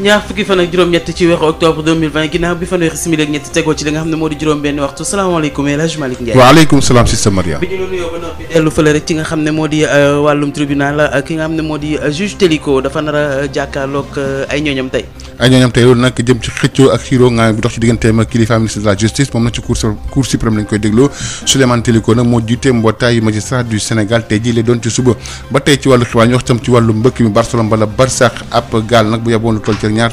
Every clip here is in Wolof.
ñaar fukki fan ak juróom-ñett ci weeru octobre 2020 ginnaaw bi fanweeri simili ak ñett tegoo ci li nga xam ne moo di juróom-benn waxtu salaamaaleykum El Hadj Malick Ndiaye. waaleykum salaam Sista Maria. bi ñu la rek ci nga xam ne moo di euh, wàllum tribunal ki nga xam ne moo di euh, juge Téliko dafa nar a euh, jàkkaarloog ay ñooñam tey ay ñooñam tey loolu nag jëm ci xëccoo ak xiiroo ngaay bu dox ci digganteem ak kilifa ministre de la justice moom nag ci cour ci suba ba tey ci wàllu xibaar ñu wax tam ci wàllu mbëkk mi lu toll ci nga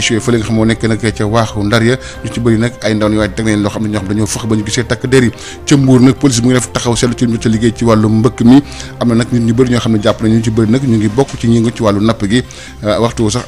xam nekk nag ca waaxu ndar ya ñu ci bëri nag ay ndaw ñu waaye teg nañ loo xam ne ñoo xam dañoo fëx ba ñu gisee takk der yi ca mbuur nag police mu ngi def taxaw seetlu ci liggéey ci wàllu mbëkk mi am na nag nit ñu bëri ñoo xam ne jàpp nañ ñu ci bëri nag ñu ngi bokk ci ñi ngi ci wàllu napp gi waxtu sax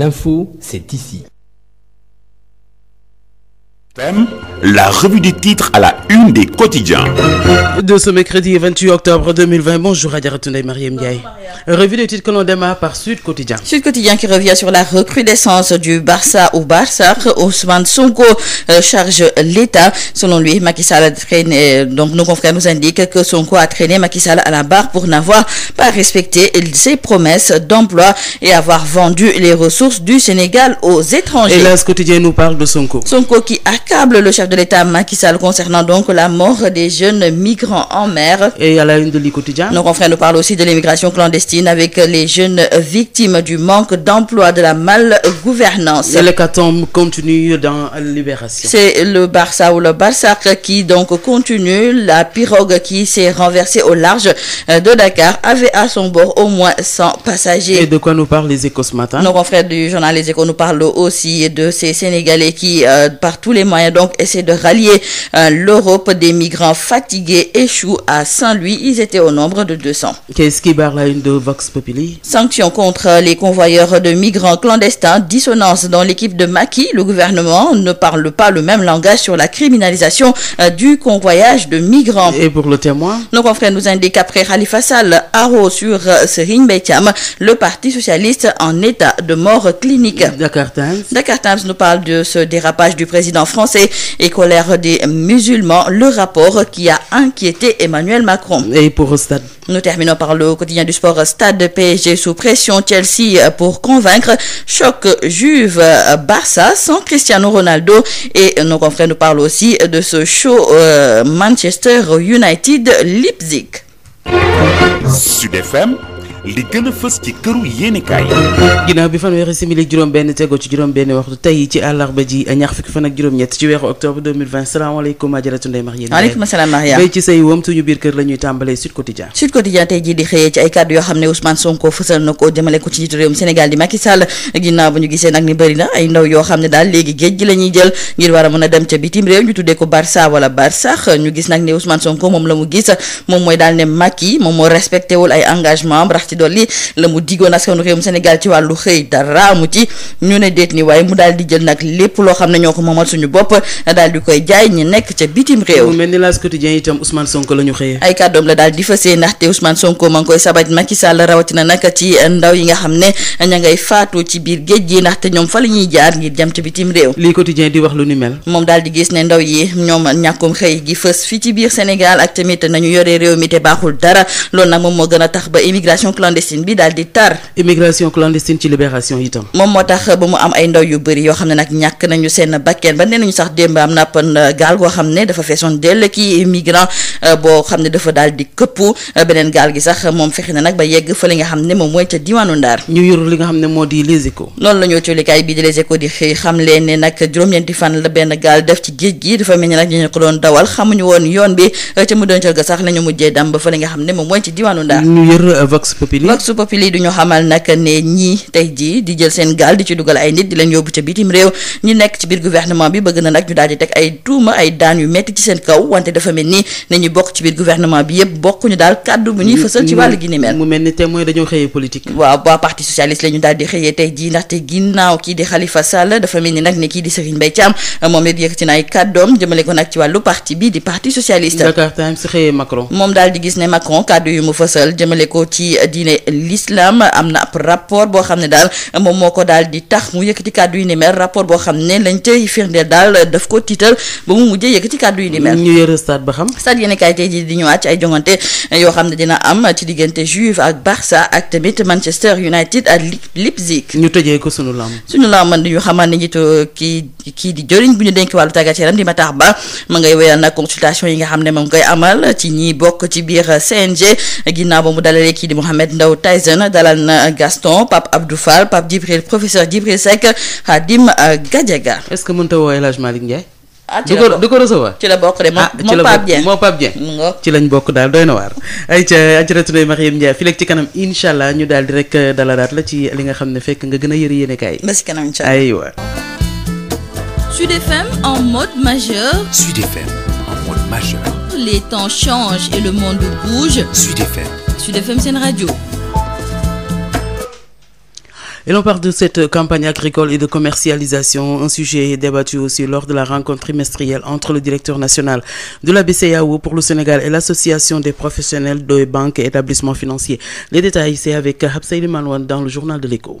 L'info, c'est ici. La revue des titres à la une des quotidiens. De ce mercredi 28 octobre 2020, bonjour à Diaratoune Mariam Ndiaye. Revue des titres que l'on euh, charge l'État. Selon lui, Macky Sall a traîné, euh, donc nos confrères nous indiquent que a traîné Macky la barre pour n'avoir pas respecté ses promesses d'emploi et avoir vendu les ressources du Sénégal aux étrangers. Et là, ce quotidien accable le chef de l'État Macky Sall concernant donc la mort des jeunes migrants en mer. Et à la une de Le Quotidien. l'immigration clandestine avec les jeunes victimes du manque d'emploi, de la malgouvernance. L'hécatombe continue dans Libération. C'est le Barça ou le Barsac qui continue. La pirogue qui s'est renversée au large de Dakar avait à son bord au moins passagers. Et de quoi nous parlent aussi de ces Sénégalais qui euh, par tous les moyens donc essaient de rallier euh, l'Europe. Des migrants fatigués échouent à Saint-Louis. Ils étaient au nombre de 200. Qu'est-ce qui barre la Sanctions contre les convoyeurs de migrants clandestins, dissonance dans l'équipe de Macky. Le gouvernement ne parle pas le même langage sur la criminalisation euh, du convoyage de migrants. Nos confrères nous indiquent après Khalifa Haro sur euh, Serigne Mbaye le Parti socialiste en état de mort clinique. français et colère des musulmans, le rapport qui a inquiété Emmanuel Macron. Et pour Chelsea euh, pour convaincre choc Juve euh, Barça sans Cristiano Ronaldo et nos confrères nous parlent aussi de ce show euh, Manchester United Leipzig. li gën a fës ci këru yéenekaay ginnaaw bi fanweeri simili juróom benn tego ci juróom benn waxtu tey ci àllarba ji ñaar fukki fan ak juróom-ñett ci weeru octobre 2020 salaamaaleykum ajaratu Ndeye Mariam waaleykum salaam Mariam béy ci say woom suñu biir kër la ñuy tàmbalee Sud Quotidien Sud Quotidien tey jii di xëyee ci ay kàddu yoo xam ne Ousmane Sonko fësal na ko jëmale ko ci njiitu gisee nag ni bëri na ay ndaw yoo xam ne daal léegi géej gi la ñuy jël ngir war a mën a dem bitim réew ñu tuddee ko Barça wala Barsax ñu gis nag ni Ousmane Sonko moom la mu gis moom mooy daal ne Macky moom moo respecté wul ay engagement am ci dolli la mu digoon askanu réewum Sénégal ci wàllu xëy dara mu ci ñu ne déet ni waaye mu daal di jël nag lépp loo xam ne ñoo ko moomal suñu bopp daal di koy jaay ñi nekk ca bitim réew. mu mel ni L'As Quotidien itam Ousmane Sonko la ñu xëyee. ay kàddoom la daal di fësee ndaxte Ousmane Sonko maa ngi koy sabat Macky Sall rawatina nag ci ndaw yi nga xam ne ña ngay faatu ci biir géej gi ndaxte ñoom fa la ñuy jaar ngir jëm ca bitim réew. lii ko Quotidien di wax lu ni mel. moom daal di gis ne ndaw yi ñoom ñàkkum xëy gi fës fii ci biir Sénégal ak tamit nañu yore réew mi te baaxul dara loolu nag moom moo gën a tax ba immigration clandestine bi daal di tar. immigration clandestine ci libération itam. moom moo tax ba mu am ay ndaw yu bëri yoo xam ne nag ñàkk nañu a bakkeen ba nee nañu sax démb am na euh, euh, nga euh, sax la mujjee dam fa li nga xam ne moom mooy ci diwaanu Ndar. Populi Vox Populi du ñu xamal nag ne ñii tey jii di jël seen gaal di ci dugal ay nit di leen yóbbu ca bitim réew ñi nekk ci biir gouvernement bi bëgg na nag ñu daal teg ay tuuma ay daan yu metti ci seen kaw wante dafa mel ni ne ñu bokk xëyee politique waaw waa parti socialiste la ñu xëyee tey jii ndaxte ginnaaw kii di Khalifa Sall dafa mel ni nag ne kii di Serigne Mbaye Thiam moom it yëkkati na ay kàddoom jëmale ko nag ci wàllu parti bi di parti diine l'islam am na ab rapport boo xam ne daal moom moo ko daal di tax mu yëkkati kàddu yu ni mel rapport boo xam ne lañ cay firndeel daal daf ko tiital ba mu mujjee yëkkati kàddu yu ni mel. ba xam. stade yéen ba ma ngay wéyal nag consultation yi nga xam ne moom koy amal ci ñiy bokk ci biir CNG ginnaaw ba mu dalalee kii di Mouhamed Ndaw Tyson dalal na Gaston Pape Abdou Fall Pape Djibril professeur Djibril Seck Hadim euh, Gadiaga. est-ce que mënta woo El Hadj Malick Ndiaye. ah ci la bokk du ko recevoir ah, ci la bokk de moo ah, Pape Dieng ci lañ bokk daal doy na waar. ayca Adjaratou Ndeye Marieme Ndiaye fii léegi ci kanam incha ñu daal di rek euh, dalalaat la ci li nga xam ne fekk nga gën a yëri yéene kaay. ba si kanam incha allah aywa. Sud FM en mode majeur. Sud FM en mode majeur. Les temps changent et le monde bouge. Sud FM l'on parle de cette campagne agricole et de commercialisation, un sujet débattu aussi lors de la rencontre trimestrielle entre le directeur national de la BCEAO pour le Sénégal et l'association des professionnels de banques et établissements financiers. Les détails, c'est avec Habsaïli Malouane dans le journal de l'Écho.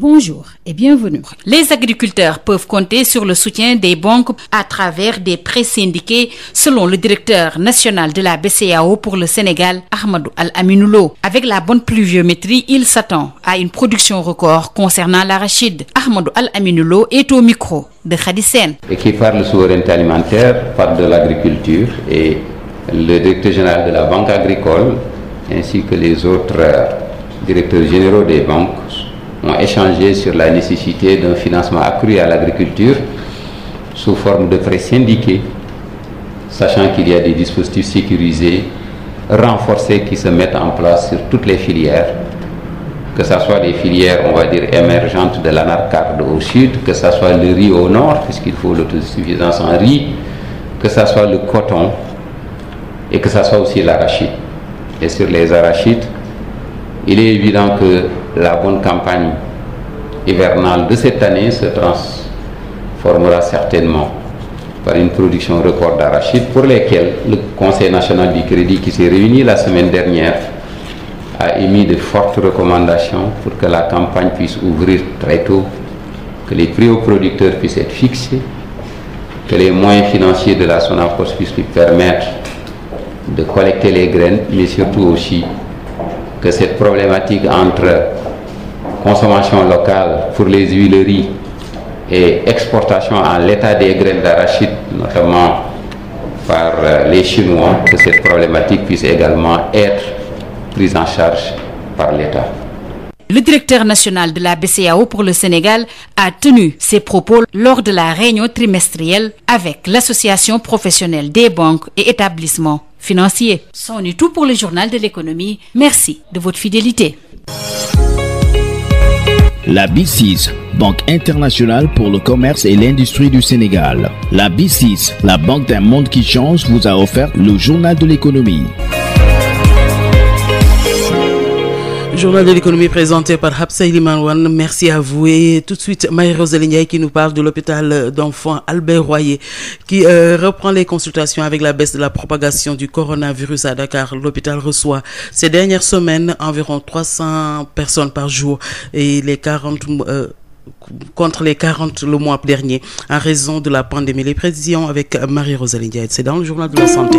Bonjour et bienvenue. Les agriculteurs peuvent compter sur le soutien des banques à travers des prêts syndiqués, selon le directeur national de la BCEAO pour le Sénégal, Ahmadou Al Aminoulo. Avec la bonne pluviométrie, il s'attend à une production record concernant l'arachide. Ahmadou Al Aminoulo est au micro de Khady Sène. Et qui parle de souveraineté alimentaire, parle de l'agriculture et le directeur général de la Banque agricole ainsi que les autres euh, directeurs ont échangé sur la nécessité d'un financement accru à l'agriculture sous forme de prêts syndiqués, sachant qu'il y a des dispositifs sécurisés, renforcés qui se mettent en place sur toutes les filières, que ce soit les filières, on va dire, émergentes de l'anarcarde au sud, que ce soit le riz au nord, puisqu'il faut l'autosuffisance en riz, que ce soit le coton et que ce soit aussi l'arachide. Et sur les arachides, Il est évident que la bonne campagne hivernale de cette année se transformera certainement par une production record d'arachides pour lesquelles le Conseil national du crédit qui s'est réuni la semaine dernière a émis de fortes recommandations pour que la campagne puisse ouvrir très tôt, que les prix aux producteurs puissent être fixés, que les moyens financiers de la SONACOS puissent lui permettre de collecter les graines, mais surtout aussi que cette problématique entre consommation locale pour les huileries et exportation en l'état des graines d'arachide, notamment par euh, les Chinois, que cette problématique puisse également être prise en charge par l'État. Le directeur national de la BCEAO pour le Sénégal a tenu ses propos lors de la réunion trimestrielle avec l'Association professionnelle des banques et établissements financiers. C'en est tout pour le journal de l'économie. Merci de votre fidélité. La B6, Banque internationale pour le commerce et l'industrie du Sénégal. La B6, la banque d'un monde qui change, vous a offert le journal de l'économie. Journal de l'économie présenté par Habsa Elimanouane. Merci à vous. Et tout de suite, Marie-Rose Ndiaye qui nous parle de l'hôpital d'enfants Albert Royer qui euh, reprend les consultations avec la baisse de la propagation du coronavirus à Dakar. L'hôpital reçoit ces dernières semaines environ 300 personnes par jour et les 40 euh, contre les 40 le mois dernier en raison de la pandémie. Les précisions avec Marie-Rose Ndiaye. C'est dans le journal de la santé.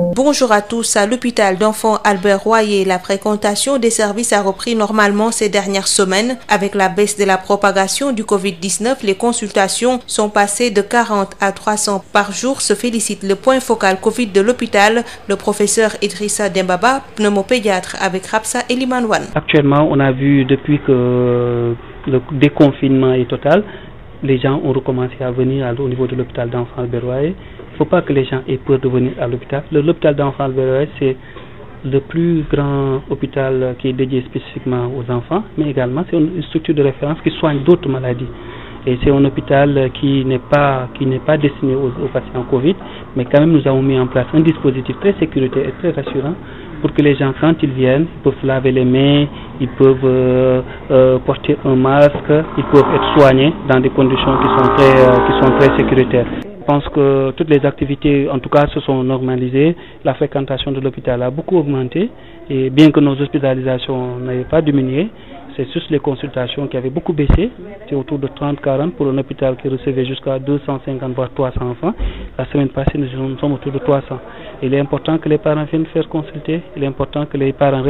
Bonjour à tous. À l'hôpital d'enfants Albert Royer, la fréquentation des services a repris normalement ces dernières semaines. Avec la baisse de la propagation du Covid-19, les consultations sont passées de 40 à 300 par jour, se félicite le point focal Covid de l'hôpital, le professeur Idrissa Dembaba, pneumopédiatre avec Rapsa Elimanouane. Actuellement, a vu depuis que le déconfinement est total, les gens ont recommencé à faut pas que les gens aient peur de venir à l'hôpital. L'hôpital d'enfants Albert c'est le plus grand hôpital euh, qui est dédié spécifiquement aux enfants, mais également c'est une structure de référence qui soigne d'autres maladies. Et c'est un hôpital euh, qui n'est pas qui n'est pas destiné aux, aux, patients Covid, mais quand nous avons mis en place un dispositif très sécuritaire et très rassurant pour que les gens quand ils viennent, ils peuvent laver les mains, euh, un masque, ils peuvent être soignés dans des Je pense que toutes les activités, en tout cas, se sont normalisées. La fréquentation de l'hôpital a beaucoup augmenté. Et bien que nos hospitalisations n'avaient pas diminué, c'est juste les consultations qui avaient beaucoup baissé. C'est autour de 30-40 pour un qui recevait jusqu'à 250 voire 300 enfants. La semaine passée, nous sommes autour de 300. Il est important que les parents viennent faire consulter. Il est important que les parents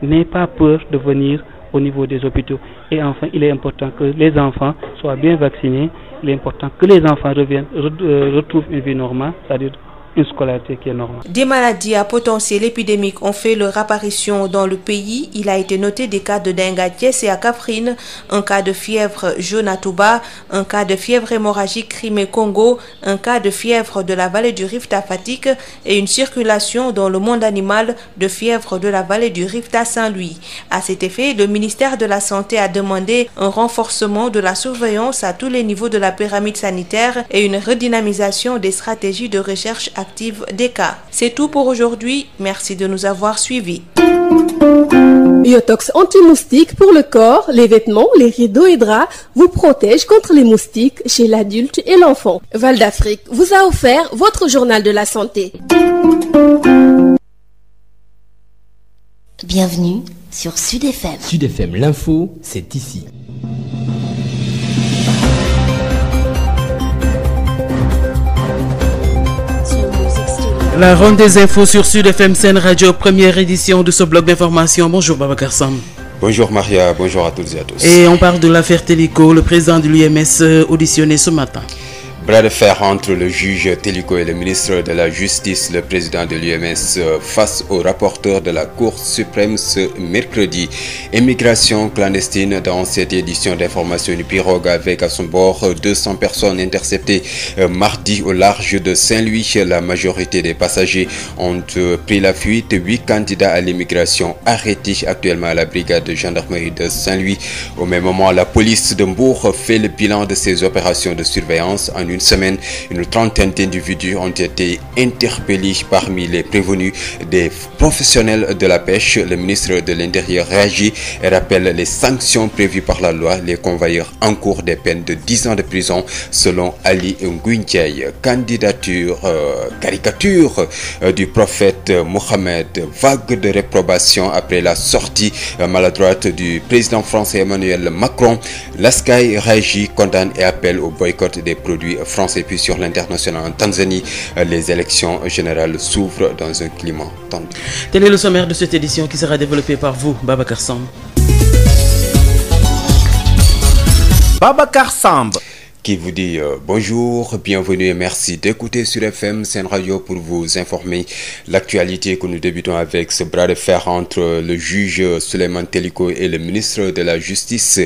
n'aient pas peur de venir au niveau des hôpitaux. Et enfin, il est important que les enfants soient bien vaccinés, il est important que les enfants reviennent, re, euh, retrouvent une vie normale, c'est-à-dire une scolarité qui est normale. Des maladies à potentiel épidémique ont fait leur apparition dans le pays. Il a été noté des cas de dengue et à Kaffrine, un cas de fièvre jaune à Touba, un cas de fièvre hémorragique Crimée-Congo, un cas de fièvre de la vallée du Rift à et une circulation dans le monde animal de fièvre de la vallée du Rift Saint-Louis. À cet effet, le ministère de la Santé a demandé un renforcement de la surveillance à tous les niveaux de la pyramide sanitaire des stratégies active des cas. C'est tout pour aujourd'hui. Merci de nous avoir suivis. Biotox anti pour le corps, les vêtements, les rideaux et draps vous protège contre les moustiques chez l'adulte et l'enfant. Val d'Afrique vous a offert votre journal de la santé. La ronde des infos sur Sud FM Sen Radio, première édition de ce bloc d'information. Bonjour Babacar Sam. Bonjour Maria, bonjour à toutes et à tous. Et on parle le président de l'UMS euh, auditionné ce matin. Bras de fer entre le juge Téliko et le ministre de la Justice, le président de l'UMS face au rapporteur de la Cour suprême ce mercredi. Immigration clandestine dans cette édition d'information du pirogue avec à son bord 200 personnes interceptées euh, mardi au large de Saint-Louis. La majorité des passagers ont euh, pris la fuite. Huit candidats à l'immigration arrêtés actuellement à la brigade de gendarmerie de Saint-Louis. Au même moment, la police de Mbour fait de ses une semaine, une trentaine d'individus ont été interpellés parmi les prévenus des professionnels de la pêche. Le ministre de l'Intérieur réagit et rappelle les sanctions prévues par la loi. Les convoyeurs encourent des peines de 10 ans de prison selon Ali Ngouille Ndiaye. Candidature, euh, caricature euh, du prophète Mohamed, vague de réprobation après la sortie euh, maladroite du président français Emmanuel Macron. L'ASCAI réagit, condamne et appelle au boycott des produits français. Puis sur l'international en Tanzanie, euh, les élections générales s'ouvrent dans un climat tendu. Tel est le sommaire de cette édition qui sera développée par vous, Babacar Samb. qui vous dit euh, bonjour, bienvenue et merci d'écouter sur FM Sen Radio pour vous informer l'actualité que nous débutons avec ce bras de fer entre le juge Souleymane Teliko et le ministre de la Justice.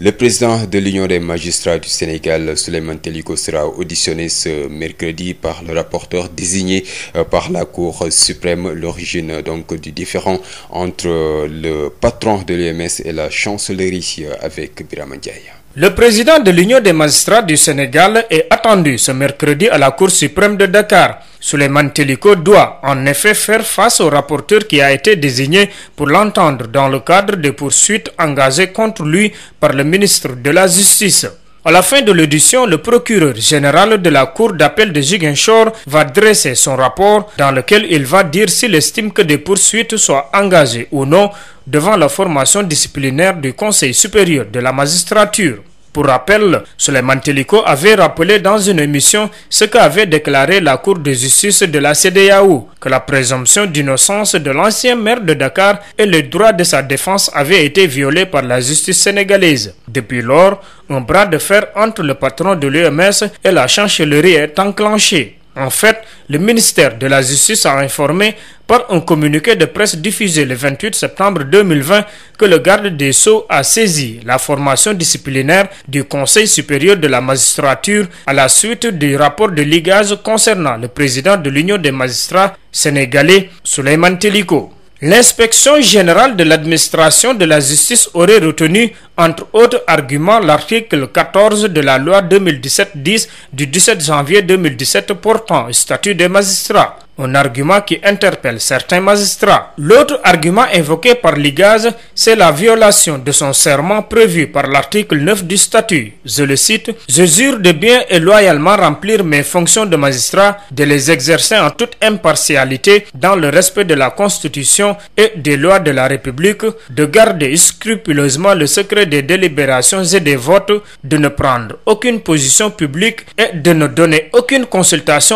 Le président de l'Union des magistrats du Sénégal, Souleymane Teliko, sera auditionné ce mercredi par le rapporteur désigné euh, par la Cour suprême, l'origine donc du différend entre euh, le patron de l'UMS et la chancellerie euh, avec Birama Ndiaye. Le président de l'Union des magistrats du Sénégal est attendu ce mercredi à la Cour suprême de Dakar. Souleymane Teliko doit en effet faire face au rapporteur qui a été désigné pour l'entendre dans le cadre des poursuites engagées contre lui par le ministre de la Justice. À la fin de l'audition, le procureur général de la Cour d'appel de Ziguinchor va dresser son rapport dans lequel il va dire s'il estime que des poursuites soient engagées ou non devant la formation disciplinaire du Conseil supérieur de la magistrature. Pour rappel, Souleymane Teliko avait rappelé dans une émission ce qu'avait déclaré la Cour de justice de la CEDEAO, que la présomption d'innocence de l'ancien maire de Dakar et le droit de sa défense avaient été violés par la justice sénégalaise. Depuis lors, un bras de fer entre le patron de l'UMS et la chancellerie est enclenché. En fait, le ministère de la Justice a informé par un communiqué de presse diffusé le 28 septembre 2020 que le garde des Sceaux a saisi la formation disciplinaire du Conseil supérieur de la magistrature à la suite du rapport de ligage concernant le président de l'Union des magistrats sénégalais, Souleymane Teliko. L'inspection générale de l'administration de la justice aurait retenu, entre autres arguments, l'article 14 de la loi 2017-10 du 17 janvier 2017 portant statut des magistrats. un argument qui interpelle certains magistrats. L'autre argument invoqué par l'IGAZ, c'est la violation de son serment prévu par l'article 9 du statut. Je le cite, « Je jure de bien et loyalement remplir mes fonctions de magistrat, de les exercer en toute impartialité dans le respect de la Constitution et des lois de la République, de garder scrupuleusement le secret des délibérations et des votes, de ne prendre aucune position publique et de ne donner aucune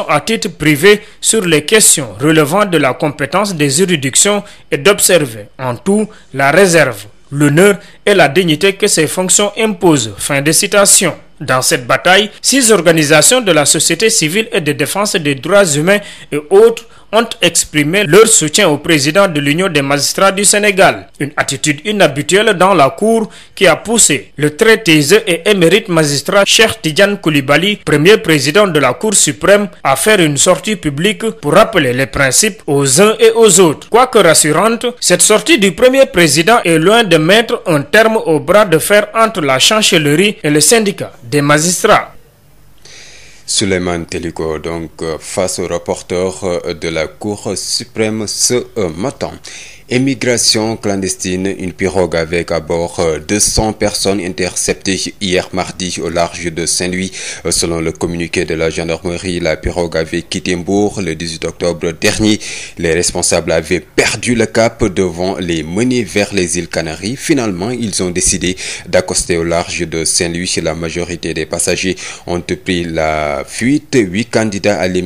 à titre privé sur questions relevant de la compétence des juridictions et d'observer en tout la réserve, l'honneur et la dignité que ces fonctions imposent. Fin de citation. Dans cette bataille, six organisations de la société civile et de défense des droits humains et autres ont exprimé leur soutien au président de l'Union des magistrats du Sénégal, une attitude inhabituelle dans la cour qui a poussé le très taiseux et émérite magistrat Cheikh Tidiane Koulibaly, premier président de la Cour suprême, à faire une sortie publique pour rappeler les principes aux uns et aux autres. Quoique rassurante, cette sortie du premier président est loin de mettre un terme au bras de fer entre la chancellerie et le syndicat des magistrats. Souleymane Teliko, donc euh, face au rapporteur euh, de la Cour suprême ce euh, matin. Émigration clandestine, une pirogue avec à bord 200 euh, personnes interceptées hier mardi au large de Saint-Louis. Euh, selon le communiqué de la gendarmerie, la pirogue avait quitté Mbour le 18 octobre dernier. Les responsables avaient perdu le cap devant les mener les îles Canaries. Finalement, ils ont décidé d'accoster au large La majorité des passagers ont pris la fuite. Huit candidats à la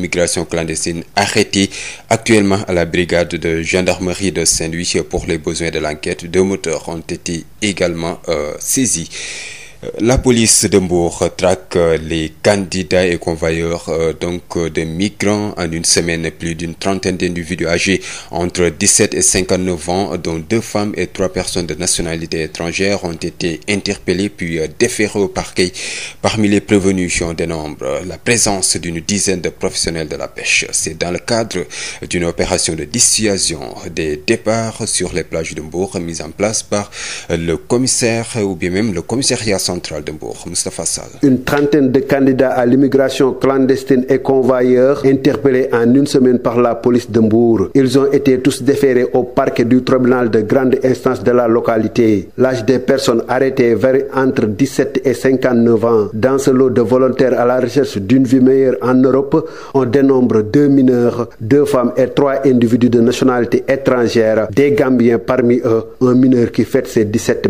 Saint-Louis pour les besoins de l'enquête. Deux moteurs ont été également euh, saisis. La police de Mbour traque les euh, donc euh, de migrants en une semaine. Plus d'une trentaine d'individus âgés entre 17 et 59 ans, et trois personnes de nationalité étrangère, ont été interpellées puis euh, déférées au parquet. Parmi les prévenus, on dénombre de professionnels de la le cadre d'une opération de dissuasion des départs sur les plages centrale de Mbour Moustapha Sall. Une trentaine de candidats à l'immigration clandestine et convoyeurs interpellés en une semaine par la police de Mbour. Ils ont été tous déférés au parquet du tribunal de grande instance de la localité. L'âge des personnes arrêtées varie entre et ans. Dans de volontaires à la recherche d'une vie meilleure en Europe, on dénombre deux mineurs, deux femmes et trois individus de nationalité étrangère, des Gambiens parmi eux, un mineur qui fête ses 17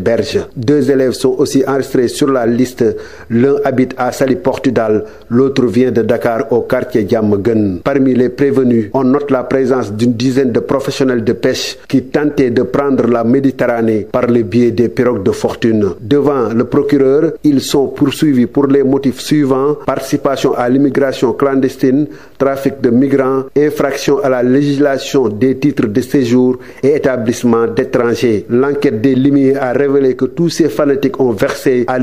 sur la liste. L'un habite à Sali Portudal, l'autre vient de Dakar au quartier Diamagun. Parmi les prévenus, on note la présence d'une dizaine de professionnels de pêche qui tentaient de prendre la Méditerranée par le biais des pirogues de fortune. Devant le procureur, ils sont poursuivis pour les motifs suivants participation à l'immigration clandestine, trafic de migrants, infraction à la législation des titres de séjour et établissement d'étrangers. L'enquête des Limiers a révélé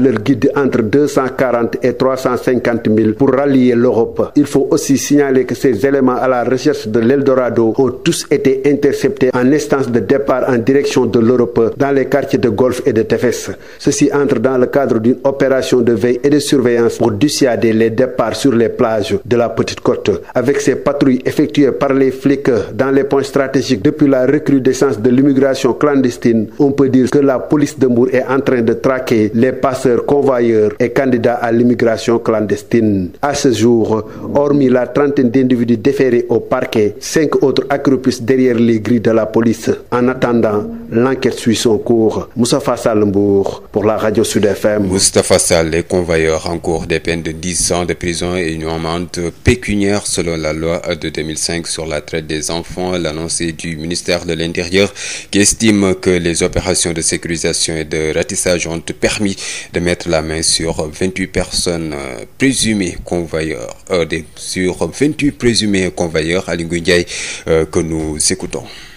leur guide entre 240 et 350 000 pour rallier l'Europe. Il faut aussi signaler que ces éléments à la recherche de l'Eldorado ont tous été interceptés en instance de départ en direction de l'Europe dans les quartiers de Golfe et de Tefes. Ceci entre dans le cadre d'une opération de veille et de surveillance pour dissuader les départs sur les plages de la Petite Côte. Avec ces patrouilles effectuées par les flics dans les points stratégiques depuis la recrudescence de l'immigration de Mour passeurs, convoyeurs et candidats à l'immigration clandestine. À ce jour, hormis la trentaine d'individus déférés au parquet, cinq autres accroupissent derrière les grilles de la police. En attendant, L'enquête suit son cours. Moustapha Sall Mbour pour la radio Sud FM. Moustapha Sall est convoyeur en cours des peines de 10 ans de prison et une amende pécuniaire selon la loi de 2005 sur la traite des enfants, l'annoncé du ministère de l'Intérieur qui estime que les opérations de sécurisation de ratissage ont permis de mettre la main sur 28 personnes présumées convoyeurs euh, sur 28 présumés convoyeurs à Linguindiaï euh, que nous écoutons.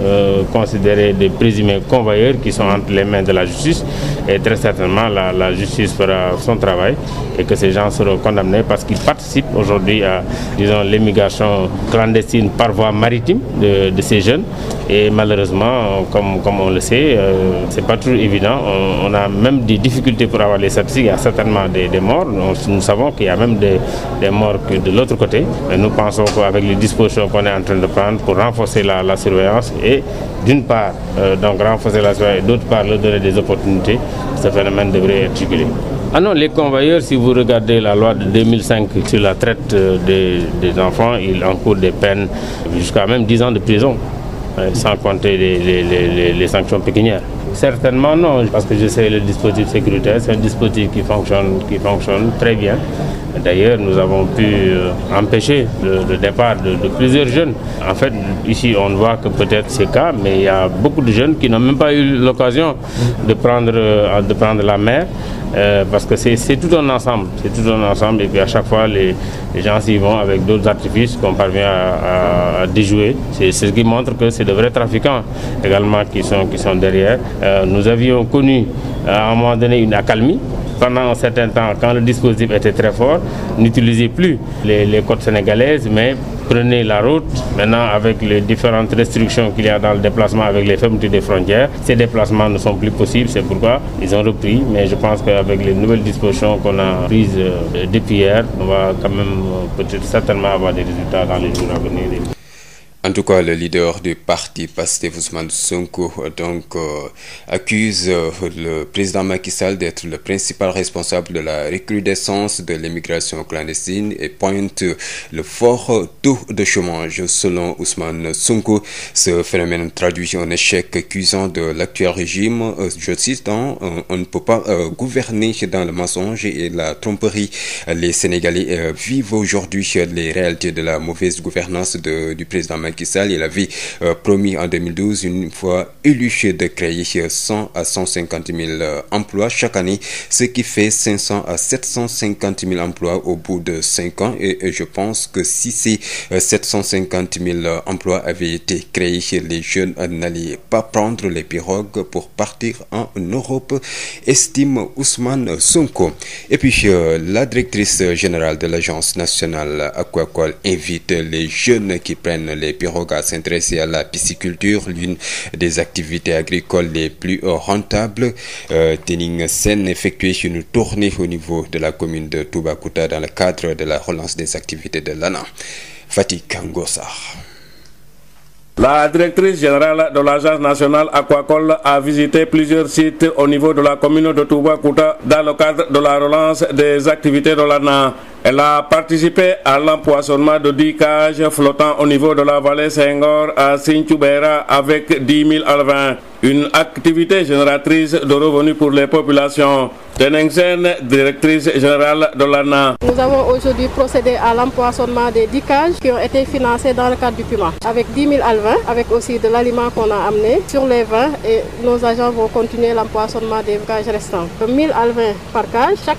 euh, considérés des présumés convoyeurs qui sont entre les mains de la justice. Et très certainement, la, la justice fera son travail et que ces gens seront condamnés parce qu'ils participent aujourd'hui à, disons, l'émigration clandestine par voie maritime de, de, ces jeunes. Et malheureusement, comme, comme on le sait, euh, c'est pas trop évident. On, on, a même des difficultés pour avoir les statistiques. Il y a certainement des, morts. Nous, savons qu'il y a même des, morts de l'autre côté. nous pensons qu'avec les dispositions qu'on est en train de prendre la, la surveillance et d'une part, euh, donc renforcer la soirée et d'autre part, leur donner des opportunités, ce phénomène devrait être régulé. Ah non, les convoyeurs, si vous regardez la loi de 2005 sur la traite euh, des, enfants, ils encourent des peines jusqu'à même 10 ans de prison, euh, sans compter les, les, les, les sanctions pécuniaires. Certainement non, parce que je sais le dispositif sécuritaire, c'est un dispositif qui qui fonctionne très bien. D'ailleurs, nous avons pu euh, empêcher le, le départ de, de, plusieurs jeunes. En fait, ici, on voit que peut-être c'est cas, mais il y a beaucoup de jeunes qui n'ont même pas eu l'occasion de prendre, euh, de prendre la mer. Euh, parce que c'est tout un ensemble, c'est tout un ensemble et puis à chaque fois les, les gens s'y vont avec d'autres artifices qu'on parvient à, à, à déjouer. C'est ce qui montre que c'est de vrais trafiquants également qui sont, qui sont derrière. Euh, nous avions connu à un moment donné une accalmie pendant un certain temps, quand le dispositif était très fort, n'utilisez plus les, côtes sénégalaises, mais prenez la route. Maintenant, avec les différentes restrictions qu'il y a dans le déplacement avec les fermetures des frontières, ces déplacements ne sont plus possibles. C'est pourquoi ils ont repris. Mais je pense qu'avec les nouvelles dispositions qu'on a prises euh, depuis euh, dans les jours à En tout cas, le leader du parti Pastef Ousmane Sonko donc euh, accuse euh, le président Macky Sall d'être le principal responsable de la recrudescence de l'immigration clandestine et pointe le fort taux de chômage selon Ousmane Sonko. Ce phénomène traduit un échec cuisant de l'actuel régime. Euh, je cite, hein, on, euh, on ne peut pas euh, gouverner dans le mensonge et la tromperie. Les Sénégalais euh, vivent aujourd'hui les réalités de la mauvaise gouvernance de, du président Macky Macky Sall. Il avait euh, promis en une fois élu, de créer 100 à 150 000 euh, emplois chaque année, ce qui fait 500 à 750 000 emplois au bout de 5 ans. Et, je pense que si ces 750 euh, 000 euh, emplois avaient été créés, les jeunes n'allaient pas prendre les pirogues pour partir en Europe, estime Ousmane Sonko. Et puis, la directrice générale de l'Agence nationale Aquacole invite les jeunes qui prennent les Pirogue à s'intéresser à la pisciculture, l'une des activités agricoles les plus rentables. Euh, Tening Sen une tournée au niveau de la commune de Toubacouta dans le cadre de la relance des activités de l'ANA. Fatick Ngossar. La directrice générale de l'Agence nationale aquacole a visité plusieurs sites au niveau de la commune de Toubacouta dans le cadre de la relance des activités de l'ANA. Elle a participé à l'empoisonnement de 10 cages flottant au niveau de la vallée Senghor à Sinthioubeira avec 10 000 alevins. Une activité génératrice de revenus pour les populations. Teneng Sène, directrice générale de l'ANA. Nous avons aujourd'hui procédé à l'empoisonnement des 10 cages qui ont été financées dans le cadre du PUMA. Avec 10 000 alevins, avec aussi de l'aliment qu'on a amené sur les 20 et nos agents vont continuer l'empoisonnement des cages restantes. 1000 par cage. Chaque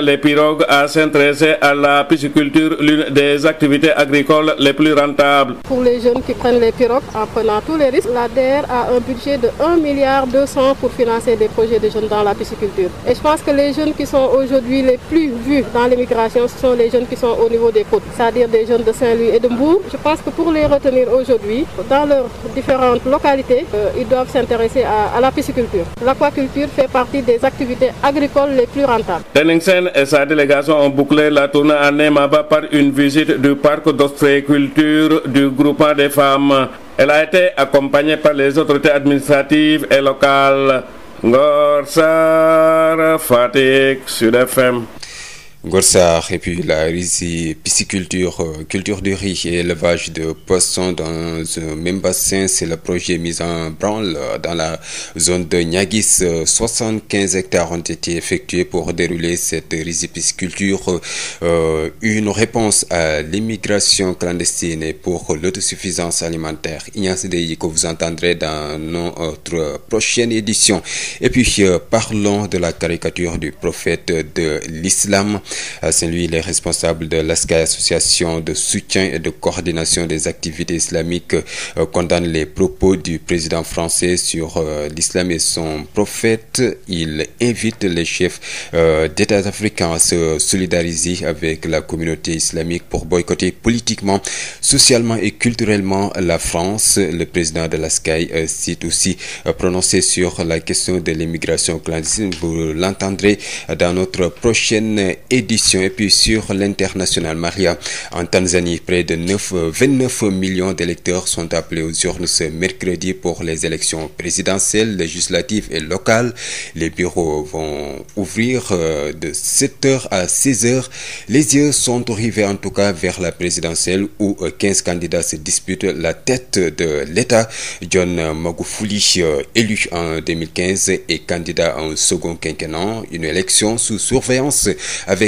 les pirogues à s'intéresser à la pisciculture, l'une des activités agricoles les plus rentables. Pour les jeunes qui prennent les pirogues en prenant tous les risques, la a un budget de 1 milliard 200 pour financer des projets de jeunes dans la pisciculture. Et je pense que les jeunes qui sont aujourd'hui les plus vus dans l'immigration, sont les jeunes qui sont au niveau des côtes, c'est-à-dire des jeunes de Saint-Louis et Je pense que pour saint louis et sa délégation ont bouclé la tournée à Nemaba par une visite du parc d'ostréiculture du groupement des femmes. Elle a été accompagnée par les autorités administratives et locales. Ngor Sar Fatick, FM. Gorsar et puis la Russie, pisciculture, euh, culture de riz et élevage de poissons dans un le projet mis en branle dans zone de Niaguis. 75 hectares ont été effectués pour dérouler cette rizipisciculture. Euh, une réponse à l'immigration clandestine et pour l'autosuffisance alimentaire. Ignace euh, de la caricature du À euh, Saint-Louis, les responsables de l'ASCA, Association de soutien et de coordination des activités islamiques, euh, condamnent les propos du président français sur euh, l'islam et son prophète. Il invite les chefs d'États africains à se solidariser avec la communauté islamique pour boycotter politiquement, socialement et culturellement la France. Le président de l'ASCAI s'est aussi prononcé sur la question de l'immigration clandestine. Vous l'entendrez dans notre prochaine édition et puis sur en Tanzanie près de 9 29 millions d'électeurs sont appelés aux urnes ce mercredi pour les élections euh, de 7h à 16h les sont rivés en tout cas vers la présidentielle où 15 euh, candidats se disputent la de l'État John Magufuli euh, élu en 2015 et candidat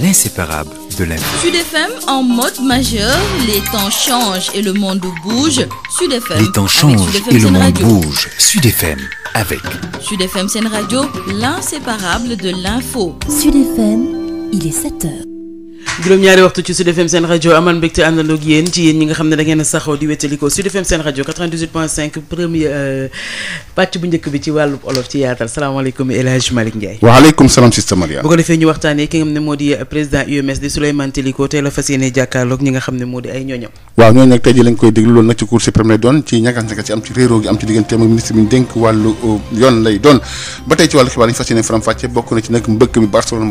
l'inséparable de l'info. Sud FM en mode majeur, les temps changent et le monde bouge. Sud FM. Les temps avec. Sud scène Radio, l'inséparable de l'info. Sud il est 7 heures. juróom-ñaari waxtu ci Sud FM seen rajo amal mbégte àndandoo ak yéen ci yéen ñi nga xam ne da ngeen a saxoo di wétalikoo Sud FM seen rajo 98.5 euh, bu njëkk bi ci wàllu olof ci yaatal salaamaaleykum El Hadj Malick Ndiaye. waaleykum salaam euh, tey la nga koy déglu loolu nag ci cour suprême lay doon ci ñàkk ci am ci réeróo gi am ci digganteem ministre bi ñu dénk wàllu euh, yoon lay doon ba tey ci wàllu xibaar yi ñu fas fàcce bokk na ci nag mbëkk mi Barcelone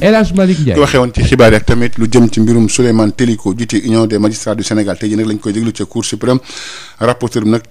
El Hadj Malick Ndiaye waxee woon ci xibaar ak tamit lu jëm ci mbirum Souleymane Téliko jiite Union des magistrats du Sénégal tey jii nag lañ koy déglu ca Cour suprême rapporteur bi nag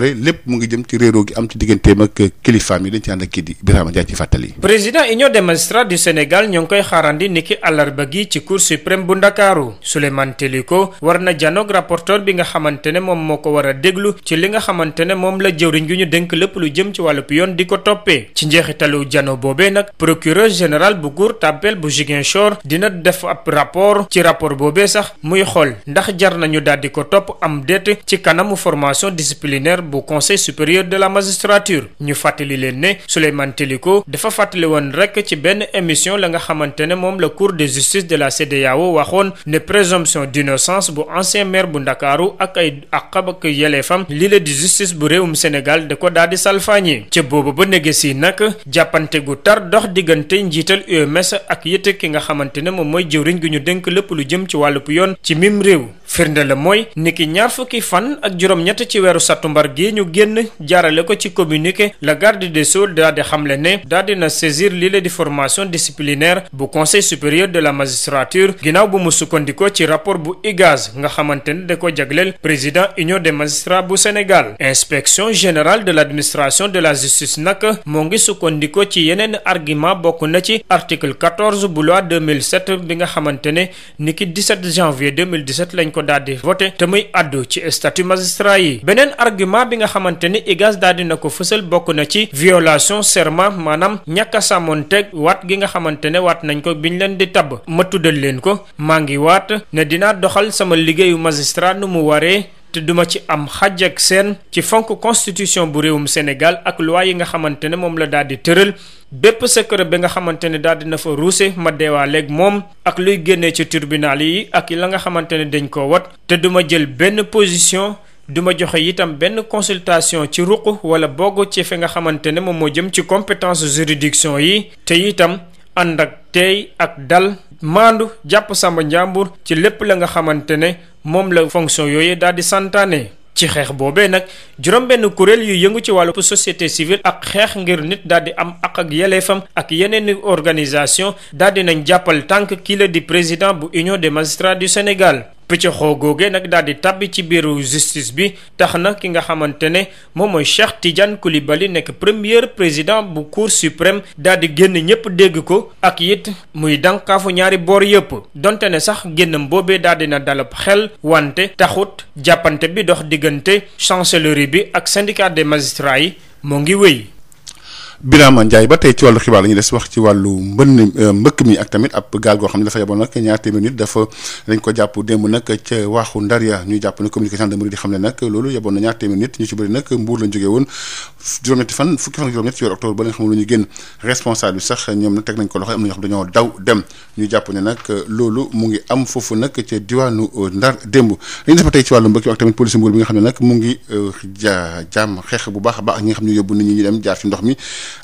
lépp mu ngi jëm ci réeroo gi am ci digganteem ak kilifaam yi dañ ci di Birama Ndiaye ci fàttali. président union des magistrats du Sénégal ñoo ngi koy xaarandi niki àllarba gi ci cour suprême bu ndakaaru Souleymane Teliko war na janoog rapporteur bi nga xamante ne moom moo ko war a déglu ci li nga xamante ne moom la jëwriñ gi ñu dénk lépp lu jëm ci wàllub yoon di ko toppee ci njeexitalu jano boobee nag procureur général bu Cour d'appel bu Ziguinchor dina def ab rapport ci rapport boobee sax muy xool ndax jar nañu daal di ko topp am déet ci kanamu formation disciplinaire bu conseil supérieur de la magistrature ñu fàttali leen ne Souleymane Teliko dafa fàttali woon rek ci benn émission la nga xamante ne moom la cour de justice de la CEDEAO waxoon ne présomption d'innocence bu ancien maire bu Ndakaaru ak ay àqab ak yelleefam lii la di justice bu réewum Sénégal da ko daal di salfaañi ca boobu ba négési nag jàppante gu tar dox diggante njiital UMS ak yëtt ki nga xamante ne moom mooy jëwriñ gi ñu dénk lépp lu jëm ci wàllu yoon ci mim réew firnde la mooy niki ñaar fukki fan ak juróom-ñett ci weeru sattumbar gi ñu génn jaarale ko ci communiqué la garde de sceaux daal di xamle ne daal dina saisir lii la di formation disciplinaire bu conseil supérieur de la magistrature ginnaaw bu mu sukkandiko ci rapport bu IGAS nga xamante ne da ko jagleel président union des magistrats bu Sénégal inspection générale de l' administration de la justice nag moo ngi sukkandikoo ci yeneen argument bokk na ci article 14 bu loi 2007 bi nga xamante ne niki 17 janvier ko ko daal di voté te muy addu ci statut magistrat yi beneen argument bi nga xamante ni IGAS daal di na ko fësal bokk na ci violation serment maanaam ñàkk a sàmmoonteeg waat gi nga xamante ne wat nañ ko biñ leen di tabb ma tuddal leen ko maa ngi waat ne dinaa doxal sama liggéeyu magistrat nu mu waree. te duma ci am xaj ak seen ci fonk constitution bu réewum Sénégal ak loi yi nga xamante ne moom la daal di tëral bépp secret bi nga xamante ne daal dina fa ruuse ma deewaaleeg moom ak luy génnee ci tribunal yi ak la nga xamante ne dañ koo wat te duma jël benn position duma joxe itam benn consultation ci ruq wala boog ci fi nga xamante ne moom moo jëm ci compétence juridiction yi te itam ànd ak tey ak dal maandu jàpp sama njàmbur ci lépp la nga xamante ne moom la fonction yooyu daal di santaane ci xeex boobee nag juróom-benn kuréel yu yëngu ci wàllu société civile ak xeex ngir nit daal di am ak ak yeleefam ak yeneen organisation daal di nañ jàppal tànk kii la di président bu union de magistrats du Sénégal. pëccëxoo googe nag daal di tàbbi ci biiru justice bi tax na ki nga xamante ne moom mooy Cheikh Tidiane li nekk premier président bu cour suprême daal di génn ñëpp dégg ko ak it muy dànkaafu ñaari boor yëpp donte ne sax génn boobee daal di na xel wante taxut jàppante bi dox diggante chancellerie bi ak syndicat de magistrats yi moo ngi wéy. Birama Ndiaye ba tey ci wàllu xibaar la ñuy des wax ci wàllu mbënn euh, mbëkk mi ak tamit ab gaal goo xam ne dafa yeboon nag ñaar téeméer nit dafa dañ ko jàpp démb nag ca waaxu ndar ya ñu jàpp ne communication de di xam ne nag loolu yeboon na ñaar téeméer nit ñu ci bëri nag woon juróom-ñetti fan fukki fan ba xam lu ñu génn responsable sax ñoom nag teg nañ ko loxo am na ñoo daw dem ñu jàpp ne nag loolu mu ngi am foofu nag ca diwaanu euh, ndar démb lañu def ba tey ci wàllu mbëkk mi ak tamit police mbuur bi nga xam ne nag mu ngi euh, jaam xeex bu baax a baax ñi nga xam ne yóbbu nit ñu dem jaar ci ndox mi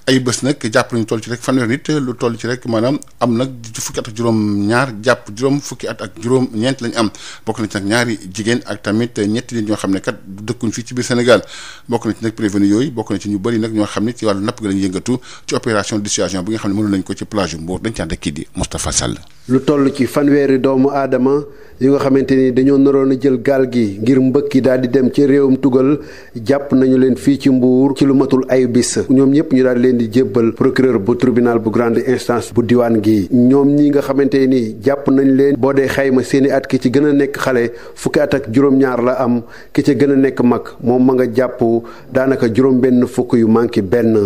ay bés nag jàpp nañu toll ci rek fanweer nit lu toll ci rek maanaam am nag fukki at ak juróom ñaar jàpp juróom fukki at ak juróom ñeent lañu am bokk na ci nag ñaari jigéen ak tamit ñetti nit ñoo xam ne kat dëkkuñ fii ci biir Sénégal bokk na ci nag prévenu yooyu bokk na ci ñu bari nag ñoo xam ne ci wàllu napp gi lañu yëngatu ci opération de dissuasion bi xam ne mënu ko ci plage Mbour dañ ci ànd ak kii di lu toll ci fanweeri doomu yu nga xamante ni dañoo naroon a jël gaal gi ngir mbëkk yi daal di dem ci réewum tugal jàpp nañu leen fii ci mbuur ci lu matul ay bis ñoom ñëpp ñu daal di leen di jébbal procureur bu tribunal bu grande instance bu diwaan gi ñoom ñi nga xamante ni jàpp nañ leen boo dee xayma seeni at ki ci gën a nekk xale fukki at ak juróom-ñaar la am ki ci gën a nekk mag moom ma nga jàpp daanaka juróom-benn fukk yu manqué benn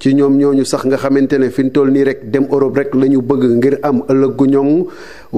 ci ñoom ñooñu sax nga xamante ne fi ñu toll nii rek dem Europe rek la ñu bëgg ngir am ëllëg gu ñoŋ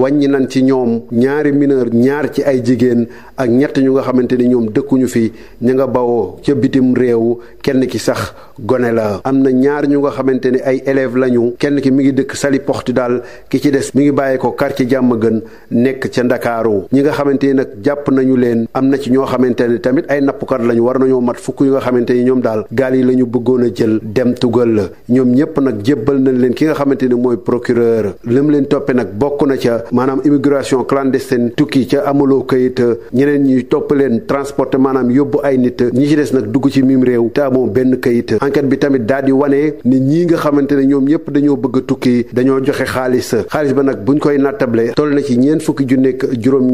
wàññi nañ ci ñoom ñaari mineur ñaar ci ay jigéen ak ñett ñu nga xamante ni ñoom dëkkuñu fi ña nga bawoo ca bitim réew kenn ki sax gone la am na ñaar ñu nga xamante ni ay élève lañu kenn ki mu ngi dëkk Saly Portudal ki ci des mi ngi bàyyi ko jàmm gën nekk ca Ndakaaru ñi nga xamante ni nag jàpp nañu leen am na ci ñoo xamante ni tamit ay nappkat lañu war nañoo mat fukk yu nga xamante ni ñoom daal gaal yi la ñu bëggoon a jël dem tugal la ñoom ñëpp nag jébbal nañ leen ki nga xamante ni mooy procureur lim leen toppe nag bokk na ca maanaam immigration clandestine tukki ca amuloo kayit ñeneen ñuy topp leen transporté maanaam yóbbu ay nit ñi ci des nag dugg ci miim réew te amoo benn kayit enquête bi tamit daal di wane ni ñii nga xamante ne ñoom ñëpp dañoo bëgg a tukki dañoo joxe xaalis xaalis ba nag buñ koy nattable toll na ci ñeent fukki junneeg juróom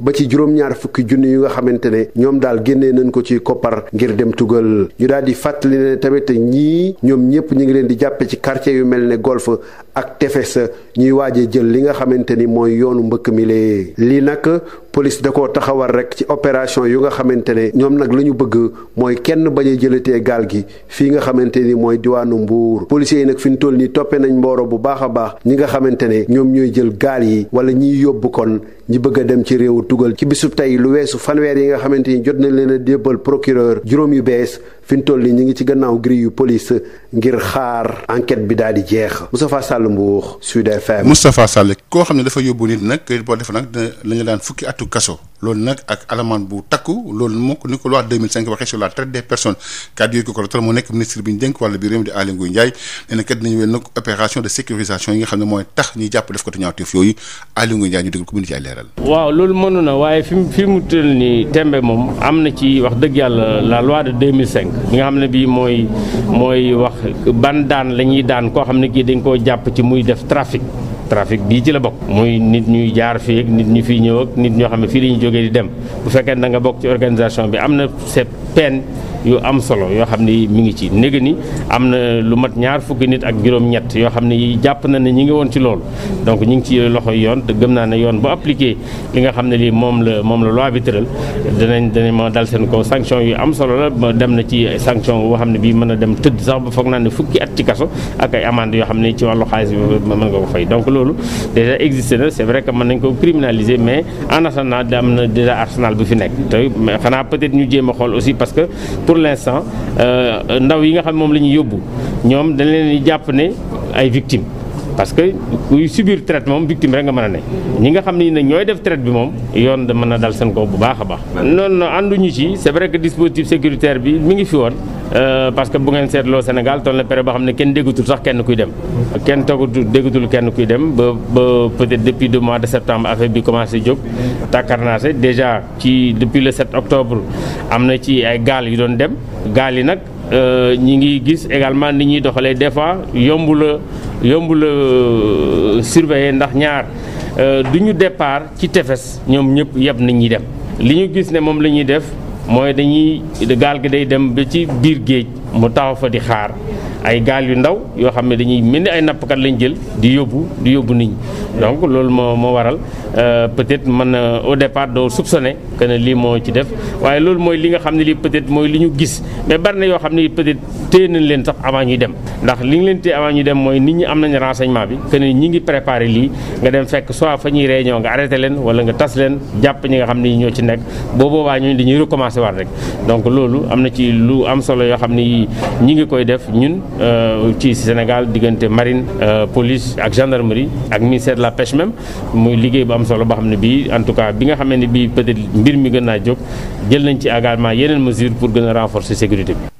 ba ci juróom-ñaar fukki junni yu nga xamante ne ñoom daal génne nañ ko ci koppar ngir dem tugal ñu daal di fàttali ne tamit ñii ñoom ñëpp ñu ngi leen di jàppe ci quartier yu mel ne golf ak tefes ñuy waaj jël li nga xamante ni mooy yoonu mbëkk mi lee lii nag police da koo taxawal rek ci opération yu nga xamante ne ñoom nag la ñu bëgg mooy kenn bañ a jëlatee gaal gi fii nga xamante ni mooy diwaanu Mbuur policiers yi nag fi ñu toll nii toppee nañ mbooro bu baax a baax nga xamante ne ñoom ñooy jël gaal yi wala ñiy yóbbu kon ñi bëgg a dem ci réewu tugal ci bisub tey lu weesu fanweer yi nga xamante ni jot nañ leen a débbal procureur juróom yu bees fi ñu toll nii ñi ngi ci gannaaw grille yu police ngir xaar enquête bi daal di jeex Moustapha Sall Mbour Sud FM Moustapha koo xam ne dafa yóbbu nit nag boo def nag lañu daan fukki at atu kaso loolu nag ak alamaan bu takku loolu moo ko ni ko loi 2005 waxee sur la traite des personnes kàddu yooyu ko ko rotal moo nekk ministre bi yi nga xam ne mooy tax ñuy jàpp def ko ñaawteef yooyu Aly Ngouille ñu déglu ko mu ci ay leeral waaw loolu mënu waaye fi fi mu tël ni tembe moom am na ci wax dëgg yàlla la loi de 2005 bi nga xam ne bii mooy mooy wax ban daan la ñuy daan koo xam ne kii dañ koo jàpp ci muy def trafic trafic bii ci la bokk muy nit ñuy jaar fii ak nit ñu fii ñëw nit ñoo xam ne fii la ñu jógee di dem bu fekkee na nga bokk ci organisation bi am na sa peine yu am solo yoo xam ni mi ngi ci néega ni am na lu mat ñaar fukki nit ak juróom-ñett yoo xam ne jàpp na ne ñi ngi woon ci loolu donc ñu ngi ci loxoy yoon te gëm naa ne yoon bu appliqué li nga xam ne lii moom la moom la loi bi tëral danañ danañ ma dal seen kaw sanction yu am solo la dem na ci sanction boo xam ne bii mën a dem tëdd sax ba foog naa ne fukki at ci kaso ak ay amende yoo xam ne ci wàllu xaalis bi mën nga ko fay donc loolu déjà existé na c'est vrai que mën nañ ko criminaliser mais fi nekk pour l'instant euh, ndaw yi nga xam moom la ñuy yóbbu ñoom dañ leen jàpp ne ay victimes parce que kuy subir traite moom victime rek nga mën a ne ñi nga xam ni ne ñooy def traite bi moom yoon da mën a dal seen kaw bu baax a baax. noonu ànduñu ci c'est vrai que dispositif sécuritaire bi mu ngi fi woon. Euh, parce que bu ngeen seetloo Sénégal toll na période xam ne kenn déggatul sax kenn kuy dem. kenn toogatul déggatul kenn kuy dem ba ba peut-être depuis de mois de septembre affaire bi commencé jóg. tàkkarnaase déjà ci depuis le 7 octobre am na ci ay gaal yu doon dem gaal yi nag. Euh, ñi ngi gis également ni ñuy doxalee des fois yombu la yombu la euh, surveiller ndax ñaar du ñu départ ci tefes ñoom ñëpp yëpp nit ñuy dem li ñu gis ne moom la ñuy def mooy dañuy gaal gi day dem ba ci biir géej mu taxaw fa di xaar ay gaal yu ndaw yoo xam ne dañuy mel ni ay nappkat lañ jël di yóbbu di yóbbu nit ñi donc loolu moo moo waral euh, peut-être na euh, au départ doo soupçonné que ne lii moo ci def waaye loolu mooy li nga xam ne lii peut-être mooy li ñu gis mais bari na yoo xam ne peut-être téye nañ leen sax avant ñuy dem ndax li ñu leen téye avant ñuy dem mooy nit ñi am nañ renseignement bi que ne ñi ngi préparé lii fekk soit fa ñuy réunion nga arrêté leen wala nga tas leen jàpp nga xam ne ñoo ci nekk boo boobaa ñooñu dañuy recommencer war rek donc loolu am na ci lu am solo yoo xam ne ñi ngi koy def ñun Euh, ci Sénégal diggante marine euh, police ak gendarmerie ak ministère de la pêche même muy liggéey bu am solo boo xam ne bii en tout cas bi nga xamee ne bii peut-être mbir mi gën naa jóg jël nañ ci également yeneen mesures pour gën a renforcer sécurité bi.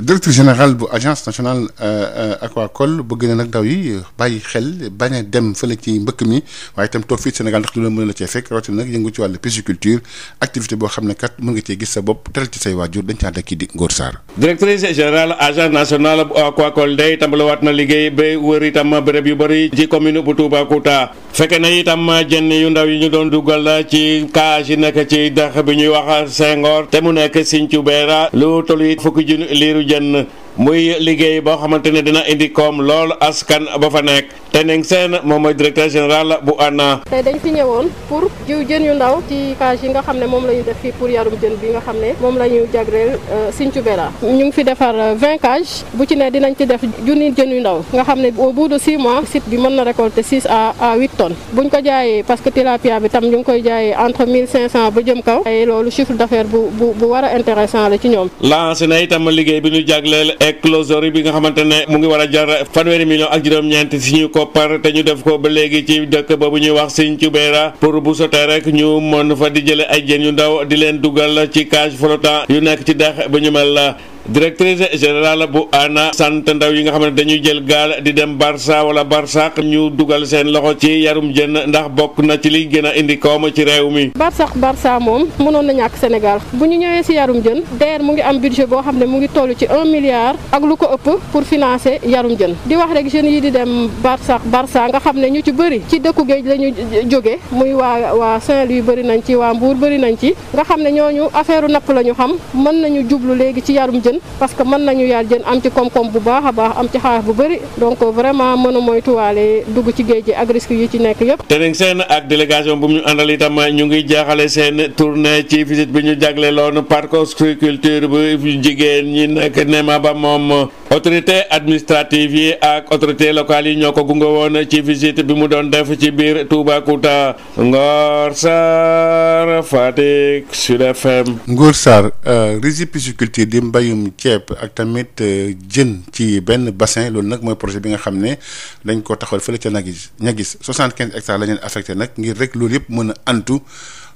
directeur général bu agence nationale euh, euh, aquacole bëgg na nag ndaw yi bàyyi xel bañ a dem fële ci mbëkk mi waaye itam toog fii Sénégal ndax lu la mën la cee fekk rawatina nag yëngu ci wàllu pisciculture activité boo xam ne kat mën nga cee gis sa bopp teral ci say waajur dañ caa dëkk di Ngor Sarr. directrice générale agence nationale bu aquacole day tàmbaliwaat na liggéey ba wër itam béréb yu bëri ci commune bu Toubacouta fekke na itam jenn yu ndaw yi ñu doon dugal ci cage yi nekk ci dex bi ñuy wax Senghor te mu nekk Sinthiou Bera lu tollu jenn muy liggéey boo xamante ne dina indi koom loolu askan ba fa nekk Teneng Sène moom mooy directeur général bu ANA. tey dañ fi ñëwoon pour jiw jën yu ndaw ci cage yi nga xam ne moom la def fii pour yarum jën bi nga xam ne moom la ñu jagleel euh, Sinthiou Bella ñu ngi fi defar 20 euh, cage bu ci ne dinañ ci def junni jën yu ndaw nga xam ne au bout de 6 mois site bi mën na récolter 6 à à 8 tonnes buñ ko jaayee parce que tilapia bi tam ñu ngi koy jaayee entre 1500 ba jëm kaw. ay loolu chiffre d'affaires bu bu bu war a intéressant la ci ñoom. lancé na liggéey bi ñu jagleel écloserie bi nga xamante ne mu ngi war a jar fanweeri million ak juróom-ñeent si ñu koppar te ñu def ko ba léegi ci dëkk boobu ñuy wax Sinthiou Cubeera pour bu sotee rek ñu mën fa di jële ay jën yu ndaw di leen dugal ci cage flottant yu nekk ci dex ba ñu mel directrice générale bu ANA sant ndaw yi nga xam ne dañuy jël gaal di dem Barça wala Barsaq ñu dugal seen loxo ci yarum jën ndax bokk na ci liy gën a indi koom ci réew mi. Barsaq Barça moom mënoon nañu ak Sénégal bu ñu ñëwee si yarum jën DER mu ngi am budget boo xam ne mu ngi toll ci un milliard ak lu ko ëpp pour financer yarum jën di wax rek jeunes yi di dem Barsaq Barça nga xam ne ñu ci bëri ci dëkku géej la ñu jóge muy waa waa Saint-Louis bëri nañ ci waa mbuur bëri nañ ci nga xam ne ñooñu affaire napp la ñu xam mën nañu jublu léegi ci yarum jën jën parce que mën nañu yar jën am ci koom-koom bu baax a baax am ci xaalis bu bari donc vraiment mën a moytuwaale dugg ci géej gi ak risque yi ci nekk yëpp. Tening Sène ak délégation bu mu ñu àndal itam ñu ngi jaaxale seen tournée ci visite bi ñu jagle jagleeloon parc horticulture bu jigéen ñi nag Nema Ba moom. autorité administrative yi ak autorité locale yi ñoo ko gunge woon ci visite bi mu doon def ci biir Toubacouta Ngor Sarr Fatick Sud FM. Ngor Sarr euh, riziculture di mbayum ceeb ak tamit euh, jën ci benn bassin loolu nag mooy projet bi nga xam ne dañ ko taxawal fële ca Nagis Nagis 75 hectares la ñu affecté nag ngir rek loolu yëpp mën a antu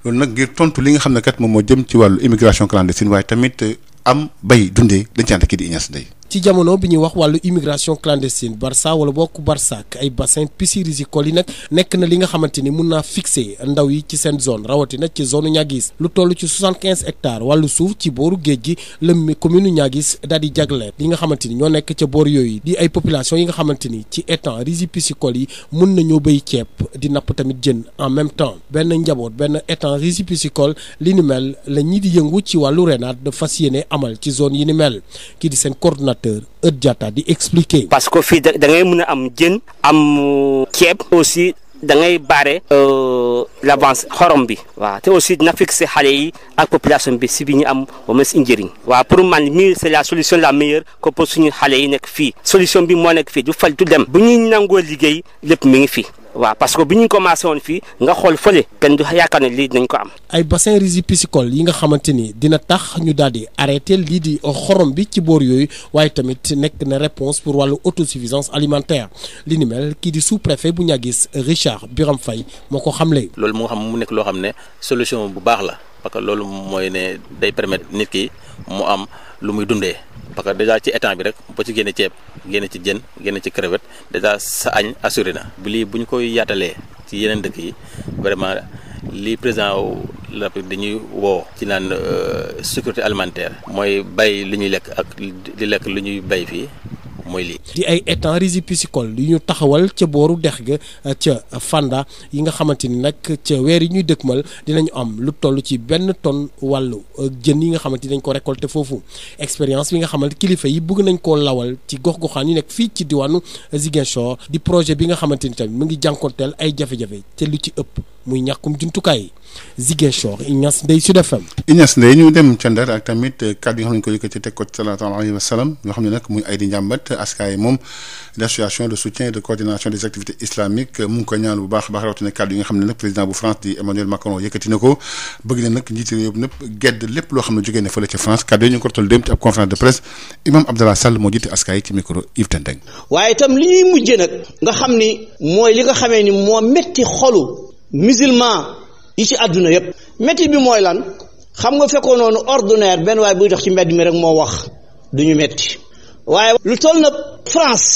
loolu nag ngir tontu li nga xam ne kat moom moo jëm ci wàllu immigration clandestine waaye tamit euh, am bay dundee dañ ci ànd kii ci jamono bi ñuy wax wàllu immigration clandestine Barça wala bokk Barsaak ay bassin piscirisicole yi nag nekk na li nga xamante ni mun naa fixé ndaw yi ci seen zone rawatina ci zone Niaguis lu toll ci soixante-quinze hectares wàllu suuf ci booru géej gi la commune Niaguis daal di jagleel li nga xamante ni ñoo nekk ca boor yooyu di ay population yi nga xamante ni ci étang rizipiscicole yi mun nañoo béy ceeb di napp tamit jën en même temps benn njaboot benn étang rizipiscicole li ni mel la ñi di yëngu ci wàllu renard de fas yéene amal ci zone yi ni mel kii di seen coordonnateur coordonnateur Eut Diatta di expliquer. parce que fii da ngay mën a am jën am ceeb aussi. da ngay baare euh, l'avance xorom bi waaw te aussi dina fixer xale yi ak population bi si bi ñu am au moins njëriñ waaw pour man mi c'est la solution la meilleure que pour suñu xale yi nekk fii solution bi moo nekk fii du fal du dem bu ñuy nangoo liggéey lépp mi ngi fii waaw parce que bi ñu commencé woon fii nga xool fële kenn du yaakaar ne lii dinañ ko am. ay bassin rizipiscole yi nga xamante ni dina tax ñu daal di arrêté lii di xorom bi ci boor yooyu waaye tamit nekk na réponse pour wàllu autosuffisance alimentaire li ni mel kii di sous-préfet bu Niaguis Richard xam fay moo ko xam xamle. loolu moo xam mu nekk loo xam ne solution bu baax la parce que loolu mooy ne day permettre nit ki mu am lu muy dundee. parce que dèjà ci état bi rek boo ci génne ceeb génne ci jën génne ci crevette dèjà sa añ assuré na bu lii bu ñu koy yaatalee ci yeneen dëkk yi vraiment lii président la dañuy woo ci naan euh, sécurité alimentaire mooy bay li ñuy lekk ak di lekk li ñuy bay fii mooy lii. di ay étangs rizipiscicoles yu ñu taxawal ca booru dex ga eh, ca Fanda yi nga xamante ni nag ca weer yi ñuy dëkkmal dinañu am lu toll ci benn tonne wàllu eh, jën yi nga xamante ni dañ ko récolter foofu expérience bi nga xamante kilifa yi bëgg nañ ko lawal ci gox-goxaan yi nekk fii ci diwaanu eh, Ziguinchor di projet bi nga xamante ni tamit mu ngi jànkoonteel ay jafe-jafe te lu ci ëpp muy ñàkkum jumtukaay yi. Ziguinchor Ignace Ndeye Sud FM Ignace Ndeye ñu dem ca Ndar tamit kàddu yi nga xam ne ñu ko yëkkati ay di njàmbat askaay moom l'association de soutien de coordination des activités islamiques mu a nga xam ne nag président bu France di waaye itam li ñuy mujje nag nga xam ni mooy li nga xamee ni moo metti xolu musulman yi ci àdduna yépp métti bi mooy lan xam nga fekkoo noonu ordinaire benn waaye buy dox ci mbedd mi rek moo wax duñu metti waaye lu toll na France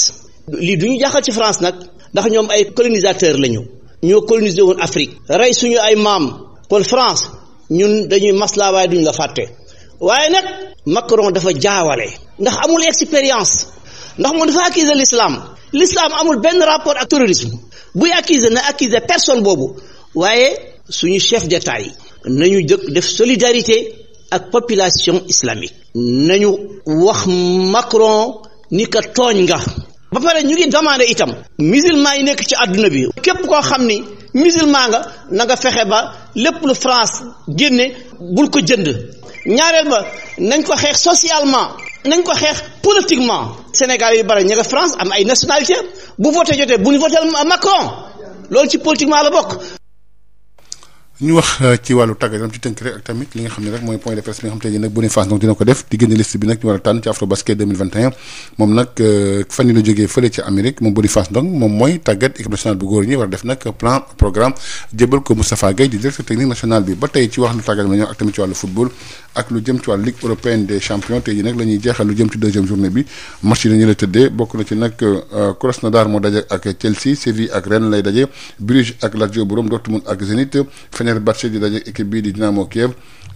lii du ñu jaaxal ci France nag ndax ñoom ay colonisateur lañu ñoo colonisé woon Afrique rey suñu ay maam kon France ñun dañuy maslaa waaye duñ la fàtte waaye nag Macron dafa jaawale ndax amul expérience ndax moom dafa accuser l'islam l'islam amul benn rapport ak terrorisme buy accuser na accuser personne boobu suñu chef d'état yi nañu jëkk def solidarité ak population islamique nañu wax Macron ni ko tooñ nga ba pare ñu ngi demandé itam musulman yi nekk ci àdduna bi képp koo xam ni musulman nga nanga nga fexe ba lépp lu France génne bul ko jënd ñaareel ba nañ ko xeex socialement nañ ko xeex politiquement Sénégal yu bare ñu nga France am ay nationalité bu voté jotee bu ñu voté Macron loolu ci politiquement la bokk ñu wax euh, ci wàllu tàggat yaram ci tënk rek ak tamit li nga xam ne rek mooy point de presse bi nga xam te ne nag donc dina ko def di génne bi nag ñu war a tànn ci afro basket moom nag euh, fan yi la jógee fële ci Amérique moom Boniface donc moom mooy tàggat équipe bu góor ñi war a def nag plan programme jébal ko Moustapha Gueye di directeur technique national bi ba tey ci wax lu tàggat yaram jeexal lu jëm ci deuxième journée bi match yi dañu la tëddee Fenerbahçe di daje équipe bii di Dynamo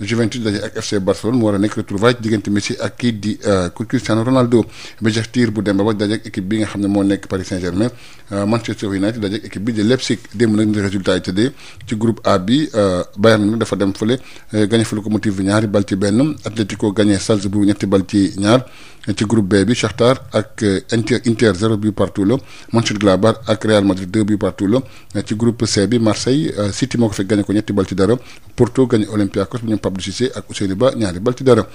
Juventus daje ak FC Barcelone mu war a nekk retrouvaille diggante Messi ak kii di euh, Cristiano Ronaldo Béchaktir bu Demba bi nga xam ne moo nekk Paris Saint-Germain euh, Manchester United daje ak bi de Leipzig démb nag ni résultat yi ci groupe A bi euh, Bayern nag dafa dem fële gagné fa locomotive bi ñaari bal ci benn Atlético gagné Salzbourg ñetti bal ci ñaar ci groupe B bi Shakhtar ak Inter Inter zéro but partout la Mönchengladbach ak Real Madrid la ci groupe C bi ko fekk gagné ko ñetti bal Abdou Cissé ak Ousseynou Ba ñaari bal ci dara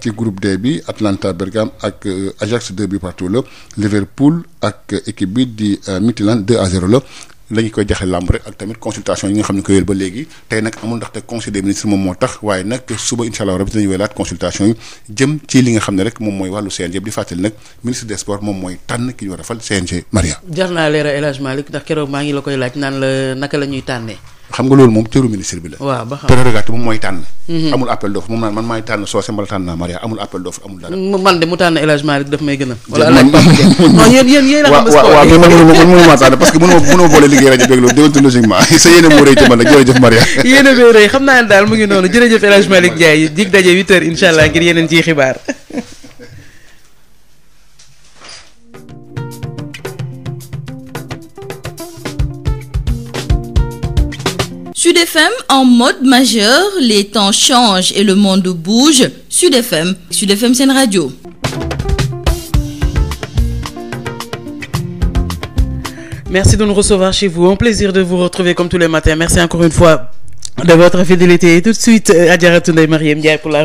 ci groupe D bi Atlanta Bergame ak euh, Ajax deux buts partout la Liverpool ak équipe bi di euh, Midtjylland 2 à 0 la. lañu koy jaxle làmb rek ak tamit consultation yi nga xam ne ko yël ba léegi tey nag amul ndaxte conseil consultation yi jëm ci li nga xam ne rek moom mooy wàllu CNG bi di fàttali nag ministre des sports moom mooy tànn ki ñu war a fal CNG Maria. jar naa leeral El Hadj ndax keroog maa ngi la koy laaj naan la naka la xam nga loolu moom cëru ministre bi la. waaw ba xam mhm. naa Maria a xam. waaw waaw a may rëy xam naa ne daal mu ngi noonu jërëjëf El Hadj Malick Ndiaye dig daje 8h ngir yeneen ci xibaar Sud FM en mode majeur, les temps changent et de nous recevoir de vous retrouver comme tous les matins. Merci encore une fois de votre fidélité. Et tout de suite, euh, Adjaratou Ndeye Marième Ndiaye pour la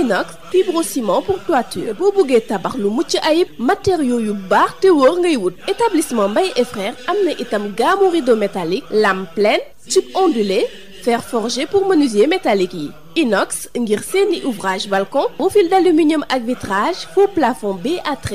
inox fibrociment pour toiture boo bëggee tabax lu mucc ayib matériaux yu baax te wóor ngay wut établissement Mbaye et frères am na itam gaamu rideau métallique lame pleine tube ondulé fer forgé pour menuisier métallique yi inox ngir seeni ouvrage balcon profil d'aluminium ak vitrage faux plafond BA13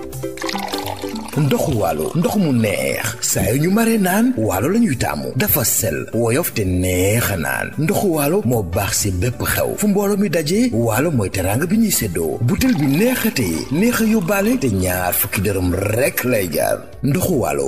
ndoxu waalo ndox mu neex saa yu ñu mare naan waalo lañuy taamu dafa sel woyof te neex a naan ndoxu waalo moo baax si bépp xew fu mbooloo mi dajee waalo mooy teraanga bi ñuy seddoo butel bi neexatee neex a yóbbaale te ñaar fukki dërëm rekk lay jaar ndoxu waalo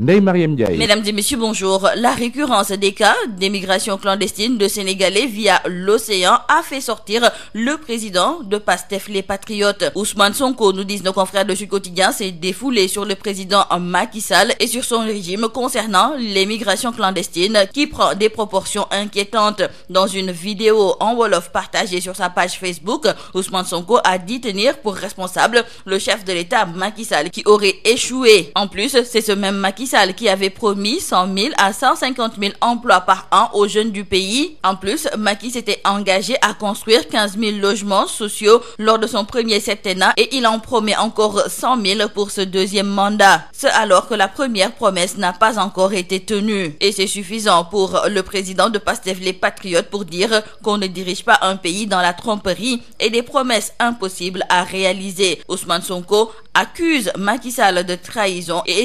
Ndeye Mariam Ndiaye. Mesdames et messieurs, bonjour. La récurrence des cas d'émigration clandestine de Sénégalais via l'océan a fait sortir le président de PASTEF les Patriotes. Ousmane Sonko, nous disent nos confrères de Sud Quotidien, s'est défoulé sur le président Macky Sall et sur son régime concernant l'émigration clandestine qui prend des proportions inquiétantes. Dans une vidéo en Wolof partagée sur sa page Facebook, Ousmane Sonko a dit tenir pour responsable le chef de l'État Macky Sall qui En plus, c'est ce même Sall qui avait promis 100 000 à 150 000 emplois par an aux jeunes du pays. En plus, Macky s'était engagé à construire 15 000 logements sociaux lors de son premier septennat et il en promet encore pour ce deuxième mandat. Ce alors que la première promesse n'a pas encore été tenue. Et c'est suffisant pour le président de PASTEF les Patriotes pour dire qu'on ne dirige pas un pays dans la tromperie et des promesses impossibles à réaliser. Ousmane Sonko accuse Macky Sall de trahison et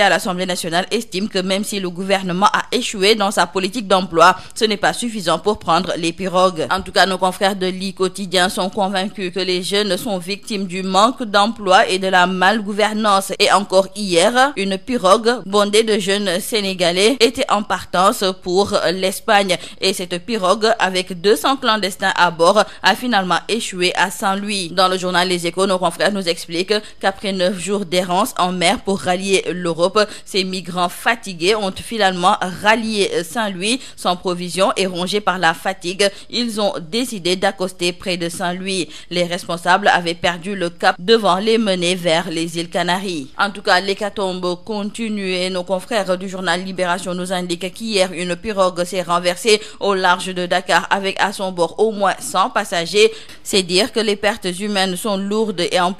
députés à l'Assemblée nationale estiment que même si le gouvernement a échoué dans sa politique d'emploi, ce n'est pas suffisant pour prendre les pirogues. En tout cas, nos confrères de l'I quotidien sont convaincus que les jeunes sont victimes du manque d'emploi et de la malgouvernance. Et encore hier, une pirogue bondée de jeunes sénégalais était en partance pour l'Espagne et cette pirogue avec clandestins à bord a finalement échoué à Saint-Louis. Dans le journal Diop. Ces migrants fatigués ont finalement rallié Saint-Louis sans provision et rongés par la fatigue. Ils ont décidé d'accoster près de Saint-Louis. Les responsables avaient perdu le cap devant les menées vers les îles Canaries. En tout cas, l'hécatombe continue et nos confrères du journal Libération nous indiquent qu'hier, une pirogue s'est renversée au large de Dakar avec à son bord au moins 100 passagers. C'est dire que les pertes humaines sont lourdes et en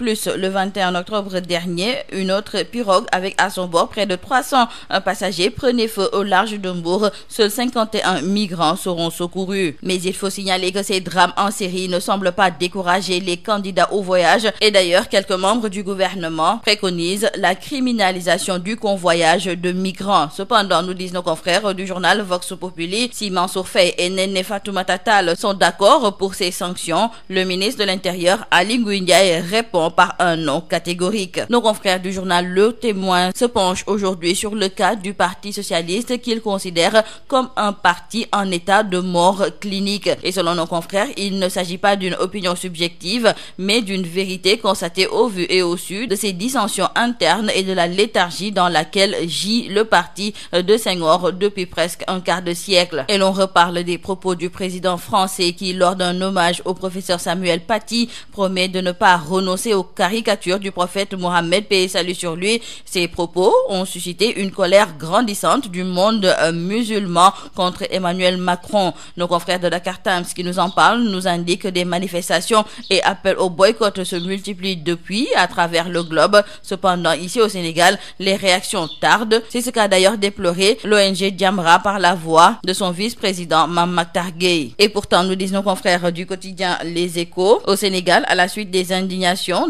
bord, près de euh, passagers prenaient feu au large de Mbourg. Seuls 51 migrants seront secourus. Mais il faut signaler que ces drames en série ne semblent pas décourager les candidats au voyage. Et d'ailleurs, quelques membres du gouvernement préconisent la criminalisation du convoyage de migrants. Cependant, nous disent nos confrères du journal Vox Populi, si Mansour et Néné Fatoumata Tall sont d'accord pour ces sanctions, le ministre de l'Intérieur Ali Ngouille Ndiaye penche aujourd'hui sur le cas du Parti socialiste qu'il considère comme un parti en état de mort clinique. Et selon nos confrères, il ne s'agit pas d'une opinion subjective, mais d'une vérité constatée au vu et au su de ses dissensions internes et de la léthargie dans laquelle gît le parti de Senghor depuis presque un quart de siècle. Et l'on reparle des propos du président français qui, lors d'un hommage au professeur Samuel Paty, promet de ne pas renoncer vidéos ont suscité une colère grandissante du monde euh, musulman contre Emmanuel Macron. Nos confrères de Dakar Times qui nous en parlent nous indiquent des manifestations et appels au boycott se multiplient depuis à travers le globe. Cependant, ici au Sénégal, les réactions tardent. C'est ce qu'a d'ailleurs déploré l'ONG Jamra par la voix de son vice-président Mame Mactar Guèye. Et pourtant, nous disent nos confrères du quotidien Les Échos, au Sénégal, à la suite des indignations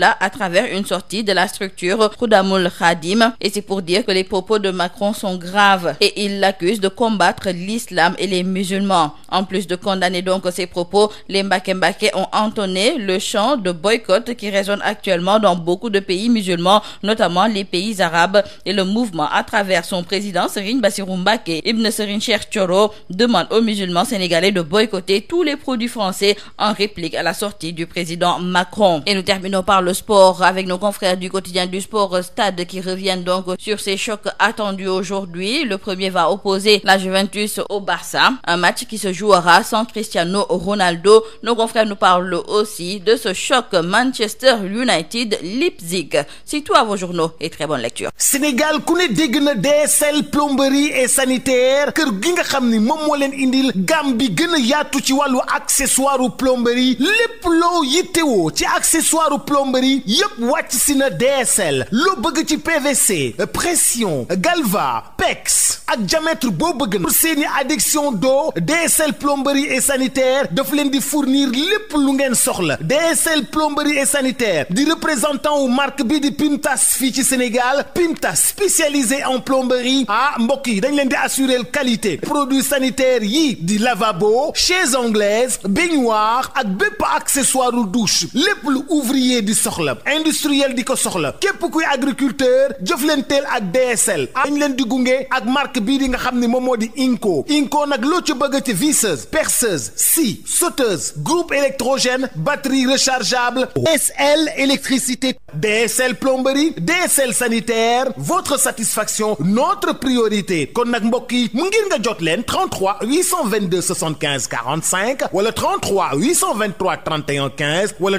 cela à travers une sortie de la structure Khoudamoul Khadim. Et c'est pour dire que les propos de Macron sont graves et il l'accuse de combattre l'islam et les musulmans. En plus de condamner donc ces propos, les Mbaké Mbaké ont entonné le chant de boycott qui résonne actuellement dans beaucoup de pays musulmans, notamment les pays arabes. Et le mouvement, à travers son président Serigne Bassirou Mbacké, Ibn Serigne Cheikh Thioro, demande aux musulmans sénégalais de boycotter le sport avec nos confrères du quotidien du sport Stade qui reviennent donc sur ces chocs attendus aujourd'hui. Le premier va opposer la Juventus au Barça, un match qui se jouera sans Cristiano Ronaldo. Nos confrères nous parlent aussi de ce choc Manchester United-Leipzig. C'est vos journaux et très bonne lecture. Sénégal ku ne dégg na DSL plomberie et sanitaire kër gi nga xam ni moom moo leen indil gam bi gën a yaatu ci accessoire ci accessoire plomberie gendarmerie yépp wàcc si na DSL loo bëgg ci PVC pression galva pex ak diamètre boo bëgg pour seeni adduction d'eau DSL plomberie et sanitaire daf leen di fournir lépp lu ngeen soxla DSL plomberie et sanitaire di représentant wu marque bi di Pimtas fii ci Sénégal Pimtas spécialisé en plomberie ah mbokk yi dañ leen di assurer qualité produit sanitaires yi di lavabo chaises anglaises baignoire ak bépp accessoire douche lépp lu ouvrier di soxla industriel di ko soxla képp kuy agriculteur jëf leen teel ak DSL dañ leen di gunge ak marque bii di nga xam ni moom moo di Inco Inco nag loo ci bëgg ci visseuse perceuse scie sauteuse groupe électrogène batterie rechargeable DSL électricité DSL plomberie DSL sanitaire votre satisfaction notre priorité kon nag mbokk yi mu ngir nga jot leen 33 822 75 45 wala 33 823 31 15 wala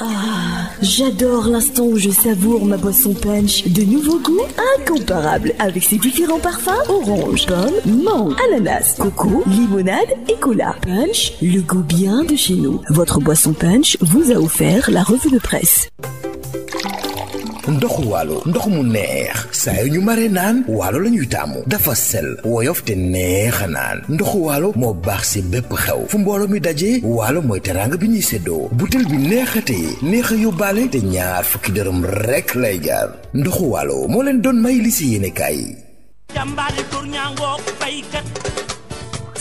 Ah, j'adore l'instant où je savoure ma boisson punch. De nouveaux goûts incomparables avec ses différents parfums orange, pomme, mangue, ananas, coco, limonade et cola. Punch, le goût bien de chez nous. Votre boisson punch vous a offert la revue de presse. ndoxu waalo ndox mu neex saa yu ñu maree naan waalo la ñuy taamu dafa sel woyof te neex a naan ndoxu waalo moo baax si bépp xew fu mbooloo mi dajee waalo mooy teraanga bi ñuy seddoo butel bi neexatee neex a yóbbaale te ñaar fukki dërëm rekk lay jaar ndoxu waalo moo leen doon may li si yéene kaay yi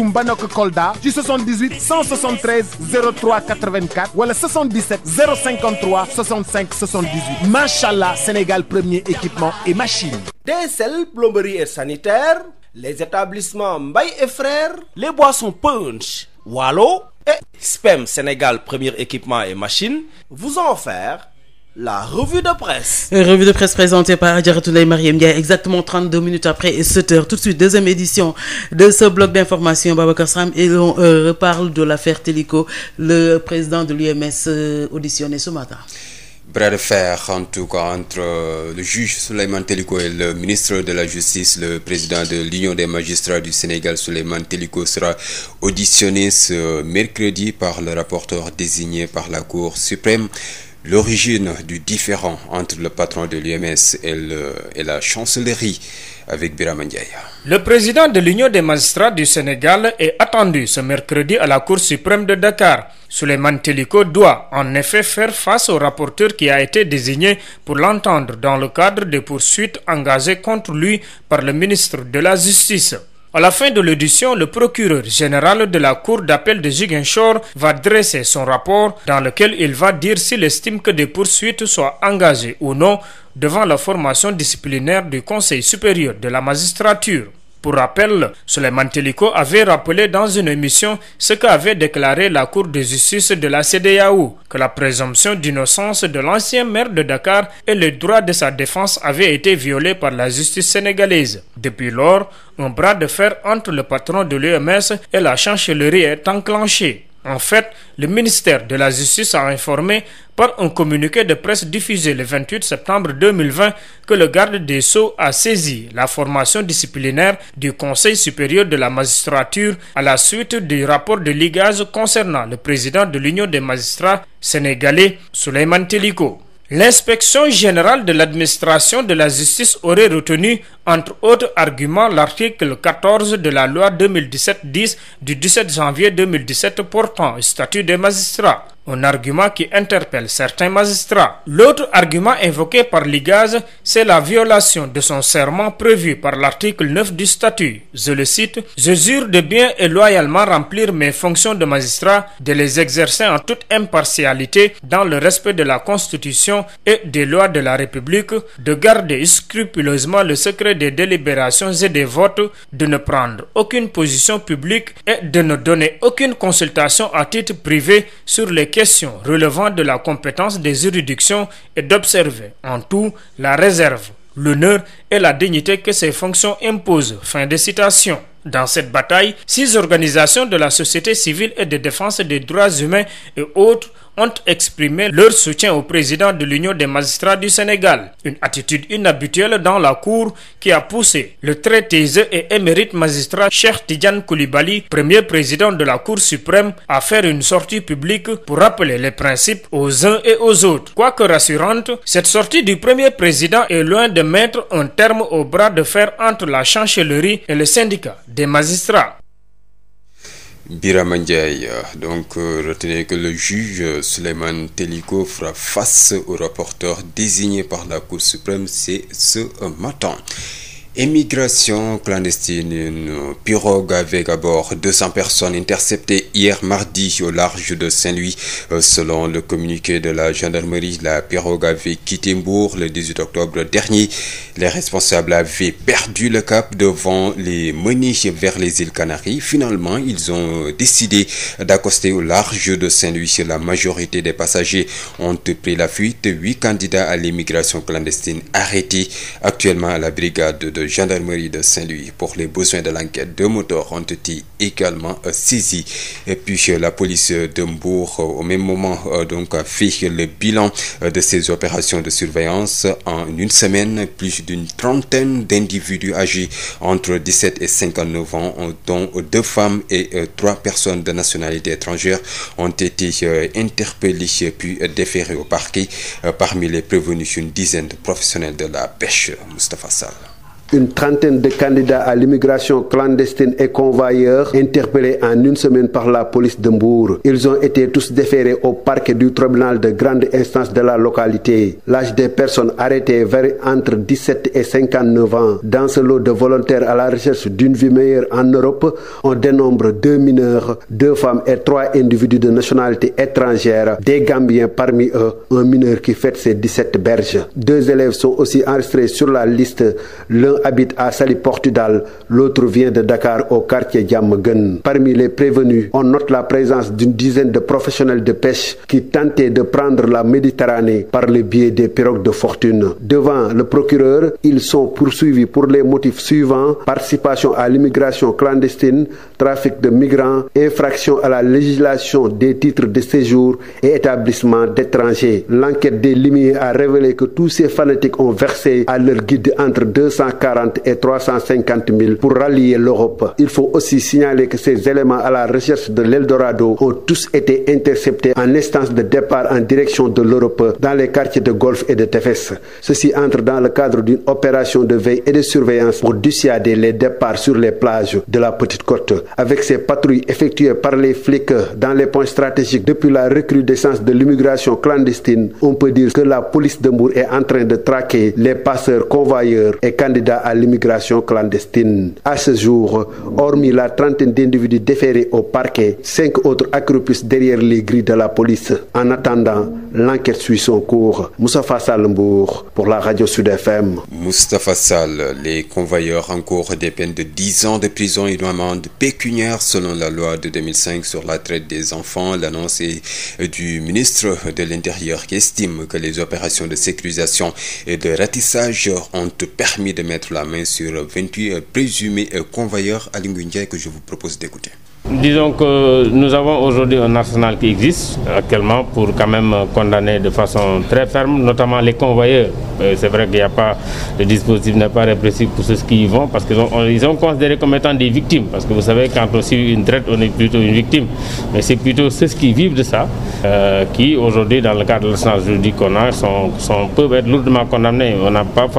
Tourum Banok Kolda ci 78 173 03 84 wala 77 053 65 78 macha allah Sénégal premier équipement et machine. DSL plomberie et sanitaire les établissements Mbaye et frères les boissons punch Walo et Spem Sénégal premier équipement et La revue de presse. Euh, revue de presse par Diaratoulaye Mariam Ndiaye, exactement 32 minutes après 7 heures. Tout de suite, deuxième édition de ce bloc d'information Babacar Sam et l'on euh, reparle de l'affaire Télico, le président de l'UMS euh, auditionné ce matin. Bras de fer en tout cas entre euh, le juge Souleymane Téliko et le ministre de la Justice, le président de l'Union des magistrats du Sénégal, Souleymane Téliko, sera auditionné ce mercredi par le rapporteur la Cour suprême. L'origine du différend entre le patron de l'UMS et, le, et la chancellerie avec Birame Ndiaye. Le président de l'Union des magistrats du Sénégal est attendu ce mercredi à la Cour suprême de Dakar. Souleymane Teliko doit en effet faire face au rapporteur qui a été désigné pour l'entendre dans le cadre des poursuites engagées contre lui par le ministre de la Justice. À la fin de l'audition, le procureur général de la Cour d'appel de Ziguinchor va dresser son rapport dans lequel il va dire s'il estime que des poursuites soient engagées ou non devant la formation disciplinaire du Conseil supérieur de la magistrature. Pour rappel, Souleymane Teliko avait rappelé dans une émission ce qu'avait déclaré la Cour de justice de la CEDEAO, que la présomption d'innocence de l'ancien maire de Dakar et le droit de sa défense avaient été violés par la justice sénégalaise. Depuis lors, un bras de fer entre le patron de l'UMS et la chancellerie est enclenché. En fait, le ministère de la Justice a informé par un communiqué de presse diffusé le 28 septembre 2020 que le garde des Sceaux a saisi la formation disciplinaire du Conseil supérieur de la magistrature à la suite du rapport de ligage concernant le président de l'Union des magistrats sénégalais, Souleymane Teliko. L'inspection générale de l'administration de la justice aurait retenu, entre autres arguments, l'article 14 de la loi 2017-10 du 17 janvier 2017 portant statut des magistrats. un argument qui interpelle certains magistrats. L'autre argument invoqué par Ligaz, c'est la violation de son serment prévu par l'article 9 du statut. Je le cite, « Je jure de bien et loyalement remplir mes fonctions de magistrat, de les exercer en toute impartialité dans le respect de la Constitution et des lois de la République, de garder scrupuleusement le secret des délibérations et des votes, de ne prendre aucune position publique et de ne donner aucune à questions relevant de la compétence des juridictions et d'observer en tout la réserve, l'honneur et la dignité que ces fonctions imposent. Fin de citation. Dans cette bataille, six organisations de la société civile et de défense des droits humains et autres ont exprimé leur soutien au président de l'Union des magistrats du Sénégal, une attitude inhabituelle dans la Cour qui a poussé le très taiseux et émérite magistrat Cheikh Tidiane Koulibaly, premier président de la Cour suprême, à faire une sortie publique pour rappeler les principes aux uns et aux autres. Quoique rassurante, cette sortie du premier président est loin de mettre un terme au bras de fer entre la chancellerie et le syndicat des magistrats. Birama Ndiaye donc euh, retenez que le juge euh, Souleymane Teliko fera face au rapporteur désigné par la Cour suprême c'est ce matin Émigration clandestine, une pirogue avec à bord 200 personnes interceptées hier mardi au large de Saint-Louis. Euh, selon le communiqué de la gendarmerie, la pirogue avait quitté Mbour le 18 octobre dernier. Les responsables avaient perdu le cap devant les Moniches vers les îles Canaries. Finalement, ils ont décidé d'accoster au large de Saint-Louis. La majorité des passagers ont pris la fuite. Huit candidats à l'immigration clandestine arrêtés actuellement à la brigade gendarmerie de Saint-Louis pour les besoins de l'enquête. Deux moteurs ont été également euh, saisis. Et euh, de Mbour, euh, au donc a fait le bilan de ces de surveillance. En une semaine, plus d'une trentaine d'individus âgés entre 17 et 59 ans, dont deux femmes et trois personnes de nationalité étrangère, ont été interpellés puis déférés au parquet. Parmi les prévenus, une dizaine de professionnels de la pêche. Moustapha une trentaine de candidats à l'immigration clandestine et convoyeurs interpellés en une semaine par la police de Mbour. Ils ont été tous déférés au parquet du tribunal de grande instance de la localité. L'âge des personnes arrêtées varie entre 17 et 59 ans. Dans ce lot de volontaires à la recherche d'une vie meilleure en Europe, on dénombre deux mineurs, deux femmes et trois individus de nationalité étrangère, des Gambiens parmi eux, un mineur qui fête ses 17 berges. la liste. L'un habite à Sali Portudal, l'autre vient de Dakar au quartier Diamagun. Parmi les prévenus, on note la présence d'une dizaine de professionnels de pêche qui tentaient de prendre la Méditerranée par le biais des pirogues de fortune. Devant le procureur, ils sont poursuivis pour les motifs suivants participation à l'immigration clandestine, trafic de migrants, infraction à la législation des titres de séjour et établissement d'étrangers. L'enquête des Limiers 240 et 350 000 pour rallier l'Europe. Il faut aussi signaler que ces éléments à la recherche de l'Eldorado ont tous été interceptés en instance de départ en direction de l'Europe dans les quartiers de Golfe et de Tefes. Ceci entre dans le cadre d'une opération de veille et de surveillance pour dissuader les départs sur les plages de la Petite Côte. Avec ces patrouilles effectuées par les flics dans les points stratégiques depuis la recrudescence de l'immigration clandestine, on peut dire à l'immigration clandestine. À ce jour, hormis la trentaine d'individus déférés au parquet, cinq autres accroupissent derrière les grilles de la police. En attendant, l'enquête suit son cours. Moustapha Salembourg pour la radio Sud FM. Moustapha Sall, les convoyeurs encourent des peines de 10 ans de prison et une amende pécuniaire selon la loi de sur la traite des enfants. L'annonce du ministre de l'Intérieur qui estime que les opérations de sécurisation et de ratissage ont permis de la main sur 28 présumés convoyeurs Aliou Ndiaye que je vous propose d'écouter. Disons que nous avons aujourd'hui un arsenal qui existe actuellement pour quand même euh, condamner de façon très ferme, notamment les convoyeurs. Euh, c'est vrai qu'il n'y a pas, le dispositif n'est pas répressif pour ceux qui vont parce qu'ils ont, considéré comme étant des victimes. Parce que vous savez, quand on suit une traite, on est plutôt une victime. Mais c'est plutôt ceux qui vivent de ça euh, qui, aujourd'hui, dans le cadre de l'arsenal juridique a, sont, sont, peuvent être lourdement condamnés. On n'a pour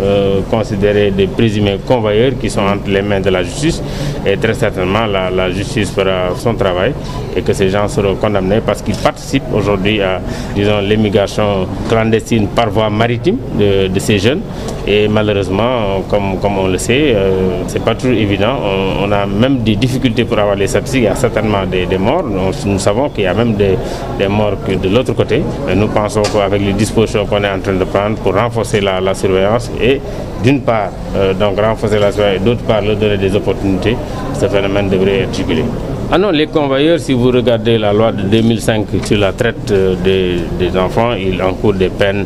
euh, considérés des présumés convoyeurs qui sont entre les mains de la justice. Et très certainement, la, la justice fera son travail et que ces gens seront condamnés parce qu'ils participent aujourd'hui à, disons, l'émigration clandestine par voie maritime de, de, ces jeunes. Et malheureusement, comme, comme on le sait, euh, c'est pas toujours évident. On, on, a même des difficultés pour avoir les statistiques. Il y a certainement des, morts. Nous, savons qu'il y a même des, morts de l'autre côté. Et nous pensons qu'avec les la, la surveillance et d'une part, euh, donc renforcer la soirée et d'autre part, leur donner des opportunités, ce phénomène devrait être jugulé. Ah non, les convoyeurs, si vous regardez la loi de 2005 sur la traite euh, des, des enfants, ils encourent des peines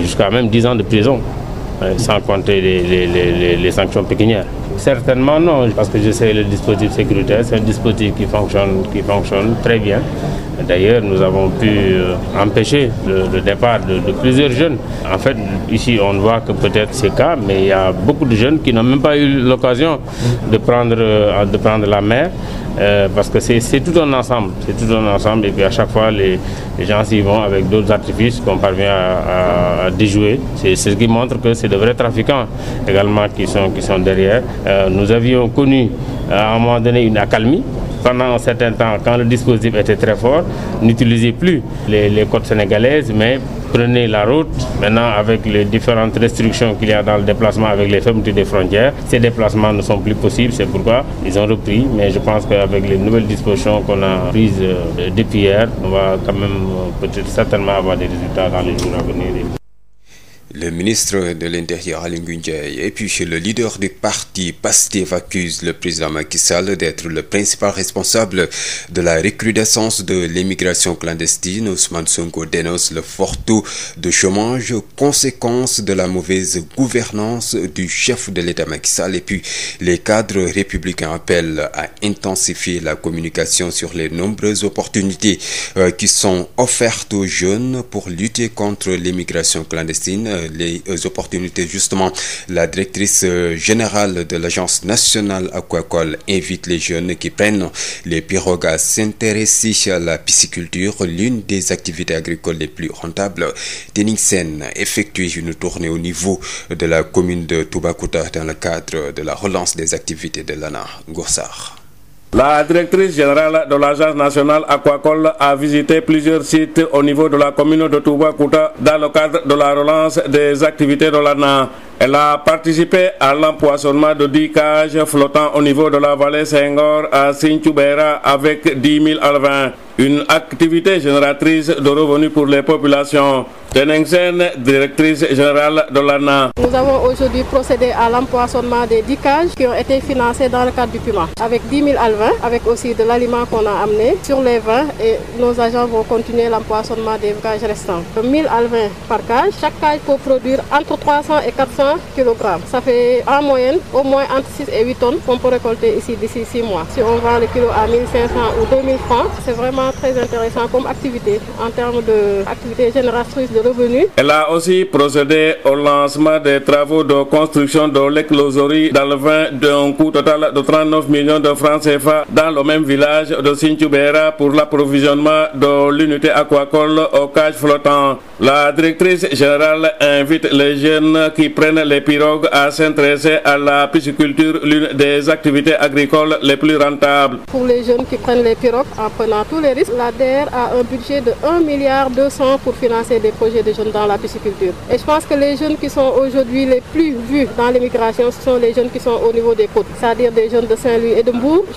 jusqu'à même 10 ans de prison, sans compter les, les, sanctions pécuniaires. Certainement non, parce que je sais le dispositif sécuritaire, c'est un dispositif qui fonctionne, qui fonctionne très bien. D'ailleurs, nous avons pu euh, empêcher le, départ de, de, plusieurs jeunes. En fait, ici, on voit que peut-être c'est cas, mais il y a beaucoup de jeunes qui n'ont même pas eu l'occasion de prendre euh, la mer. Euh, parce que c'est tout un ensemble, c'est tout un ensemble et puis à chaque fois les, gens s'y vont avec d'autres artifices qu'on parvient à, déjouer. C'est ce qui montre que c'est de vrais trafiquants également qui sont, qui sont derrière. Euh, nous avions connu à un moment donné une accalmie pendant un certain temps, quand le dispositif était très fort, n'utilisait plus les, les sénégalaises, mais prenez la route. Maintenant, avec les différentes restrictions qu'il y a dans le déplacement avec les fermetures des frontières, ces déplacements ne sont plus possibles. C'est pourquoi ils ont repris. Mais je pense qu'avec les nouvelles dispositions qu'on a prises euh, depuis hier, on va quand même euh, peut-être certainement avoir des résultats dans les jours à venir. Le ministre de l'Intérieur, Aly Ngouille Ndiaye, et puis le leader du parti Pastef accuse le président Macky Sall d'être le principal responsable de la recrudescence de l'immigration clandestine. Ousmane Sonko dénonce le fort taux de chômage, conséquence de la mauvaise gouvernance du chef de l'État Macky Sall. Et puis les cadres républicains appellent à intensifier la communication sur les nombreuses opportunités euh, qui sont offertes aux jeunes pour lutter contre l'immigration clandestine. les euh, opportunités justement la directrice euh, générale de l'agence nationale aquacole invite les jeunes qui prennent les pirogues à s'intéresser à la pisciculture l'une des activités agricoles les plus rentables Tening Sène effectue une tournée au niveau de la commune de Toubacouta dans le cadre de la relance des activités de l'ANA Ngorsar La directrice générale de l'Agence nationale Aquacole a visité plusieurs sites au niveau de la commune de Touba-Kouta dans le cadre de la relance des activités de l'ANA. Elle a participé à l'empoisonnement de 10 cages flottant au niveau de la vallée Senghor à Sinthioubeira avec 10 000 alevins. une activité génératrice de revenus pour les populations. Tenengsen, directrice générale de l'ANA. Nous avons aujourd'hui procédé à l'empoisonnement des 10 cages qui ont été financées dans le cadre du PUMA, avec avec aussi de l'aliment qu'on a amené sur les 20 et nos agents vont continuer l'empoisonnement des cages restantes. 1000 alvins par cage, chaque cage peut produire entre et 400 kg. Ça fait en moyenne au moins entre et tonnes qu'on peut récolter vraiment très intéressant comme activité en termes d'activité génératrice de revenus. Elle a aussi procédé au lancement des travaux de construction de l'écloserie dans le vin d'un coût de 39 millions de francs CFA dans le même village de Sinthioubeira pour l'approvisionnement de l'unité aquacole au La directrice générale invite les jeunes qui prennent les pirogues à s'intéresser à la pisciculture, l'une des activités agricoles les plus rentables. Pour tourisme, la DER a un budget de 1 milliard 200 pour financer des projets de jeunes dans la pisciculture. Et je pense que les jeunes qui sont aujourd'hui les plus vus dans l'immigration, ce sont les jeunes qui sont au niveau des côtes, c'est-à-dire des jeunes de Saint-Louis et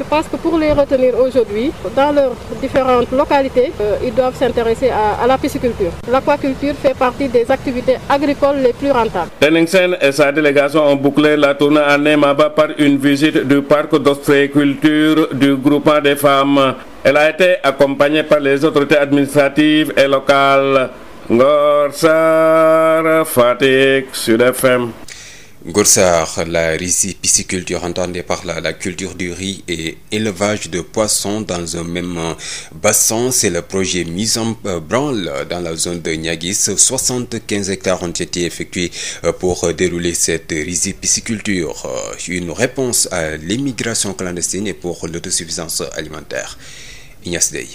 Je pense que pour les retenir aujourd'hui, dans leurs différentes localités, euh, ils doivent s'intéresser à, la pisciculture. L'aquaculture fait partie des activités agricoles les plus Elle a été accompagnée par les autorités administratives et locales. FM. Gorsar, la pisciculture entendait par là la culture du riz et élevage de poissons dans un même euh, le projet mis en euh, branle dans zone de Niagis. 75 hectares ont été effectués euh, pour dérouler cette rizipisciculture. pour l'autosuffisance alimentaire. Ignace Dey.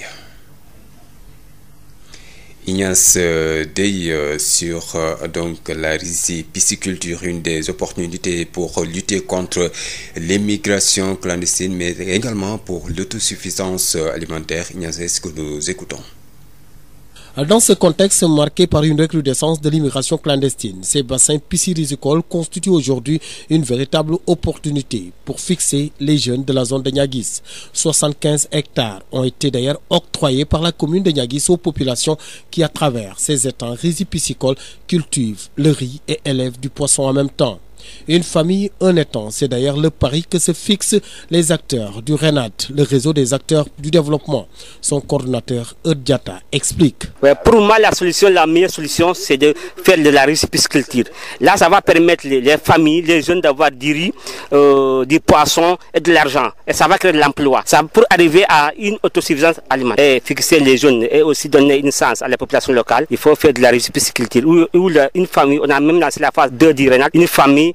Ignace euh, Dey euh, sur euh, donc la rizi pisciculture, une des opportunités pour lutter contre l'immigration clandestine, mais également pour l'autosuffisance alimentaire. Ignace, est-ce que nous écoutons Dans ce contexte marqué par une recrudescence de l'immigration clandestine, ces bassins piscirisicoles constituent aujourd'hui une véritable les jeunes de la zone de Niaguis. 75 hectares ont été d'ailleurs octroyés commune de Niaguis aux populations qui, à travers ces étangs rizipiscicoles, cultivent le riz et élèvent du poisson en temps. Une famille, un c'est d'ailleurs le pari que se fixent les acteurs du RENAD, le réseau des acteurs du développement. Son coordonnateur Eud Diatta explique. Ouais, pour moi, la solution, la meilleure solution, c'est de faire de la riziculture. Là, ça va permettre les, les familles, les jeunes d'avoir du euh, poisson et de l'argent. Et ça va créer l'emploi. pour arriver à une autosuffisance alimentaire et aussi donner une sens à la population locale, il faut faire de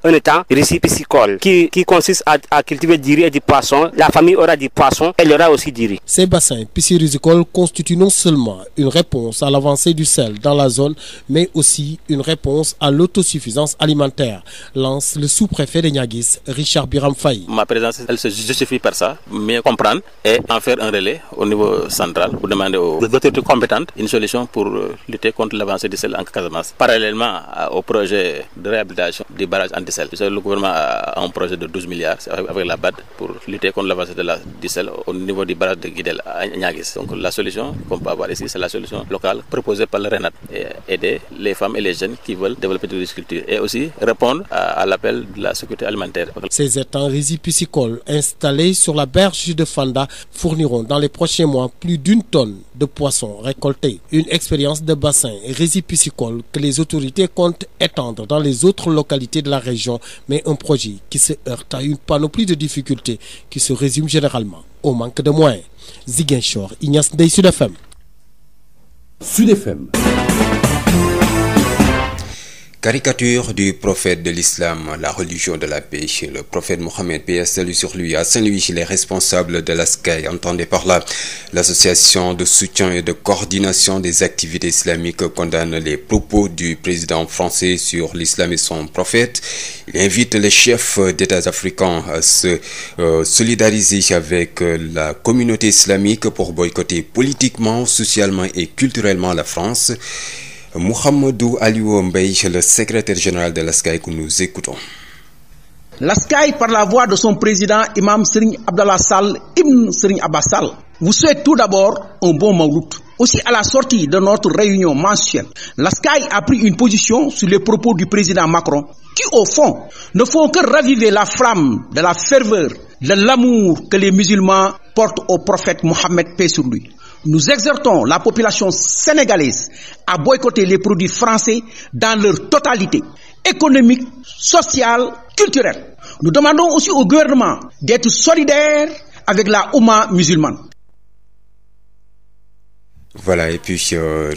un étang rizipiscicole qui, qui consiste à, cultiver du et du La famille aura du poisson, elle Ces bassins pisciculteurs constituent non seulement une réponse à l'avancée du sel dans la zone, mais aussi une réponse à l'autosuffisance alimentaire, lance le sous-préfet de Niaguis, Richard Biram Faye. Ma présence, elle se justifie par ça, mieux comprendre et en faire un relais au niveau central pour demander aux autorités compétentes une solution pour euh, lutter contre l'avancée du Le gouvernement a un projet de milliards avec la BAD pour lutter contre l'avancée de la, du au niveau du barrage de Guidel à Niagis. Donc la solution qu'on peut avoir ici, c'est la solution locale proposée par le RENAT et les femmes et les jeunes qui veulent développer de l'agriculture et aussi répondre à, l'appel de la sécurité alimentaire. Ces étangs rizipiscicoles installés sur la berge de Fanda fourniront dans les prochains mois plus d'une tonne de religion, mais un projet qui se heurte à une panoplie de difficultés qui se résume généralement au manque de moyens. Ziguinchor, Ignace Ndeye, Sud FM. Sud FM. Caricature du prophète de l'islam, de la paix. Le prophète Mohamed PS salut sur lui à Saint-Louis, les responsables de la SCAI, entendez par là l'association de soutien et de coordination des activités islamiques condamne les propos du président français sur l'islam et son prophète. Il invite les chefs d'États africains à se euh, solidariser avec la communauté islamique pour boycotter politiquement, socialement et culturellement la France. Mouhamadou Aliou Mbaye, le secrétaire général de l'ASCAI que nous écoutons. L'ASCAI, par la voix de son président, Imam Serigne Abdallah Sall, Ibn Serigne Abbas Sall, vous souhaite tout d'abord un bon Mawlid. Aussi, à la sortie de notre réunion mensuelle, l'ASCAI a pris une position sur les propos du président Macron, qui, au fond, ne font que raviver la flamme de la ferveur, de l'amour que les musulmans portent au prophète Mohammed, paix sur lui. Nous exhortons la population sénégalaise à boycotter les produits français dans leur totalité, économique, sociale, culturelle. Nous demandons aussi au gouvernement d'être solidaire avec la Oumma musulmane. Voilà, et puis euh,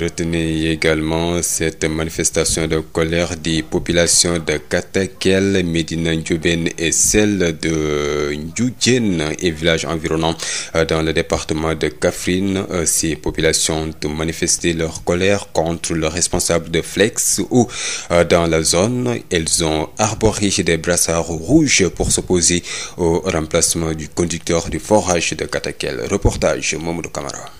également cette manifestation de colère des populations de Katakel, Médina Ndiobène et celle de Ndioudiène et villages environnants euh, dans le département de Kaffrine. Euh, ces populations ont manifesté leur colère contre le responsable de Flex ou euh, dans la zone, elles ont arboré des brassards rouges pour s'opposer au remplacement du conducteur du forage de Katakel. Reportage Mamadou Camara.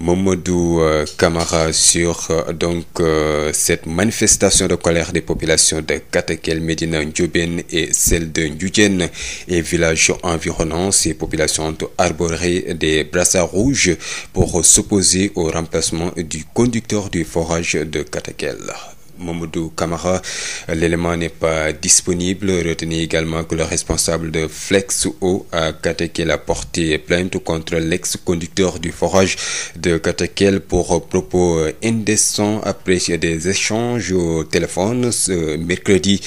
Mamadou euh, Camara sur euh, donc euh, cette manifestation de colère des populations de Katakel, Médina Ndiobène et celle de Ndioudiène et villages environnants. Ces populations ont arboré des brassards rouges pour s'opposer au remplacement du conducteur du forage de Katakel. Mamadou Camara l'élément n'est pas disponible retenez également que le responsable de Flexo à Katakel a porté plainte contre l'ex-conducteur du forage de Katakel pour propos euh, indécents après des échanges au téléphone ce mercredi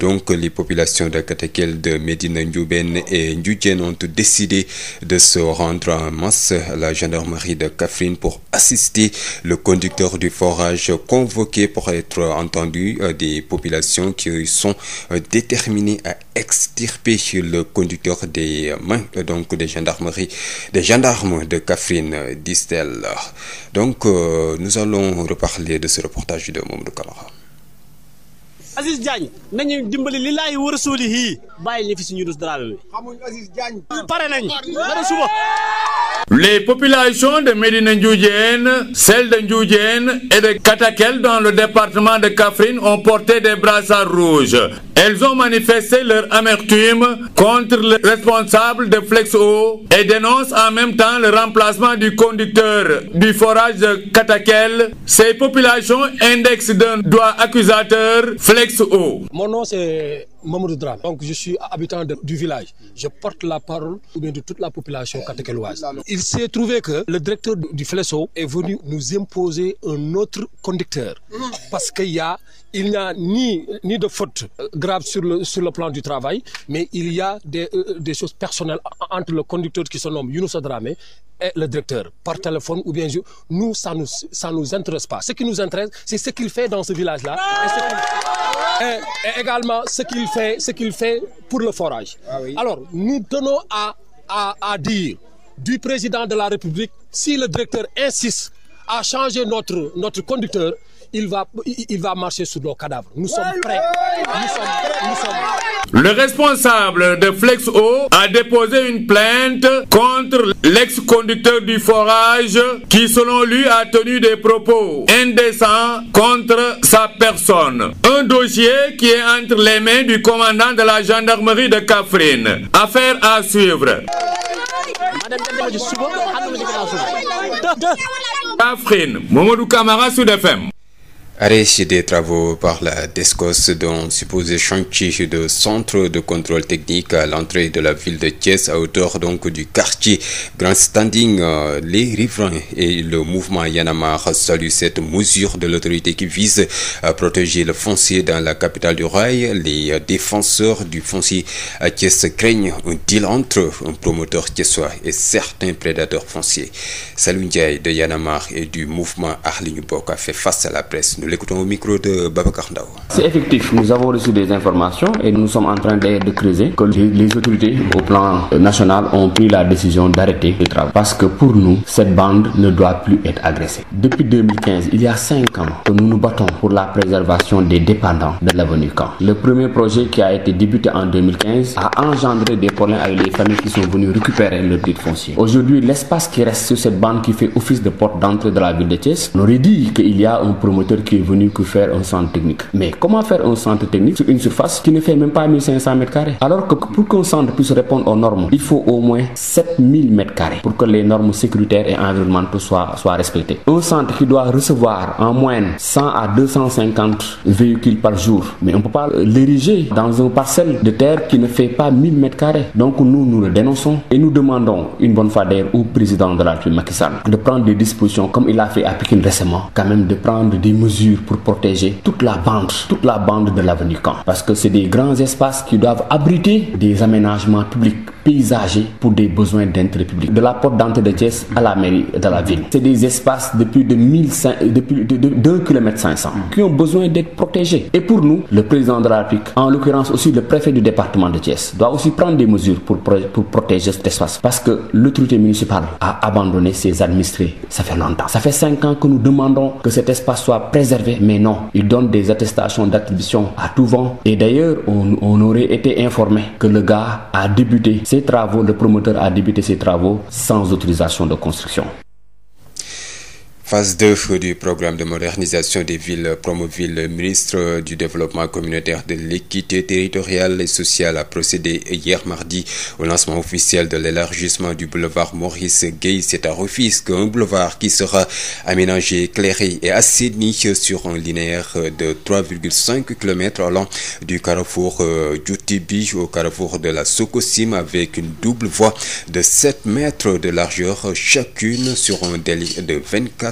donc les populations de Katakel de Médina Ndiouben et Ndioudiène ont décidé de se rendre en masse à la gendarmerie de Kaffrine pour assister le conducteur du forage convoqué pour être entendu euh, des populations qui sont euh, déterminées à extirper le conducteur des mains donc des gendarmeries des gendarmes de Kaffrine Distel donc euh, nous allons reparler de ce reportage de Mamadou Camara Aziz Diagne nañu dimbali li laay war a sóoli yii bàyyi ñu fi si Younouss Dramé. xamuñ Aziz Diagne. pare nañ dara suba. Les populations de Médina Ndioudjène, celles de Ndioudjène et de Katakel dans le département de Kaffrine ont porté des brassards rouges. Elles ont manifesté leur amertume contre le responsable de Flexo et dénoncent en même temps le remplacement du conducteur du forage de Katakel. Ces populations indexent d'un doigt accusateur Flexo. Mon nom c'est Mamoudou Dramé. Donc je suis habitant de, du village. Je porte la parole ou bien de toute la population katakeloise. Il s'est trouvé que le directeur du Flexo est venu nous imposer un autre conducteur mm. parce qu'il y a il n'y a ni, ni de faute euh, grave sur le, sur le plan du travail, mais il y a des, euh, euh des choses personnelles entre le conducteur qui se nomme Younous et le directeur, par téléphone ou bien Nous, ça ne nous, ça nous intéresse pas. Ce qui nous intéresse, c'est ce qu'il fait dans ce village-là. Et, également ce qu'il fait, pour le forage. Ah Alors, nous tenons à, à, à dire du président de la République, si le directeur insiste à changer notre, notre conducteur, il va, il va marcher sur nos cadavres. Nous Le responsable de FlexO a déposé une plainte contre lex du forage qui, selon lui, a tenu des propos indécents contre sa personne. Un dossier qui est entre les mains du commandant de la gendarmerie de Kaffrine. Affaire à suivre. Kaffrine, Arrêt des travaux par la DESCOS d'un supposé chantier de centre de contrôle technique à l'entrée de la ville de Thiès à hauteur donc du quartier Grand Standing. Euh, les riverains et le mouvement Y en a marre saluent cette mesure de l'autorité qui vise à protéger le foncier dans la capitale du rail. Les défenseurs du foncier à Thiès craignent un deal entre un promoteur thiessois et certains prédateurs fonciers. Salou de Y et du mouvement Aar Li a fait Nous l'écoutons au micro de Babacar C'est effectif. Nous avons reçu des informations et nous sommes en train de, de creuser que les autorités au plan euh, national ont pris la décision d'arrêter le travail. Parce que pour nous, cette bande ne doit plus être agressée. Depuis il y a 5 ans que nous nous battons pour la préservation des dépendants de l'avenue Caen. Le premier projet qui a été débuté en a engendré des problèmes avec les familles qui sont qui est venu que faire un centre technique. Mais comment faire un centre technique sur une surface qui ne fait même pas 1500 mètres carrés Alors que pour qu'un centre puisse répondre aux normes, il faut au moins 7000 mètres carrés pour que les normes sécuritaires et environnementales soient, soient respectées. Un centre qui doit recevoir en moyenne 100 à 250 véhicules par jour. Mais on ne peut pas l'ériger dans une parcelle de terre qui ne fait pas 1000 mètres carrés. Donc nous, nous le dénonçons et nous demandons une bonne fois d'ailleurs au président de la République, Macky Sall, de prendre des dispositions comme il a fait à Pékin récemment, quand même de prendre des mesures mesures pour protéger toute la bande, de l'avenue Caen. Parce que c'est des grands espaces qui doivent abriter des aménagements publics paysagers pour des besoins d'intérêt public. De la porte d'entrée de Thiès à la mairie de la ville. C'est des espaces de de 1500, qui ont besoin d'être protégés. Et pour nous, le président de la République, en l'occurrence aussi le préfet du département de Thiès, doit aussi prendre des mesures pour, protéger cet espace. Parce que préserver, mais non. Ils donnent des attestations d'attribution à tout vent. Et d'ailleurs, on, on aurait été informé que le gars a débuté ses travaux, le promoteur a débuté ses travaux sans autorisation de construction. phase 2 du programme de modernisation des villes Promoville, le ministre du Développement communautaire de l'équité territoriale et sociale a procédé hier mardi au lancement officiel de l'élargissement du boulevard Maurice Gueye. C'est à Rufisque, un boulevard qui sera aménagé, éclairé et assaini sur un linéaire de 3,5 km allant du carrefour euh, Djoutibi au carrefour de la Sokosim avec une double voie de 7 mètres de largeur chacune sur un délit de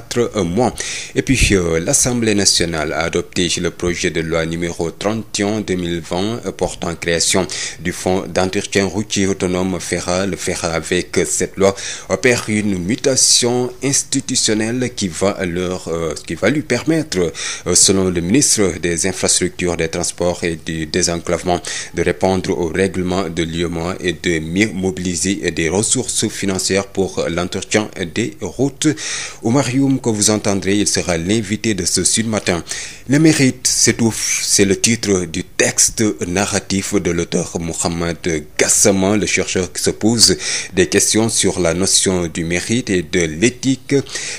quatre mois et puis euh, l'Assemblée nationale a adopté le projet de loi numéro 31 2020 euh, portant création du fonds d'entretien routier autonome FERA le FERA avec cette loi opère une mutation institutionnelle qui va leur euh, qui va lui permettre selon le ministre des infrastructures des transports et du désenclavement de répondre aux règlements de l'UEMOA et de mieux mobiliser des ressources financières pour l'entretien des routes Oumar Youm Bourgoum que vous entendrez. Il sera l'invité de ce Sud Matin. Le mérite c'est le titre du texte narratif de l'auteur Mohamed Gassama, le chercheur qui se pose des questions sur la notion du mérite et de l'éthique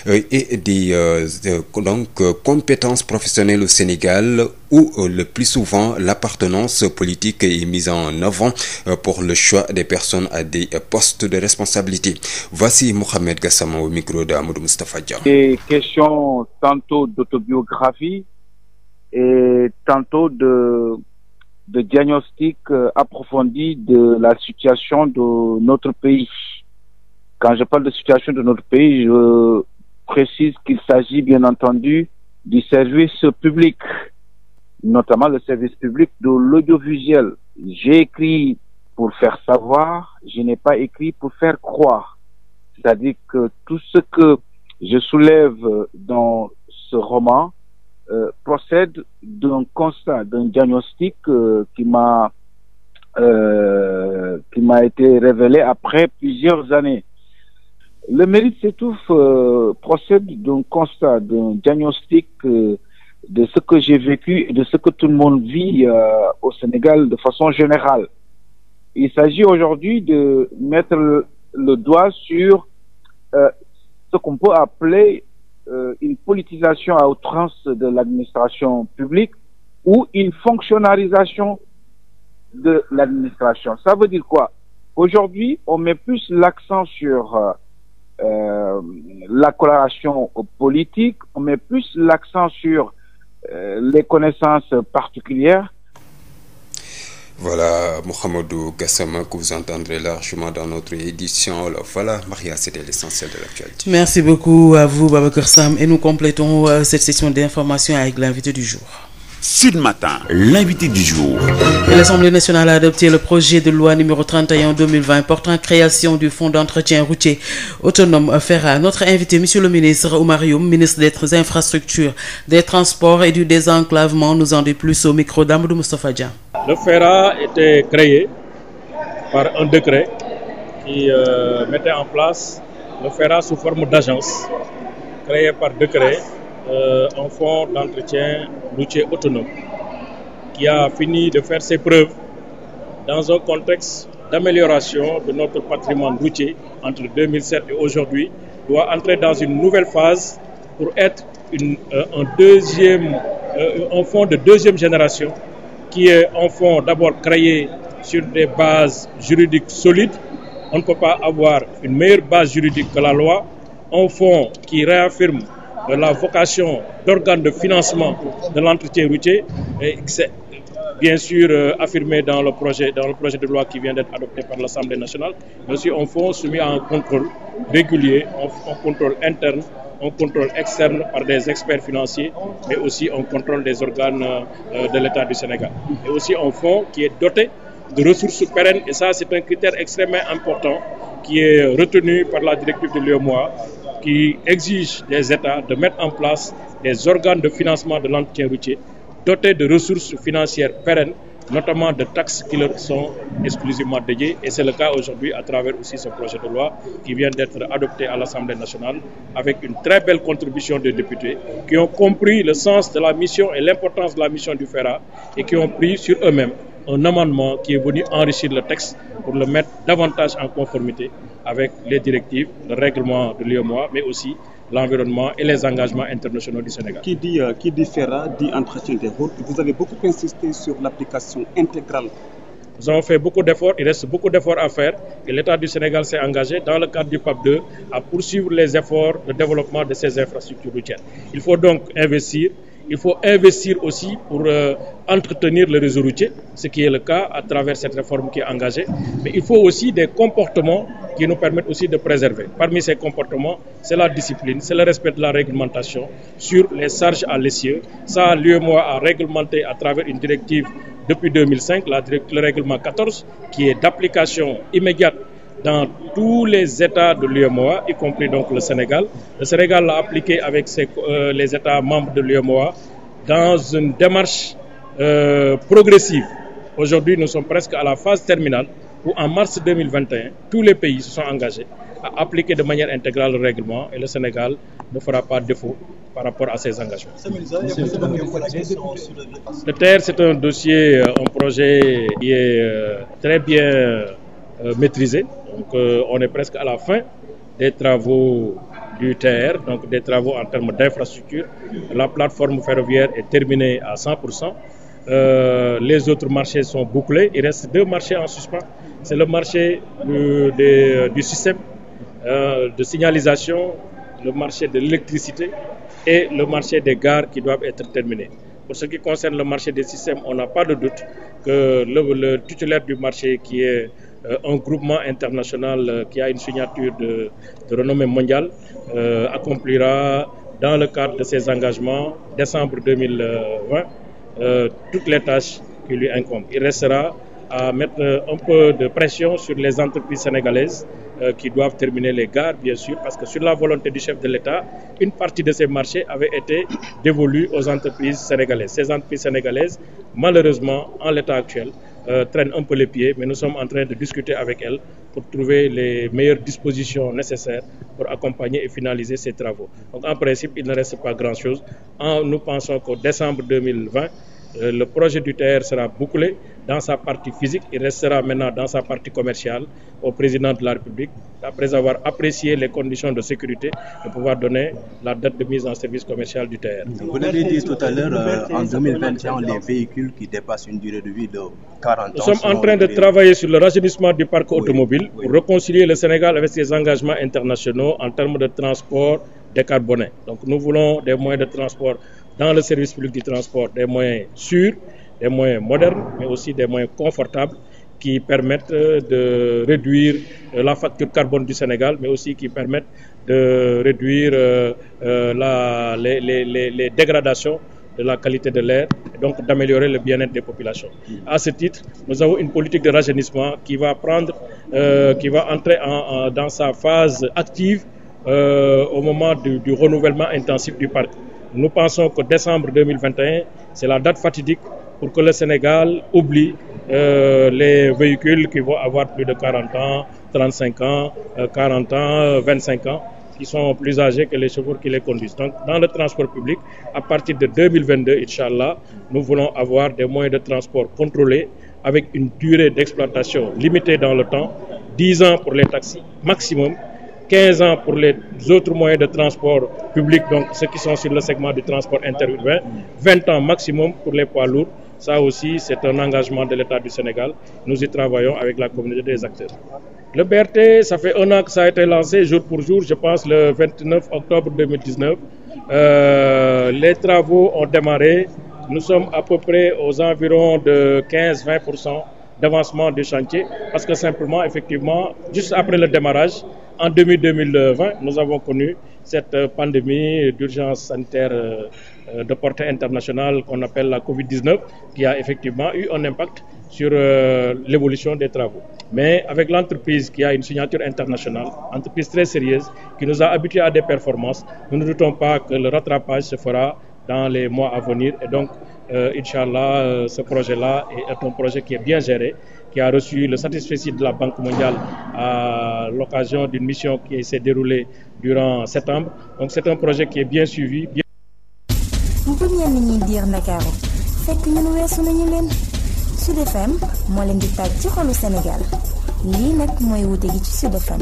euh, et des euh, euh compétences professionnelles au Sénégal. où euh, le plus souvent l'appartenance politique est mise en avant euh, pour le choix des personnes à des euh, postes de responsabilité. Voici Mohamed Gassama au micro d'Amadou Moustapha Dia. Des questions tantôt d'autobiographie et tantôt de, de diagnostic approfondi de la situation de notre pays. Quand je parle de situation de notre pays, je précise qu'il s'agit bien entendu du service public notamment le service public de l'audiovisuel. J'ai écrit pour faire savoir, je n'ai pas écrit pour faire croire. C'est-à-dire que tout ce que je soulève dans ce roman euh, procède d'un constat, d'un diagnostic euh, euh, qui m'a été révélé après plusieurs années. Le mérite s'étouffe procède d'un constat, d'un diagnostic de ce que j'ai vécu et de ce que tout le monde vit euh, au Sénégal de façon générale. Il s'agit aujourd'hui de mettre le, le doigt sur euh, ce qu'on peut appeler euh, une politisation à outrance de l'administration publique ou une fonctionnalisation de l'administration. Ça veut dire quoi Aujourd'hui, on met plus l'accent sur euh, la coloration politique, on met plus l'accent sur Euh, les connaissances particulières. Voilà, Mohamedou Gassama, que vous entendrez largement dans notre édition. Alors voilà, Maria, c'était l'essentiel de l'actualité. Merci beaucoup à vous, Babacar Sam. Et nous complétons euh, cette session d'information avec l'invité du jour. Sud Matin, l'invité du jour. L'Assemblée nationale a adopté le projet de loi numéro 31/2020 portant création du fonds d'entretien routier autonome FERA. Notre invité, monsieur le ministre Oumar ministre des Infrastructures, des Transports et du Désenclavement, nous en plus au micro d'Amadou Moustapha Dia. Euh, un fonds d'entretien routier autonome qui a fini de faire ses preuves dans un contexte d'amélioration de notre patrimoine routier entre 2007 et aujourd'hui, doit entrer dans une nouvelle phase pour être une, euh, un, deuxième, euh, un fonds de deuxième génération qui est un fonds d'abord créé sur des bases juridiques solides. On ne peut pas avoir une meilleure base juridique que la loi. Un fonds qui réaffirme de la vocation d'organe de financement de l'entretien routier et c'est bien sûr euh, affirmé dans le projet dans le projet de loi qui vient d'être adopté par l'Assemblée nationale mais aussi un fonds soumis à un contrôle régulier un, un contrôle interne un contrôle externe par des experts financiers mais aussi un contrôle des organes euh, de l'État du Sénégal et aussi un fonds qui est doté de ressources pérennes et ça c'est retenu par la directive de l'UEMOA qui exige des États de mettre en place des organes de financement de l'entretien routier dotés de ressources financières pérennes, notamment de taxes qui leur sont exclusivement dédiées. Et c'est le cas aujourd'hui à travers aussi ce projet de loi qui vient d'être adopté à l'Assemblée nationale avec une très belle contribution des députés qui ont compris le sens de la mission et l'importance de la mission du FERA et qui ont pris sur eux-mêmes un amendement qui est venu enrichir le texte pour le mettre davantage en conformité avec les directives, le règlement de l'UEMOA, mais aussi l'environnement et les engagements internationaux du Sénégal. Qui dit, euh, qui dit FERA dit entretien des routes. Vous avez beaucoup insisté sur l'application intégrale. Nous avons fait beaucoup d'efforts, il reste beaucoup d'efforts à faire et l'État du Sénégal s'est engagé dans le cadre du PAP 2 à poursuivre les efforts de développement de ces infrastructures routières. Il faut donc investir Il faut investir aussi pour euh, entretenir le réseau routier, ce qui est le cas à travers cette réforme qui est engagée. Mais il faut aussi des comportements qui nous permettent aussi de préserver. Parmi ces comportements, c'est la discipline, c'est le respect de la réglementation sur les charges à l'essieu. Ça, l'UEMOA à réglementé à travers une directive depuis 2005, la, le règlement 14, qui est d'application immédiate dans tous les États de l'UEMOA, y compris donc le Sénégal. Le Sénégal l'a appliqué avec euh, les États membres de l'UEMOA dans une démarche euh, progressive. Aujourd'hui, nous sommes presque à la phase terminale où en mars 2021, tous les pays se sont engagés à appliquer de manière intégrale le règlement et le Sénégal ne fera pas défaut par rapport à ces engagements. Le TER, c'est un dossier, euh, projet qui euh, bien Euh, maîtrisé. Donc euh, on presque à la fin des travaux du TER, donc des travaux en termes d'infrastructure. La plateforme ferroviaire est terminée à 100%. Euh, les autres marchés sont bouclés. Il reste deux marchés en suspens. C'est le marché du, des, euh, du système euh, de signalisation, le marché de l'électricité et le marché des gares qui doivent être terminés. Pour ce qui concerne le marché des systèmes, on n'a pas de doute que le, le titulaire du marché qui est Euh, un groupement international euh, qui a une signature de, de renommée mondiale euh, accomplira dans le cadre de ses engagements décembre 2020 toutes les tâches qui lui incombent. Il restera à mettre un peu de pression sur les entreprises sénégalaises euh, qui doivent terminer les gares, bien sûr, parce que sur la volonté du chef de l'État, une partie de ces marchés avait été dévolue aux entreprises sénégalaises. Ces entreprises sénégalaises, malheureusement, en l'état actuel, euh, traîne un peu les pieds, mais nous sommes en train de discuter avec elle pour trouver les meilleures dispositions nécessaires pour accompagner et finaliser ces travaux. Donc en principe, il ne reste pas grand-chose. Nous pensons qu'au décembre 2020, euh, le projet du TER sera bouclé. dans sa partie physique, il restera maintenant dans sa partie commerciale au président de la République, après avoir apprécié les conditions de sécurité, de donner la date de mise en service commercial du TR. Vous l'avez dit tout à euh, en 2021, véhicules qui dépassent une durée de vie de le rajeunissement du parc oui, automobile pour réconcilier le Sénégal avec ses engagements internationaux en termes de transport décarboné. Donc nous voulons des moyens de transport dans le service public du transport, des moyens sûrs des moyens modernes, mais aussi des moyens confortables qui permettent de réduire euh, la facture carbone du Sénégal, mais aussi qui permettent de réduire euh, euh, la, les, les, les dégradations de la qualité de l'air et donc d'améliorer le bien-être des populations. À ce titre, nous avons une politique de rajeunissement qui va prendre, euh, qui va entrer en, en, dans sa phase active euh, au moment du, du renouvellement intensif du parc. Nous pensons que décembre c'est la date fatidique pour que le Sénégal oublie euh, les véhicules qui vont de 40 ans, 35 ans, euh, 40 ans, 25 euh, ans, qui sont plus âgés que les chauffeurs qui les conduisent. Donc, dans le transport public, à partir de 2022, Inch'Allah, nous voulons avoir des de transport contrôlés avec une durée d'exploitation limitée dans le temps, 10 ans pour les taxis maximum, 15 ans pour les autres moyens de transport public, donc ceux qui sont sur le segment du transport interurbain, 20 pour les poids lourds, Ça aussi, c'est un engagement de Sénégal. Nous Le BRT, ça fait un an que ça a été lancé, jour pour jour, je pense le 29 octobre 2019. Euh, les travaux ont démarré. Nous sommes à peu près aux de 15 parce que simplement, effectivement, juste après le démarrage, en 2020, nous avons connu cette euh, pandémie d'urgence sanitaire euh, Euh, de portée internationale qu'on appelle la Covid-19, qui a effectivement eu un euh, Mais avec l'entreprise qui a une signature internationale, entreprise très sérieuse, qui a habitués à des performances, nous ne doutons pas que les mois à venir. Et donc, euh, Inch'Allah, euh, projet-là est, projet qui est bien le satisfait de la Banque mondiale à l'occasion mission qui s'est déroulée bu ko ñenn ñi diir ndakaaru fekk ñun weesu nañu leen Sud FM moo leen di taaj ci xolu Sénégal lii nag mooy wute gi ci Sud FM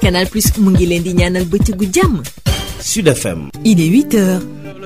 Canal Plus mu ngi leen di ñaanal bëccëgu jàmm Sud FM il est 8 heures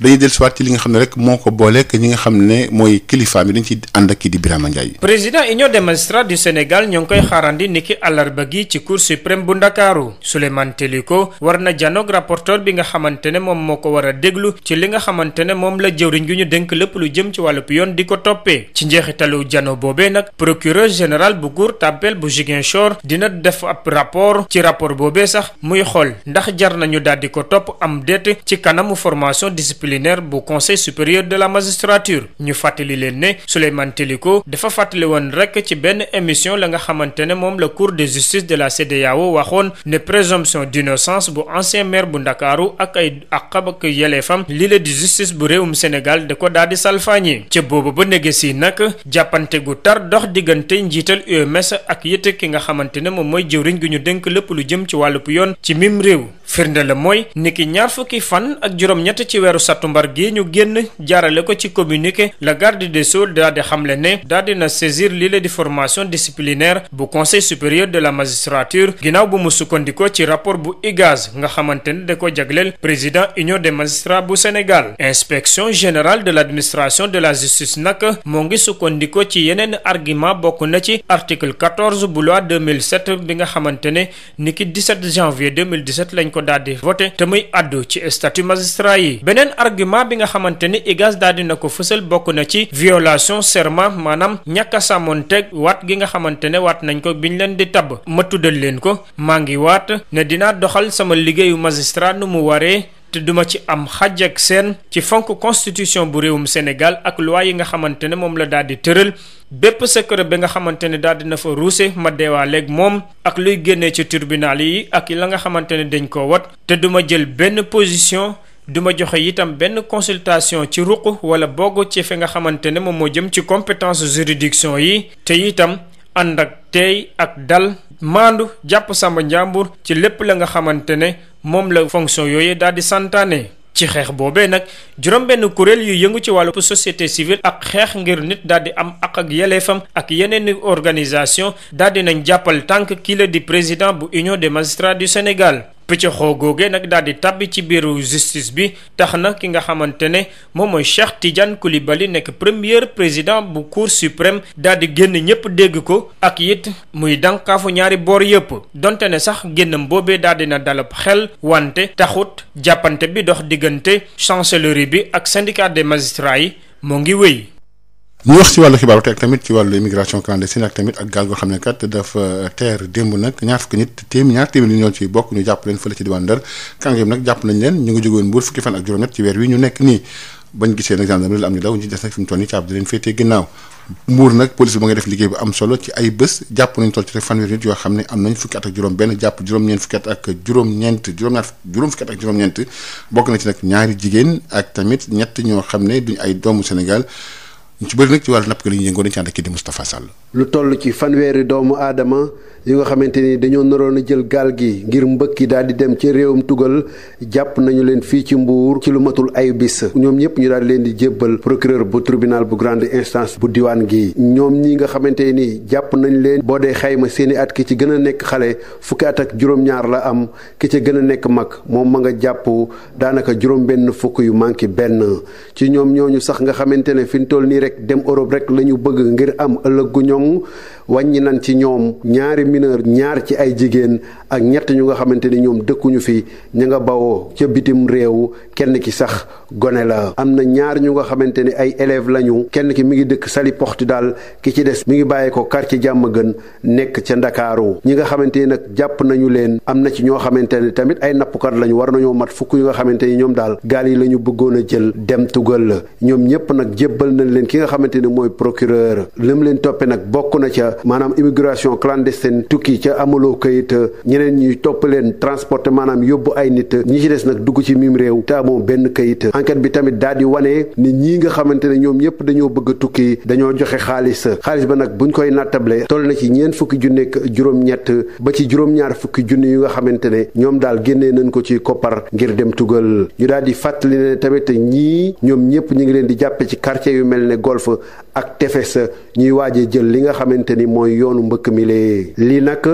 dañuy dellusiwaat ci li nga xam ne rek moo ko booleeg ñi nga xam ne mooy kilifaam yi dañ ci ànd ak kii di Birama Ndiaye. président union des magistrats du Sénégal ñoo ngi koy xaarandi niki àllarba gi ci cour suprême bu Ndakaaru Souleymane Teliko war na janoog rapporteur bi nga xamante ne moom moo ko war a déglu ci li nga xamante ne moom la jëwriñ gi ñu dénk lépp lu jëm ci wàllub yoon di ko toppee ci njeexitalu jano boobee nag procureur général bu Cour d'appel bu Ziguinchor dina def ab rapport ci rapport boobee sax muy xool ndax jar nañu daal di ko topp am déet ci kanamu formation disciplinaire bu conseil supérieur de la magistrature ñu fàttali leen ne Souleymane Teliko dafa fàttali woon rek ci benn émission la nga xamante ne moom la cour de justice de la CEDEAO waxoon ne présomption d'innocence bu ancien maire bu Ndakaaru ak ay àqam ak yelleefam li la di justice bu réewum Sénégal da ko daal di salfaañi ca booba ba négési nag jàppante gu tar dox diggante njiital UMS ak yëtt ki nga xamante ne moom mooy jëwriñ gi ñu dénk lépp lu jëm ci wàllu yoon ci mim réew firnde la mooy niki ñaar fukki fan ak juróom-ñett ci weeru sattumbar gi ñu génn jaarale ko ci communiqué la garde des sceaux daal di xamle ne daal dina saisir lii la di formation disciplinaire bu conseil supérieur de la magistrature ginnaaw bu mu sukkandikoo ci rapport bu IGAS nga xamante ne da ko jagleel président union des magistrats bu Sénégal inspection générale de l' administration de la justice nag moo ngi sukkandikoo ci yeneen argument bokk na ci article 14 bu loi 2007 bi nga xamante ne niki 17 janvier 2017 ko daal di voté te muy addu ci statut magistrat yi beneen argument bi nga xamante ni IGAS daal di na ko fësal bokk na ci violation serment maanaam ñàkk a sàmmoonteeg waat gi nga xamante ne waat nañ ko biñ leen di tabb ma tuddal leen ko maa ngi waat ne dinaa doxal sama liggéeyu magistrat nu mu waree. te duma ci am xaj ak seen ci fonk constitution bu réewum Sénégal ak luwaay yi nga xamante ne moom la daal di tëral bépp secret bi nga xamante ne daal di na ruuse ma deewaaleeg moom ak luy génnee ci tribunal yi ak la nga xamante ne dañ koo wat te duma jël benn position duma joxe itam benn consultation ci ruq wala boog ci fi nga xamante ne moom moo jëm ci compétence juridiction yi te itam ànd ak tey ak dal maandu jàpp sama njàmbur ci lépp la nga xamante ne moom la fonction yooyu daal di santaane ci xeex boobee nag juróom-benn kuréel yu yëngu ci wàllu société civile ak xeex ngir nit daal di am ak ak yeleefam ak yeneen organisation daal di nañ jàppal tànk kii la di président bu union de magistrats du Sénégal. pëccëxoo googe nag daal di tàbbi ci biiru justice bi tax na ki nga xamante ne moom mooy Cheikh Tidiane li nekk premier président bu cour suprême daal di génn ñëpp dégg ko ak it muy dànkaafu ñaari boor yëpp donte ne sax génn boobee daal di na dalab xel wante taxut jàppante bi dox diggante chancellerie bi ak syndicat de magistrats yi moo ngi wéy. ñu wax ci wàllu xibaaru te ak tamit ci wàllu immigration clandestine ak tamit ak gaal goo xam ne kat dafa teer démb nag ñaar fukki nit téeméer ñaar téeméer ci bokk ñu jàpp leen fële ci diwaan Ndar kàngam nag jàpp nañ leen ñu ngi jóge woon Mbuur fukki fan ak juróom-ñett ci weer wi ñu nekk nii bañ gisee nag gendarmerie la am ñu solo ci ay bés jàpp nañ nit yoo xam ne am nañ fukki at ak juróom benn jàpp juróom-ñeent fukki at ak juróom-ñeent juróom-ñaar juróom fukki ñeent bokk na ci ñaari jigéen ak tamit ñett ñoo xam ne duñ ay doomu Sénégal ñu ci bëri nag ci wàllu napp gi la ñuy yëngoo dañ ci ànd ak kii di lu toll ci fanweeri doomu aadama yi nga xamante ni dañoo naroon a jël gaal gi ngir mbëkki daal di dem ci réewum tugal jàpp nañu leen fii ci mbuur ci lu matul ay bis ñoom ñëpp ñu daal di leen di jébbal procureur bu tribunal bu grande instance bu diwaan gi ñoom ñi nga xamante ni jàpp nañ leen boo dee xayma seeni at ki ci gën a nekk xale fukki at ak juróom-ñaar la am ki ci gën a nekk mag moom ma nga jàpp daanaka juróom-benn fukk yu manqué benn ci ñoom ñooñu sax nga xamante ne fi ñu toll nii rek dem Europe rek la ñu bëgg ngir am ëllëg gu ñoom dong wàññi nañ ci ñoom ñaari mineur ñaar ci ay jigéen ak ñett ñu nga xamante ni ñoom dëkkuñu fi ñu nga bawoo ca bitim réew kenn ki sax gone la am na ñaar ñu nga xamante ni ay élève lañu kenn ki mu ngi dëkk Saly daal ki ci des mi ngi bàyyi ko jàmm gën nekk ca Ndakaaru ñi nga xamante ni nag jàpp nañu leen am na ci ñoo xamante ni tamit ay nappkat lañu war nañoo mat fukk yu nga xamante ni ñoom daal gaal yi la ñu bëggoon a jël dem tugal la ñoom ñëpp nag jébbal nañ leen ki nga xamante ni mooy procureur lim leen toppe nag bokk na ca maanaam immigration clandestine tukki ca amaloo kayit ñeneen ñuy topp leen transporter maanaam yóbbu ay nit ñi ci des nag dugg ci mim réew te benn kayit enquête bi tamit daal di wane nit ñii nga xamante ne ñoom ñëpp dañoo bëgg tukki dañoo joxe xaalis xaalis ba nag buñ koy nattable toll na ci ñeent fukki junni ak ba ci juróom fukki junni yu nga xamante ne ñoom daal génnee nañ ko ci koppar ngir dem tugal ñu daal di fàttali ne tamit ñii ñoom ñëpp ñu ngi leen di jàppe ci quartier yu mel ne golf ak tefes ñuy waaje jël li nga xamante ni mooy yoonu mbëkk mi lee lii nag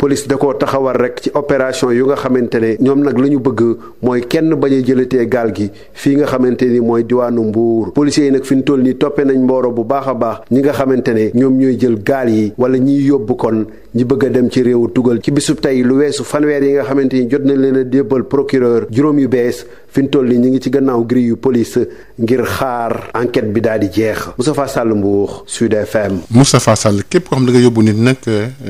police da koo taxawal rek ci opération yu nga xamante ne ñoom nag la ñu bëgg mooy kenn bañ a jëlatee gaal gi fii nga xamante ni mooy diwaanu Mbuur policiers yi nag fi ñu toll nii toppee nañ mbooro bu baax a baax ñi nga xamante ne ñoom ñooy jël gaal yi wala ñiy yóbbu kon ñi bëgg a dem ci réewu tugal ci bisub tey lu weesu fanweer yi nga xamante ni jot nañ leen a débbal procureur juróom yu bees fi ñu toll nii ñu ngi ci gannaaw grille yu police ngir xaar enquête bi daal di jeex Moustapha Sall Mbour Sud FM. Moustapha Sall képp koo xam ne da nga yóbbu nit nag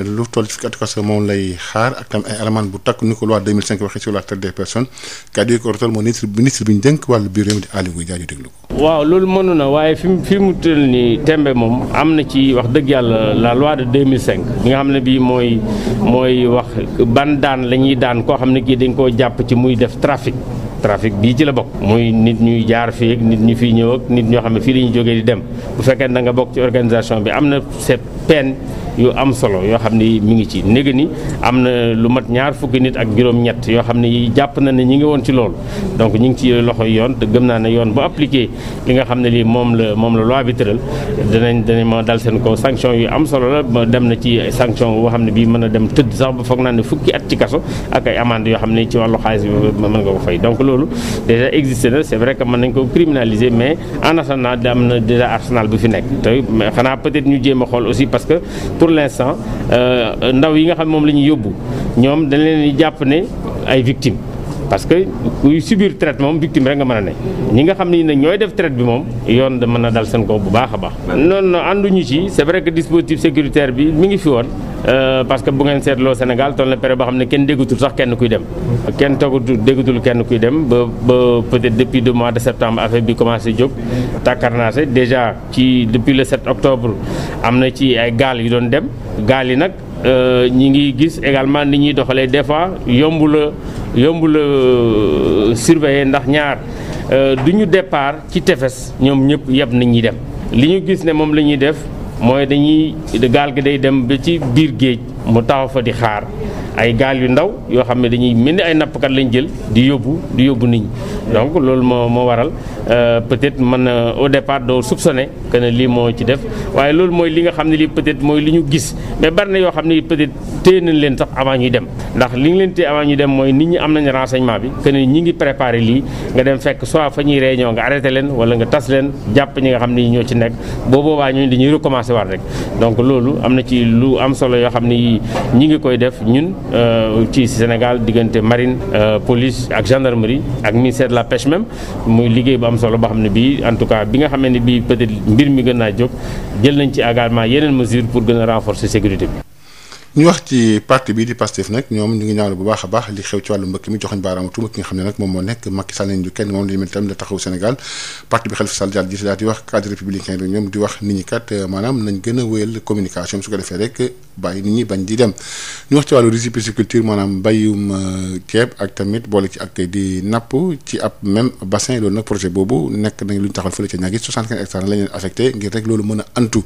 lu toll ci kàttu kaso moom lay xaar ak tam bu takk ni ko loi 2005 waxee sur la traite des personnes kàddu yi ko rotal moo ministre ministre bi ñu dénk wàllu biir réew di Aly Ngouille Ndiaye ñu déglu ko. waaw loolu mënu waaye fi fi mu toll nii tembe moom am na ci wax dëgg yàlla la loi de 2005 bi nga xam ne bii mooy mooy wax ban daan la ñuy daan koo xam ne kii dañ koo jàpp ci muy def trafic. trafic bii ci la bokk muy nit ñuy jaar fii ak nit ñu fiy ñëw ak nit ñoo xam ne fii la ñuy jógee di dem bu fekkee na nga bokk ci organisation bi am na c'est peine yu am solo yoo xam ne mi ngi ci néega ni am na lu mat ñaar fukki nit ak juróom-ñett yoo xam ne yi jàpp na ne ñi ngi woon ci loolu donc ñi ngi ci loxo yoon te gëm naa ne yoon bu appliqué li nga xam ne lii moom la moom la loi bi tëral danañ danañ ma dal seen kaw sanction yu am solo la dem na ci sanction boo xam ne bii mën a dem tëdd sax ba foog naa ne fukki at ci kaso ak ay amende yoo xam ne ci wàllu xaalis bi mën nga ko fay loolu déjà existé c'est vrai que man nañ ko criminaliser mais en attendant da am na déjà arsenal bu fi nekk te xanaa peut-être ñu jéem a xool aussi parce que pour l'instant euh, ndaw yi nga xam moom la ñuy yóbbu ñoom dañ leen di jàpp ne ay victimes parce que kuy subir traite moom victime rek nga mën a ne ñi nga xam ne ne ñooy def traite bi moom yoon da mën a dal seen kaw bu baax a baax noonu non ànduñu ci c'est vrai que dispositif sécuritaire bi mi ngi fi woon euh, parce que bu ngeen seetloo Sénégal toll na période boo xam ne kenn déggatul sax kenn kuy dem kenn toogatul déggatul kenn kuy dem ba ba peut-être depuis deux mois de septembre affaire bi commencé jóg tàkkarnaase déjà ci depuis le 7 octobre am na ci ay gaal yu doon dem gaal yi nag Euh, ñi ngi gis également ni ñuy doxalee des fois yombu la yombu la euh, surveiller ndax ñaar euh, du ñu départ ci tefes ñoom ñëpp yeb na ñuy dem li ñu gis ne moom la ñuy def mooy dañuy gaal gi day dem ba ci biir géej mu taxaw fa di xaar ay gaal yu ndaw yoo xam ne dañuy mel ni ay nappkat lañ jël di yóbbu di yóbbu nit ñi donc loolu moo moo waral euh, peut-être na euh, au départ doo soupçonné que ne lii moo ci def waaye loolu mooy li nga xam ne lii peut-être mooy li ñu gis mais bari na yoo xam ne peut-être téye nañ leen sax avant ñuy dem ndax li ñu leen téye avant ñuy dem mooy nit ñi am nañ renseignement bi que ne ñi ngi préparé lii nga dem fekk soit fa ñuy réunion nga arrêté leen wala nga tas leen jàpp ñi nga xam ne ñoo ci nekk boo boobaa ñooñu dañuy recommencer war rek bi ñi ngi koy def ñun euh, ci Sénégal diggante marine euh, police ak gendarmerie ak ministère la pêche même muy liggéey bu am solo boo xam ne bii en tout cas bi nga xamee ne bii peut-être mbir mi gën naa jóg jël nañ ci également yeneen mesure pour gën a renforcer sécurité bi ñu wax ci parti bi di Pastef nag ñoom ñu ngi ñaawlu bu baax a baax li xew ci wàllu mbëkk mi joxoñ baaraamu tuuma ki nga xam ne nag moom moo nekk Macky Sall nañ du kenn moom bi Khalifa Sall daal jiite daal di wax cadre républicain bi ñoom di wax nit ñi kat euh, maanaam nañ gën a wéyal communication su ko defee rek bàyyi nit ñi bañ di dem ñu wax ci wàllu riziculture maanaam mbayum euh, ceeb ak tamit boole ci ak di napp ci ab même bassin loolu nag projet boobu nekk nañ lu ñu taxawal fële ca ñaagi 75 hectares la leen affecté ngir rek loolu mën a antu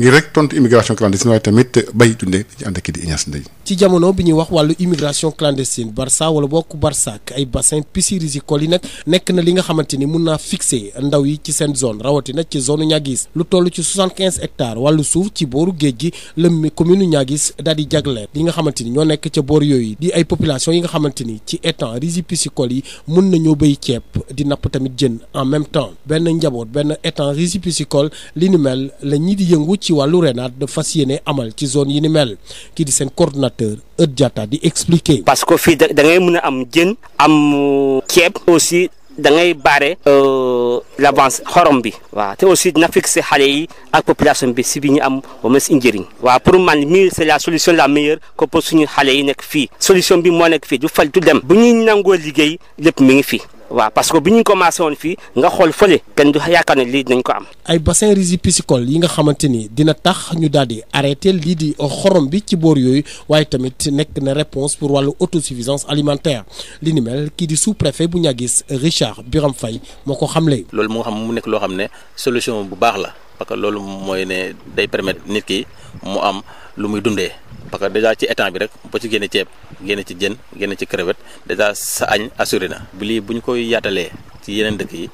ngir rek tontu immigration clandestine waaye tamit bay dundee ci ànd ak di Ignace ci jamono bi ñuy wax wàllu immigration clandestine Barça wala bokk Barça ak ay bassin piscirisicole yi nag nekk na li nga xamante ni mun naa fixé ndaw yi ci seen zone rawatina ci zone Niaguis lu toll ci soixante quinze hectares wàllu suuf ci booru géej gi lëmmi commune Niaguis daal di jagleel li nga xamante ni ñoo nekk ca boor yooyu di ay population yi nga xamante ni ci étang rizipiscole yi mun nañoo béy ceeb di napp tamit jën en même temps benn njaboot benn étang rizipiscole li ni mel la ñi di yëngu ci wàllu RENAT da fas yéene amal ci zone yi ni mel kii di seen coordonnateur Euth Diatta di expliquer. parce que fii da ngay mën a am jën am euh, ceeb aussi. da ngay baare euh, l'avance xorom bi waa te aussi dina si xale yi ak population bi si bi ñu am au moins i njëriñ waaw pour man mi c'est la solution la meilleure que pour suñu xale yi nekk fii solution bi moo nekk fii du faltu dem bu ñuy nangoo liggéey lépp mi ngi fii waaw parce que bi ñu commencé woon fii nga xool fële kenn du yaakaar ne lii dinañ ko am. ay bassin rizipiscicole yi nga xamante ni dina tax ñu daal di arrêté lii di xorom bi ci boor yooyu waaye tamit nekk na réponse pour wàllu autosuffisance alimentaire li ni mel kii di sous préfet bu ñaa ñaagis Richard xam fay moo ko xam xamle. loolu moo xam mu nekk loo xam ne solution bu baax la parce que loolu mooy ne day permettre nit ki mu am lu muy dundee. parce que dèjà ci état bi rek boo ci génne ceeb génne ci jën génne ci crevette dèjà sa añ assuré na bu lii bu ñu koy yaatalee ci yeneen dëkk yi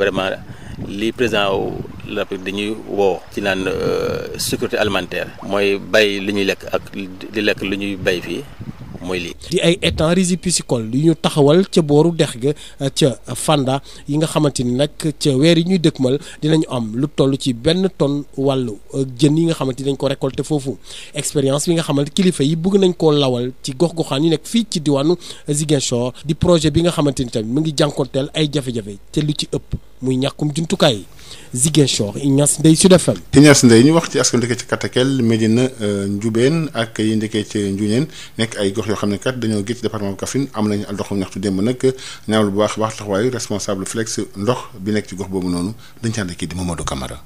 vraiment lii président la ñuy woo ci naan euh, sécurité alimentaire mooy bay li ñuy lekk ak di lekk lu ñuy bay fii mooy lii. di ay étangs rizipiscicoles yu ñu taxawal ca booru dex ga ca Fanda yi nga xamante ni nag ca weer yi ñuy dëkkmal dinañu am lu toll ci benn tonne wàllu euh, jën yi nga xamante ni dañ ko récolter foofu expérience bi nga xamante kilifa yi bëgg nañ koo lawal ci gox-goxaan yi nekk fii ci diwaanu Ziguinchor di projet bi nga xamante ni tamit mu ngi jànkoonteel ay jafe-jafe te lu ci ëpp. muy ñàkkum jumtukaay yi Ziguinchor Ignace Ndeye Sud FM. Ignace Ndeye ñu wax ci askan dëkkee ci Katakel Medina euh, Njubeen ak yi ndëkkee ci Njuñeen nekk ay gox yoo xam ne kat dañoo gis département Kaffrine am nañu doxam ñaxtu démb nag ñaawlu bu baax baax taxawaayu responsable flex ndox bi nekk ci gox boobu noonu dañ ci ànd ak kii di Mamadou Camara.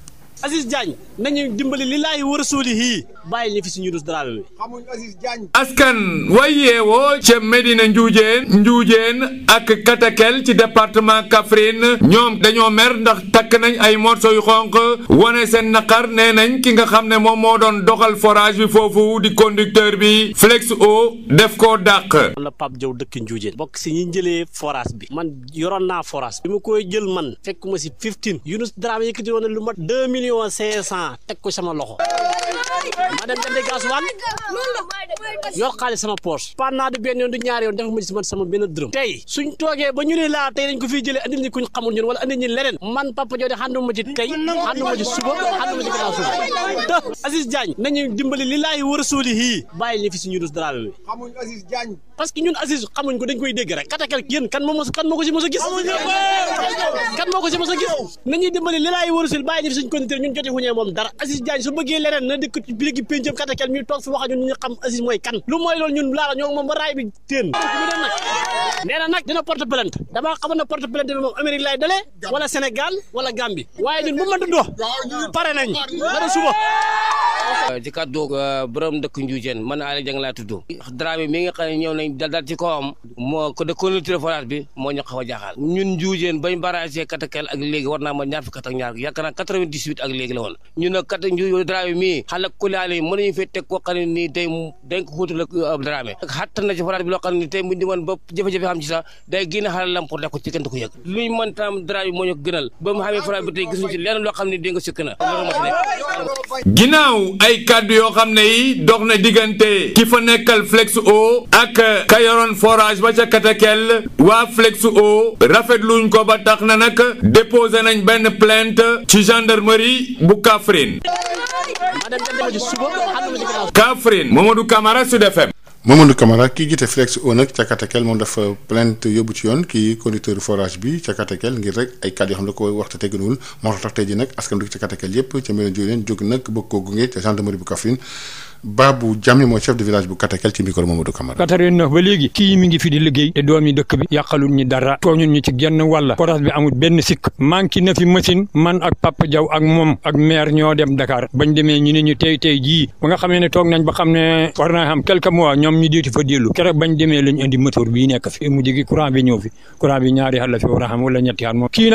Aziz Diagne nañu dimbali li laay war a suuli yii bàyyi ñu fi suñu dus Dramé bi. xamuñ Aziz Diagne. askan wayeewoo ca Medina Njuujeen Njuujeen ak Katakel ci département Kaffrine ñoom dañoo mer ndax takk nañ ay morso yu xonq wane seen naqar nee nañ ki nga xam ne moom moo doon doxal forage bi foofu di conducteur bi flex o def koo dàq. man la Pape Diaw dëkk Njuujeen. bokk si ñi jëlee forage bi. man yoroon naa forage bi. bi ma koy jël man fekk ma si 15. Yunus Dramé yëkkati woon na lu mat 2 millions million cinq cent teg ko sama loxo ma dem jëndi gasoil yor xaalis sama poche pendant du benn yoon du ñaari yoon dafa ma ci man sama benn dërëm tey suñ toogee ba ñu ne laa tey dañ ko fiy jëlee andil ñi kuñ xamul ñun wala andil ñi leneen man papa joo de xanduma tey xanduma ci suba xanduma ci gannaaw suba te Aziz Diagne nañu dimbali li war a suuli yii bàyyi ñu fi suñu dus dara bi xamuñ parce que ñun Aziz moo kan moo ko si eh, moo ko gis nañuy dimbali li laay warasul bàyyi ñi joti xuñee moom dara Aziz Diagne su bëggee leneen na dëkk ci biir péncam katakal mi toog fi wax ñun ñu xam Aziz mooy kan lu mooy loolu ñun laala ñoo moom ba raay bi teen nee na nag dina porte plainte damaa xamoon na porte plainte bi moom Amérique lay dalee wala Sénégal wala Gambie waaye ñun bu ma dundoo pare nañ dara suba ci kàddu euh, borom nga xam ñëw na bañ dal ci kawam moo ko de conducteur forage bi moo ñu xaw a ñun njuujeen bañ barrage katakel ak léegi war ma ñaar fukki at ñaar yaakaar naa 98 ak léegi la woon ñu ne kat njuuj Dramé mii xale kulaale mën nañu fee teg koo xam dañ ko xóotal euh, ak Dramé xatt na bi loo xam ne tey ba jafe-jafe xam ci sax day génn xale lam pour def ci kenn du yëg luñ mën tam Dramé moo ñu ko gënal ba mu xamee forage bi tey ci lenn loo ka yoroon forage ba ca Katakel waa Flexo rafetluñ ko ba tax na nag déposé nañ benn plainte ci gendarmerie bu Kaffrine. Kaffrine Mamadou Camara a FM. Mamadou Camara kii jiite Flexo nag ca Katakel moom dafa plainte yóbbu ci yoon kii conducteur forage bi ca Katakel ngir rek ay kàddu yoo xam ne ko wax te tegginul moo tax tax tey ji nag askan wi ca Katakel yépp ca mbirum jiw jóg nag bëgg koo gunge ca gendarmerie bu Kaffrine. Babou Diame mooy chef de village ba léegi kii mi ngi fi di liggéey te doomi dëkk bi yàqalul ñu dara tooñul ñu ci genn walla forage bi amul benn sikk manqué na fi machine man ak Papa Diaw ak moom ak maire ñoo dem Dakar bañ demee ñu ne ñu tey tey jii ba nga xamee ne toog nañ ba xam ne war naa xam quelques mois ñoom ñu diiti fa dellu keroog bañ demee lañ indi moteur bii nekk fi mu jigi courant bi ñëw fi courant bi ñaari xar fi war xam wala ñetti xar moom kii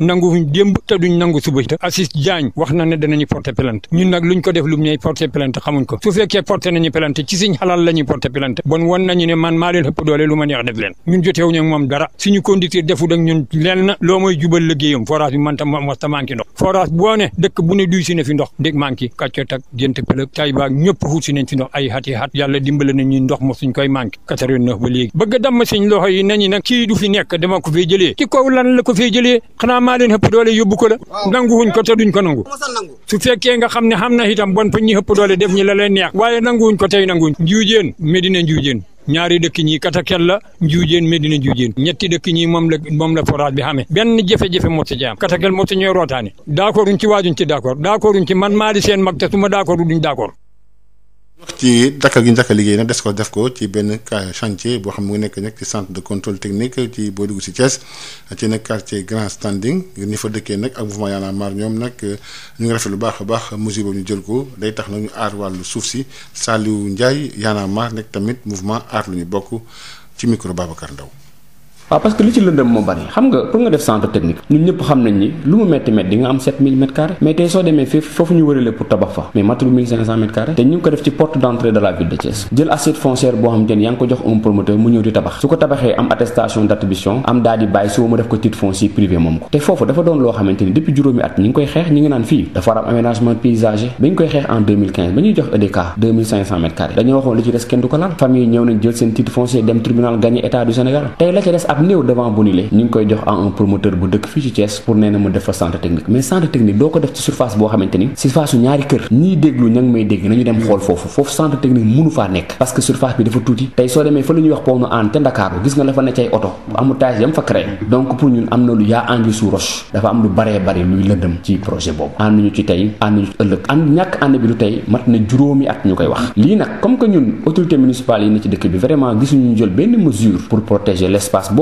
nag ñun bu suba ta Assis Diagne wax na ne danañu porter plainte ñun nag luñ ko def lu ñuy porter plainte xamuñ ko su fekkee porter nañu plainte ci siñ xalaal la ñuy porter plainte bon won nañu ne man maa leen ëpp doole lu ma neex def leen ñun jotewuñu ak moom dara suñu conducteur defu dak ñun leen loo mooy jubal liggéeyam forage bi mënta wasta manqué ndox forage boo ne dëkk bu duy si ne fi ndox dég manqué kàccot ak jënt pëlëg tay baag ñëpp si nañ fi ndox ay xati xat nanguwuñ ko te duñ ko nangu su fekkee nga xam ne xam na itam bon fa ñi ëpp doole def ñi la leen neex waaye nanguwuñ ko tey nanguwuñ njuujeen Medina njuujeen ñaari dëkk ñi Katakelle la Njuujeen Medina Njuujeen ñetti dëkk ñi moom la moom la forage bi xamee benn jafe-jafe moo ci am Katakelle moo ci ñooy rootaane d'accorduñ ci waajuñ ci d'accord d'accorduñ ci man maa di seen mag te su ma duñ d'accord wax ci dakkal gi njëkk a liggéey na des ko def ko ci benn chantier boo xam mu ngi nekk nag ci centre de contrôle technique ci boo dugg si Thiès ci nag quartier grand standing ni fa dëkkee nag ak mouvement Y'en a marre ñoom nag ñu ngi rafet lu baax a baax mesure boobu ñu jël ko day tax nag ñu aar wàllu suuf si saaliwu Ndiaye Y'en a marre nekk tamit mouvement aar lu ñu bokk ci micro Babacar Ndaw waaw parce que li ci lëndëm moo bari xam nga pour nga def centre technique ñun ñëpp xam nañ lu mu métti métti di am 7000 mètres mais tey soo demee fii foofu ñu wëralee pour tabax fa mais matul 1500 mètres te ñu ngi ko def ci porte d'entrée de la ville de Thiès jël assiette foncière boo xam te yaa ngi ko jox un promoteur mu ñëw di tabax su ko tabaxee am attestation d'attribution am daal bàyyi suba mu def ko titre foncier privé moom ko te foofu dafa doon ab néew devant ñu ngi koy jox à promoteur bu dëkk fii ci Thiès pour nee mu def fa centre technique mais centre technique doo ko def ci surface boo xamante ni surface su ñaari kër ñiy déglu ña may dégg nañu dem xool foofu foofu centre technique mënu faa nekk parce que surface bi dafa tuuti tey soo demee fa la wax pont aan te Ndakaaru gis nga la fa ne cay oto embouteillage yam fa créé donc dafa am lu baree bari luy lëndëm ci projet boobu ànd ñu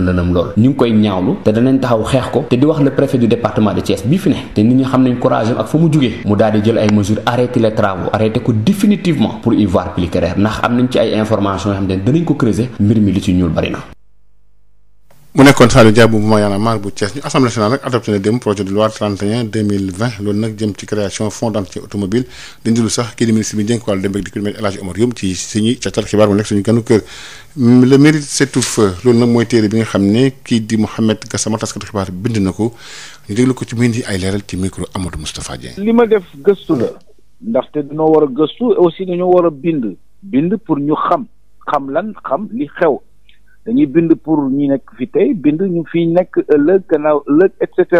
na lëndëm lool ñu ngi koy ñaawlu te danañ taxaw xeex ko te di wax la préfet du département de Thiès bii fi ne te nit ñi xam nañ courage ak fu mu jugee mu daal di jël ay mesures arrêté les travaux arrêté ko définitivement pour y voir plus clair ndax am nañ ci ay informations yoo xam ne danañ ko creuser mbir mi li ci ñuul bari na mu nekkoon Saliou Dia bu mouvement Y'en a marre bu Thiès ñu assemblée nationale nag adopté na dem projet de loi 31 2020 loolu nag jëm ci création fonds d'entretien automobile dindi lu sax kii di ministre bi njënk wàllu dem ak dikk El Hadji Omar Youm ci suñuy catal xibaar mu nekk suñu ganu kër le mérite s'étouffe loolu nag mooy téere bi nga xam ne kii di Mouhamed Gassama taskatu xibaar bind na ko ñu déglu ko ci muy indi ay leeral ci micro la a gëstu dañuy bind pour ñi nekk fi tey bind ñu fii nekk ëllëg gannaaw ëllëg et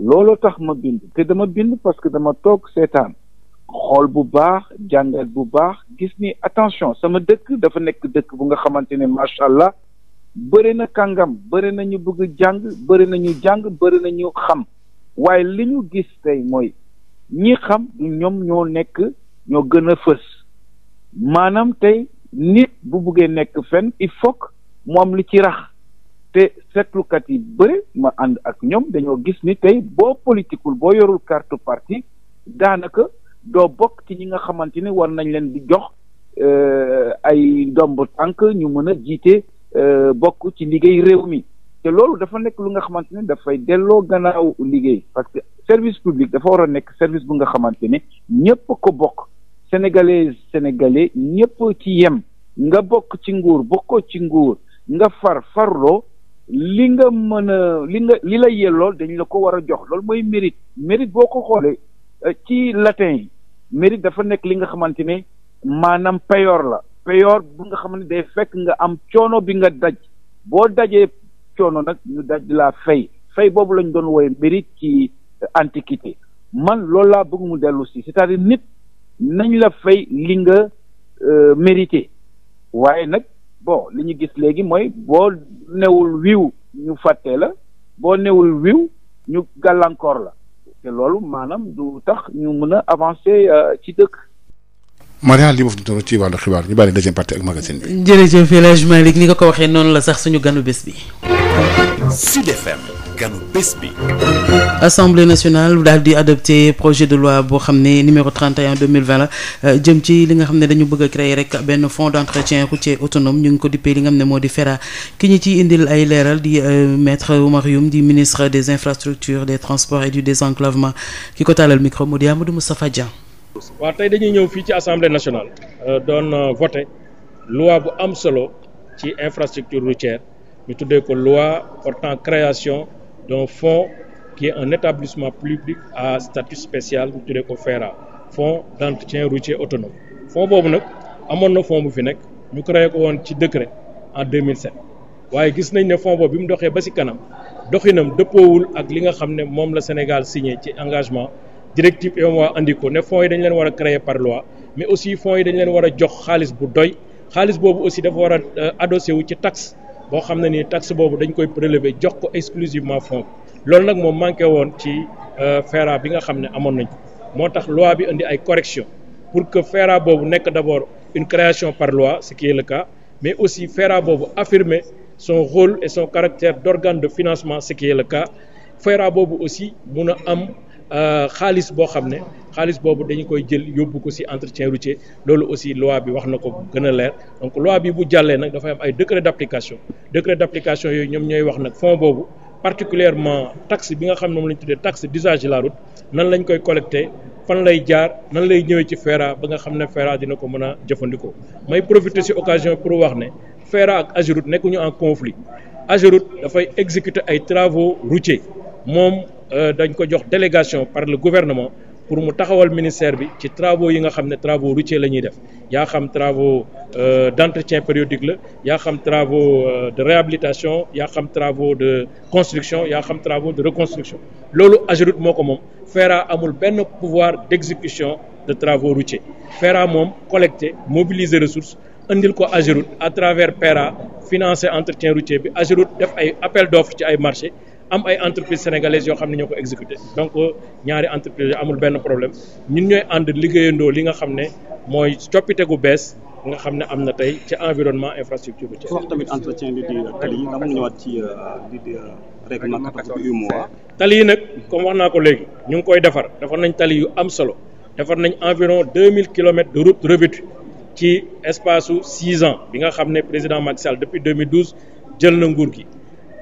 looloo tax ma bind te dama bind parce que dama toog seetaan xool bu baax jàngat bu baax gis ni attention sama dëkk dafa nekk dëkk bu nga xamante ne macha allah bëri na kàngam bëri na ñu bëgg jàng bëri na ñu jàng bëri na ñu xam waaye li ñu gis tey mooy ñi xam ñoom ñoo nekk ñoo gën a fës maanaam tey nit bu buggee nekk fen il faut moom li ci rax te seetlukat yi bëri ma ànd ak ñoom dañoo gis ni tey boo politikul boo yorul carte parti daanaka doo bokk ci ñi nga xamante ni war nañ leen di jox euh, ay ndomb tànk ñu mën a jiite euh, bokk ci liggéey réew mi te loolu dafa nekk lu nga xamante ne dafay delloo gannaaw liggéey parce que service public dafa war a nekk service bu nga xamante ne ñëpp ko bokk sénégalais sénégalais ñëpp ci yem nga bokk ci nguur bokkoo ci nguur nga far farloo li nga mën a li nga li la yellool dañ la ko war a jox loolu mooy mérite mérite boo ko xoolee euh, ci latin yi mérite dafa nekk li nga xamante ne maanaam payoor la payoor bu nga xam ne day fekk nga am coono bi nga daj boo dajee coono nag ñu daj laa fay fay boobu lañu doon wooye mérite ci euh, antiquité man loolu laa bëgg mu dellu si c'est-à-dire nit nañ la fay li nga euh, mérité waaye nag bon li ñu gis léegi mooy boo newul wiw ñu fàtte la boo newul wiw ñu gàllankoor la te loolu maanaam du tax ñu mën a avancer euh, ci dëkk. Mariane li ma fi ci wàllu xibaar ñu bàyyi deuxième partie ak magasin bi. jërëjëf El Hadj Malick ni nga ko waxee noonu la sax suñu ganu bés bi. ganu bés bi. assemblée nationale daal di adopté projet de loi boo xam ne numéro 31 2020 la euh, jëm ci li nga xam ne dañu bëgg a créer rek benn fonds d' entretien routier autonome ñu ngi ko dippee li nga xam ne moo di FERA ki ñu ciy indi ay leeral di euh, maître Oumar Youm di ministre des infrastructures des transports et du désenclavement ki ko taalal micro mu di Amadou Moustapha Dieng. waaw tey dañuy ñëw fii ci assemblée nationale euh, doon voté loi bu am solo ci infrastructure routière ñu tuddee ko loi portant donc fonds qui est un établissement public à statut spécial ñu tuddee ko FERA fonds d'entretien routier autonome fonds boobu nag amoon na fonds bu fi nekk ñu créé ko woon ci décret en 2007 waaye gis nañ ne fonds bi mu doxee ba ci kanam doxinam dëppoowul ak li nga xam ne moom la Sénégal signé ci engagement directive UEMOA andi ko ne fonds yi dañ leen war a créer par loi mais aussi fonds yi dañ leen war a jox xaalis bu doy xaalis boobu aussi dafa war a euh, adossé wu ci taxe boo xam ne ni taxe boobu dañ koy prélever jox ko exclusivement fonds loolu nag moom manqué woon ci euh, FERA bi nga xam ne amoon nañ ko moo tax loi bi indi ay correction pour que FERA boobu nekk d'abord une création par loi ce qui est le mais aussi FERA boobu affirmer son rôle et son caractère d'organe de financement ce qui est le cas FERA boobu aussi mun a am Euh, xaalis boo xam ne xaalis boobu dañu koy jël yóbbu ko ci entretien routier loolu aussi loi bi wax na ko gën leer donc loi bi bu jàllee nag dafay am ay décret d'application décret d'application yooyu ñoom ñooy wax nag fonds boobu particulièrement taxe bi nga xam ne moom la ñu tuddee taxe d'usage de la route nan lañ koy collecter fan lay jaar nan lay ñëwee ci FERA ba nga xam ne FERA dina ko mën a jëfandikoo may profiter ci occasion pour wax ne FERA ak AGEROUTE nekkuñu en conflit AGEROUTE dafay exécuter ay travaux routiers. moom euh, dañ ko jox délégation par le gouvernement pour mu taxawal ministère bi ci travaux yi nga xam ne travaux routiers la ñuy def yaa xam travaux euh, d' entretien périodique la yaa xam travaux euh, de réhabilitation yaa xam travaux de construction yaa xam travaux de reconstruction loolu AGEROUTE moo ko moom FERA amul benn pouvoir d' exécution de travaux routiers FERA moom collecter mobiliser ressources indil ko AGEROUTE à travers PERA financer entretien routier bi AGEROUTE ay appel d' ci ay marché am ay entreprises sénégalaises yoo xam ne ñoo ko exécuté donc ñaari entreprises amul benn problème ñun ñooy ànd liggéeyandoo li nga xam ne mooy coppite gu bees nga xam ne am na tey ci environnement infrastructure bi. wax tamit entretien bi di euh, tali yi nga mu ñëwaat ci euh, di euh, règlement 14 bi UEMOA. tali yi nag comme wax naa ko léegi ñu ngi koy defar defar nañ tali yu am solo defar nañ environ 2000 kilomètres de route revêtue ci espace su 6 ans bi nga xam ne président Macky Sall depuis 2012 jël na nguur gi.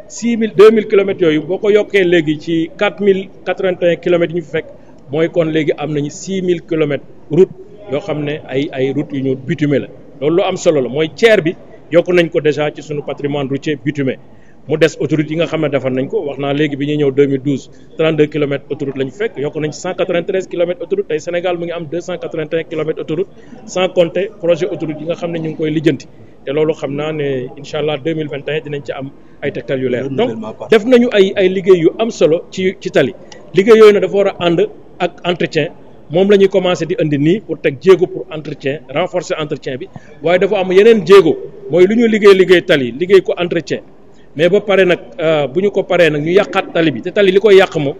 six mille deux mille kilomètres yooyu boo ko yokkee léegi ci quatre mille quatre vingt et un kilomètres yi ñu fekk mooy kon léegi am nañu six mille kilomètres route yoo xam ne ay ay route yu ñu bitumé la loolu lu am solo la mooy tiers bi yokk nañ ko déjà ci suñu patrimoine routier bitumé mu des autoroute yi nga xam ne defar nañ ko wax naa léegi bi ñuy ñëw 2012 32 kilomètres autoroute la ñu fekk yokk nañ 193 kilomètres autoroute tey Sénégal mu ngi am 281 kilomètres autoroute projet autoroute yi nga xam ne ñu ngi koy lijjanti. te loolu xam naa ne incha allah deux mille vingt et un ci am ay tegtal yu leer donc def nañu ay ay liggéey yu am solo ci ci tali liggéey yooyu na dafa war a ànd ak entretien moom la ñuy commencé di indi nii pour teg jéego pour entretien renforcer entretien bi waaye dafa am yeneen jéego mooy lu ñu liggéey liggéey tali liggéey ko entretien mais ba pare nag euh, bu ñu ko paree nag ñu yàqaat tali bi te tali li koy yàq moom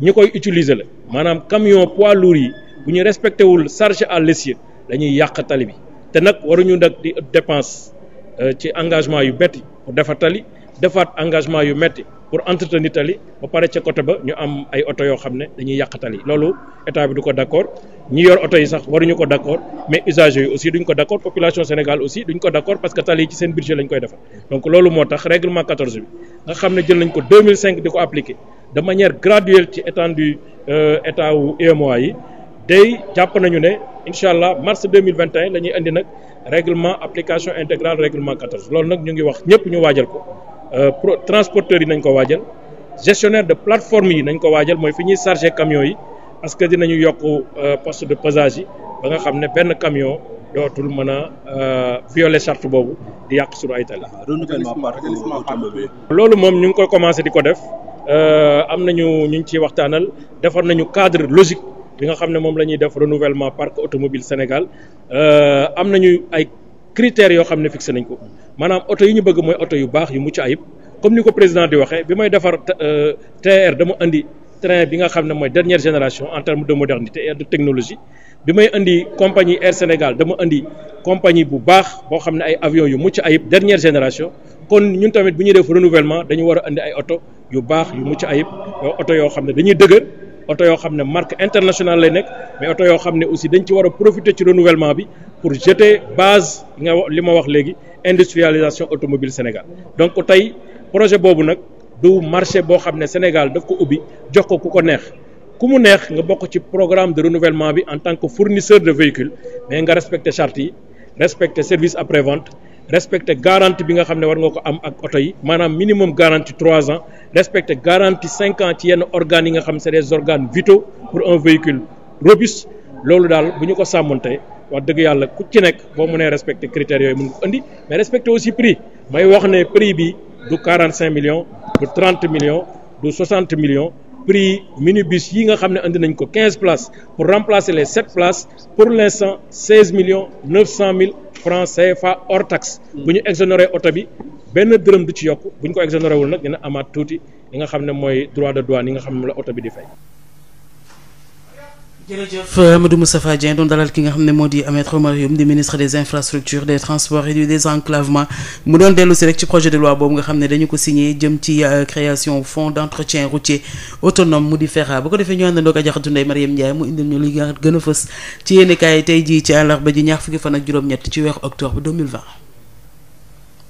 ñi koy utiliser la maanaam camion poids lourds yi bu ñu respecté wul charge à l'essieu dañuy yàq tali bi te nag waruñu nag di dépense euh, ci engagement yu betti pour defar tali defaat engagement yu metti pour entretenir tali ba pare ca côté ba ñu am ay oto yoo xam ne dañuy yàq tali loolu état bi du ko d'accord ñi yor oto yi sax waruñu ko d'accord mais usagers yi aussi duñ ko d'accord population Sénégal aussi duñ ko d'accord parce que tali yi ci seen budget lañ koy defar donc loolu moo tax règlement 14 bi nga xam ne jël nañ ko di ko appliquer de manière graduelle ci étendue euh, état wu e yi day jàpp nañu ne incha allah mars 2021 la ñuy indi nag règlement application intégrale règlement 14 loolu nag ñu ngi wax ñëpp ñu waajal ko euh, pro transporteurs yi nañ ko waajal gestionnaire de plateforme yi nañ ko waajal mooy fi ñuy chargé camions yi parce que dinañu yokk euh, poste de pesage yi ba nga xam ne benn camion dootul mën a euh, violer charte boobu di yàq sur ay tali. Ah, loolu moom ñu ngi koy commencé di ko def am nañu ñu ngi ciy waxtaanal defar nañu cadre logique. bi nga xam ne moom la ñuy def renouvellement parc automobile Sénégal euh, am na ñu ay critères yoo xam ne fixé nañ ko maanaam oto yi ñu bëgg mooy oto yu baax yu mucc ayib comme ni ko président di waxee bi may defar euh, TR indi train bi nga xam ne mooy dernière génération en de modernité et de technologie bi may indi compagnie Sénégal dama indi compagnie bu baax boo xam ne ay avions yu mucc ayib génération kon ñun tamit bu ñuy def renouvellement dañu war a indi ay oto yu baax yu mucc ayib euh, oto yoo xam ne dañuy dëgër. oto yoo xam ne marque internationale lay nekk mais oto yoo xam ne aussi dañ ci war a profiter ci renouvellement bi pour jeter base nga li ma wax léegi industrialisation automobile Sénégal donc tey projet boobu nag du marché boo xam ne Sénégal daf ko ubbi jox ko ku ko neex ku mu neex nga bokk ci programme de renouvellement bi en tant que fournisseur de véhicules mais nga respecter charte yi respecter service après vente respecté garantie bi nga xam ne war nga ko am ak oto yi maanaam minimum garantie trois ans respecté garantie cinq ans ci yenn organes yi nga xam c'est des organes vitaux pour un véhicule robuste loolu daal bu ñu ko sàmmante wax dëgg yàlla ku ci nekk boo mënee respecté critères yooyu mun ko indi mais respecté aussi prix may wax ne prix bi du quarante cinq millions du trente millions du soixante millions prix minibus yi nga xam ne indi nañ ko quinze places pour remplacer les sept places pour l'instant seize millions neuf cent mille francs CFA hors taxe bu ñu exonéré oto bi benn dërëm du ci yokk buñ ko exonéré wul nag dina amaat tuuti li nga xam ne mooy droit de douane yi nga xam ne la oto bi di fay jërëjëf Amadou Moustapha Dieng doon dalal ki nga xam ne moo di Ahmed Oumar Youm di ministre des infrastructures des transports et du désenclavement mu doon dellu si rek ci projet de loi boobu nga xam ne dañu ko signé jëm ci euh, création fonds d'entretien routier autonome mu di FERA bu ko defee ñu àndandoo ak Adjaratou Ndeye Marième Ndiaye mu indil ñu li gën a fës ci yéenekaay tey jii ci àllarba ji ñaar fukki fan ak juróom-ñett ci weeru octobre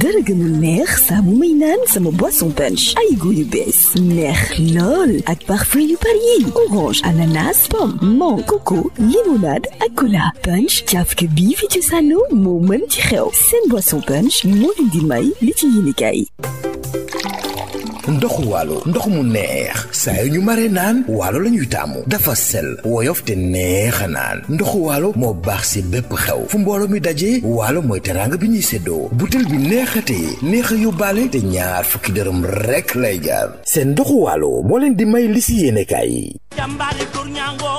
dara mu neex saa mu may naan sama boisson punch ay goût yu bees neex lool ak parfum yu bari yi orange ananas pomme mangue coco limonade ak cola punch cafka bii fi cosaanoo moo mën ci xew seen boisson punch moo leen di may li ci yéenekaay ndoxu waalo ndox mu neex saa yu ñu maree naan waalo la ñuy taamu dafa sel woyof te neex a naan ndoxu waalo moo baax si bépp xew fu mbooloo mi dajee waalo mooy teraanga bi ñuy séddoo butel bi neexatee neex a yóbbaale te ñaar fukki dërëm rekk lay jaar seen ndoxu waalo moo leen di may li si yéenekaay yi jàmbaale tur ñaangoo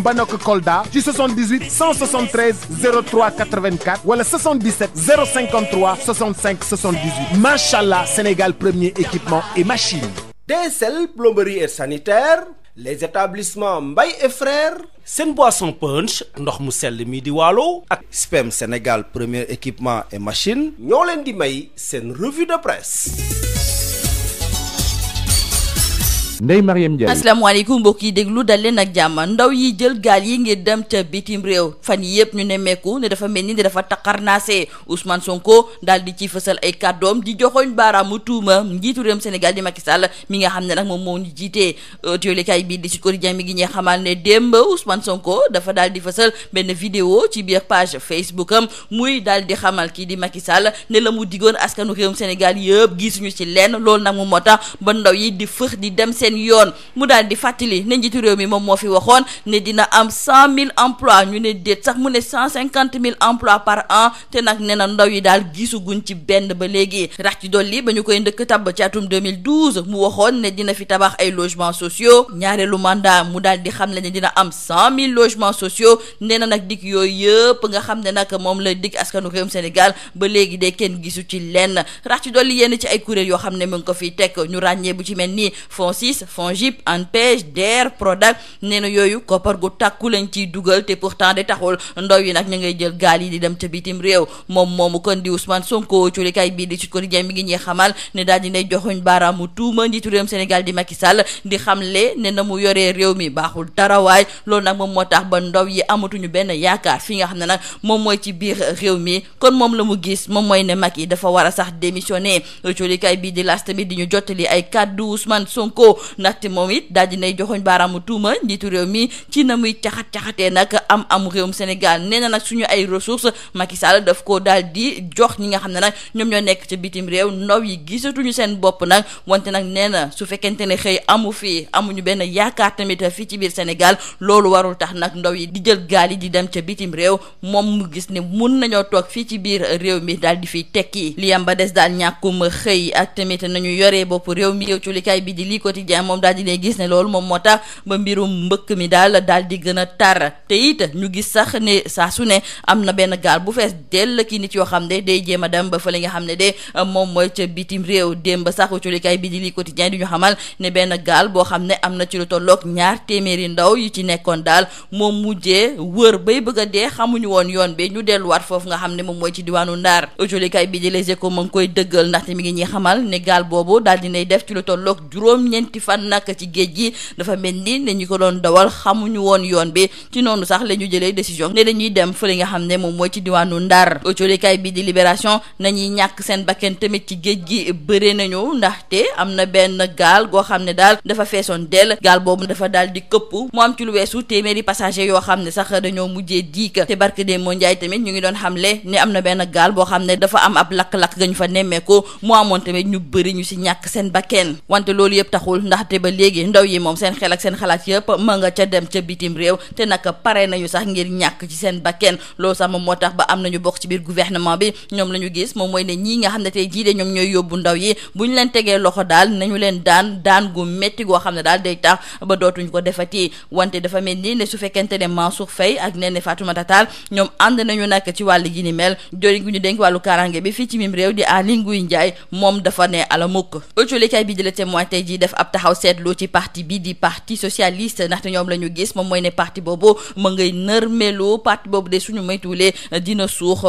HLM Banok Kolda ci 78 173 03 84 wala 77 053 65 78 macha allah Sénégal premier équipement et machine. DSL plomberie et sanitaire. les établissements mbay et frères seen boisson punch ndox mu sell mii di waalo ak SPEM Sénégal premier équipement et machine ñoo leen di may seen revue de presse Ndeye Mariam Ndiaye asalaamaaleykum mbokk yi déglu dal leen ak jàmm ndaw yi jël gaal yi ngir dem ca bitim réew fan yi yëpp ñu ne mekku ne dafa mel ni ne dafa taqarnaase Ousmane Sonko daal di ci fësal ay kàddoom di joxoñ baaraamu tuuma njiitu réewum Sénégal di Macky Sall mi nga xam ne nag moom moo ni jiitee téolikaay bii di Sud Quotidien mi gi ñee xamal ne démb Ousmane Sonko dafa daal di fësal benn vidéo ci biir page Facebook am muy daal di xamal kii di Macky Sall ne la mu digoon askanu réewum Sénégal yëpp gisuñu ci lenn loolu nag moo tax ba ndaw yi di fëx di dem seen yoon mu daal di fàttali ne njiitu réew mi moom moo fi waxoon ne dina am cent mille emplois ñu ne déet sax mu ne cent cinquante mille emplois par an te nag nee na ndaw yi daal gisuguñ ci benn ba léegi rax ci dolli ba ñu koy ndëkk tabb ci atum 2012 mu waxoon ne dina fi tabax ay logements sociaux ñaareelu mandat mu daal di xam ne ne dina am cent mille logements sociaux nee na nag dikk yooyu yëpp nga xam ne nag moom la dikk askanu réewum Sénégal ba léegi de kenn gisu ci lenn rax ci dolli yenn ci ay kuréel yoo xam ne mu ngi ko fiy teg ñu ràññee bu ci mel ni FONSIS FIS FONGIP ANPEJ DER PRODAC nee na yooyu koppar gu tàkku lañ ciy dugal te pourtant di taxul ndaw yi nag ñu ngay jël gaal yi di dem ca bitim réew moom mu kon di Ousmane Sonko culikaay bii di Sud Quotidien mi ngi ñuy xamal ne daal di nay joxuñ baaraamu tuuma njiitu réewum Sénégal di Macky Sall di xamle ne na mu yoree réew mi baaxul darawaay loolu nag moom moo tax ba ndaw yi amatuñu benn yaakaar fi nga xam ne nag moom mooy ci biir réew mi kon moom la mu gis moom mooy ne Macky dafa war a sax démissionner culikaay bii di las di ñu jottali ay kàddu Ousmane Sonko ndaxte moom it daal di nay joxoñ baaraamu tuuma njiitu réew mi ci na muy caxat caxatee nag am réew réewum Sénégal nee na nag suñu ay ressources Macky Sall daf ko daal di jox ñi nga xam ne nag ñoom ñoo nekk ci bitim réew ndaw yi gisatuñu seen bopp nag wante nag nee na su fekkente ne xëy amu fii amuñu benn yaakaar tamit fii ci biir Sénégal loolu warul tax nag ndaw yi di jël gaal yi di dem ca bitim réew moom mu gis ne mun nañoo toog fii ci biir réew mi daal di fiy tekki li Quotidien moom daal di ne gis ne loolu moom moo tax ba mbirum mbëkk mi daal daal di gën a tar te it ñu gis sax ne saa su ne am na benn gaal bu fees dell kii nit yoo xam ne day jéem a dem ba fële nga xam ne de euh, moom mooy ca bitim réew démb sax culikaay bi di li Quotidien di ñu xamal ne benn gaal boo xam ne am na ci lu tolloog ñaar téeméeri ndaw yu ci nekkoon daal moom mujjee wër bay bëgg a dee xamuñu woon yoon bi ñu delluwaat foofu nga xam ne moom mooy ci diwaanu Ndar culikaay bi di Les Échos mu koy dëggal ndaxte mi ngi ñuy xamal ne gaal boobu daal dinay def ci lu tolloog juróom-ñeenti fukki fan nag ci géej gi dafa mel ni ne ñu ko doon dawal xamuñu woon yoon bi ci noonu sax la ñu jëlee décision ne dañuy dem fële nga xam ne moom mooy ci diwaanu Ndar autolikaay bii di libération nañuy ñàkk seen bakken tamit ci géej gi bëre nañu ndaxte am na benn gaal goo xam ne daal dafa feesoon dell gaal boobu dafa daal di këpp mu am ci lu weesu téeméeri passager yoo xam ne sax dañoo mujjee diik te barke de moo njaay tamit ñu ngi doon xamle ne am na benn gaal boo xam ne dafa am ab lakk-lakk ga fa nemmeeku mu tamit ñu bëri ñu si ñàkk seen bakken wante loolu yëpp taxul ndax ndaxte ba léegi ndaw yi moom seen xel ak seen xalaat yëpp ma nga ca dem ca bitim réew te nag pare nañu sax ngir ñàkk ci seen bakken loolu sax moom moo tax ba am nañu bokk ci biir gouvernement bi ñoom la ñu gis moom mooy ne ñii nga xam ne tey jii de ñoom ñooy yóbbu ndaw yi bu ñu leen tegee loxo daal nañu leen daan daan gu métti goo xam ne daal day tax ba dootuñ ko defati wante dafa mel ni ne su fekkente ne Mansour Faye ak Néné Fatoumata Tall ñoom ànd nañu nag ci wàll gi ni mel jori gu ñu dénk wàllu bi fii ci mim réew di Aly Ngouille Ndiaye moom dafa ne ala mukk taxaw seetlu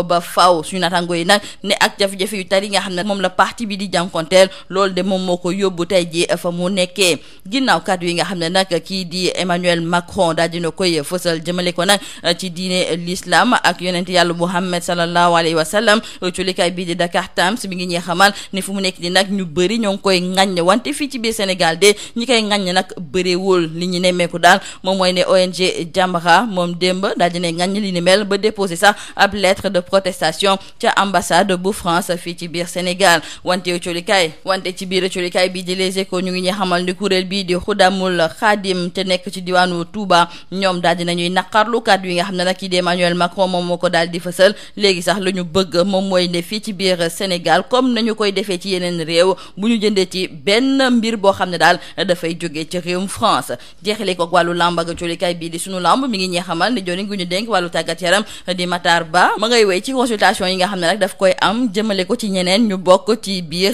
ba faaw suñu yi nag ne ak jafe-jafe yu tari nga xam ne moom la parti bi di jànkonteel loolu de moom moo ko yóbbu tey ji fa mu nekkee ginnaaw yi nga xam ne nag kii di Emmanuel Macron daal dina koy fësal jëmale ko nag ci diine l'islam ak yonent yàlla Muhammad sallallahu alayhi wa sallam culikaay bii di Dakar Times mi ngi ñuy xamal ne fu mu nekk di nag ñu bëri ñoo ngi koy ŋàññ wante fii ci biir Sénégal de ñi koy ŋàññ nag bëreewul li ñu nemmeeku daal moom mooy ne ONG Jamra moom démb daal dina ŋàññ li ni mel ba déposé sax ab lettre de protestation ca ambassade bu France fii ci biir Sénégal wante colikaay wante ci biir colikaay bi di Les Échos ñu ngi ñuy xamal ni kuréel bii di Xudamul Xaadim te nekk ci diwaanu Touba ñoom daal dinañuy naqarlu kàddu yi nga xam ne nag kii di Emmanuel Macron moom moo ko daal di fësal léegi sax lu ñu bëgg moom mooy ne fii ci biir Sénégal comme nañu koy defee ci yeneen réew bu ñu jëndee ci benn mbir boo xam ne daal Sénégal dafay jógee ci réewum France jeexale ko wàllu lamb ak colikaay bii di sunu lamb mi ngi ñee ni xam ne daf koy am jëmale ko ci ñeneen ñu bokk ci biir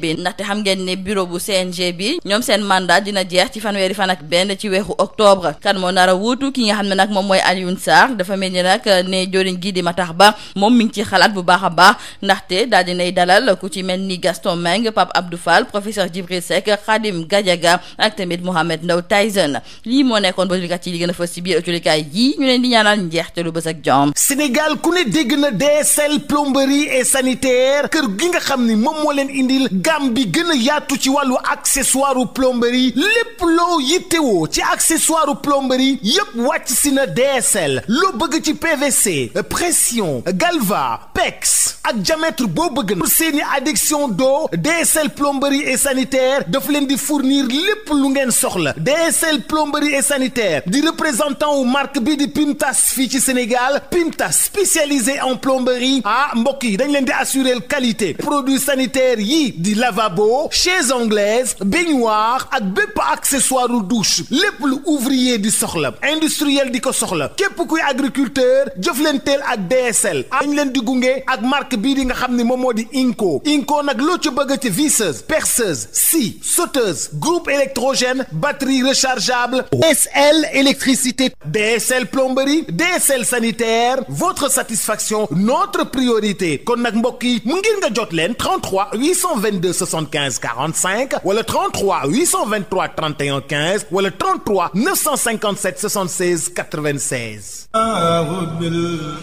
bi ndaxte xam ngeen ne bureau bu CNG bi ñoom seen mandat dina jeex ci fanweeri fan ak benn ci weeru octobre kan moo nar a ki nga xam ne nag moom mooy Alioune Sarr dafa mel ni nag ne joriñ gii di Matar Ba moom mu ngi ci xalaat bu baax a baax ndaxte daal dinay dalal ku ci mel ni Gaston Meng Pape Abdou Fall professeur Djibril Seck Khady Karim Gadiaga ak tamit Mohamed Ndao Tyson lii moo nekkoon ba jullikat yi di gën a fës ci biir julikaay yii ñu leen di ñaanal njeextalu bës ak jom Sénégal ku ne dégg na DSL plomberie et sanitaire kër gi nga xam ni moom moo leen indil gam bi gën a yaatu ci wàllu accessoire plomberie lépp loo yittewoo ci accessoire plomberie yépp wàcc si na DSL loo bëgg ci PVC pression galva pex ak diamètre boo bëgg na pour seeni adduction d'eau DSL plomberie et sanitaire daf leen di fournir lépp lu ngeen soxla DSL plomberie et sanitaire di représentant wu marque bi di Pimtas fii ci Sénégal Pimtas spécialisé en plomberie ah mbokk yi dañ leen di assurer qualité produits sanitaire yi di lavabo chaises anglaises baignoire ak bépp accessoire u douche lépp lu ouvrier di soxla industriel di ko soxla képp kuy agriculteur jëf leen teel ak DSL dañ leen di gunge ak marque bii di nga xam ne moom moo di Inco Inco nag loo ci bëgg ci visseuse perceuse scie batteuse groupe électrogène batterie rechargeable DSL électricité DSL plomberie DSL sanitaire votre satisfaction notre priorité kon nag mbokk yi mu ngir nga jot leen 33 822 75 45 wala 33 823 31 15 wala 33 957 76 96.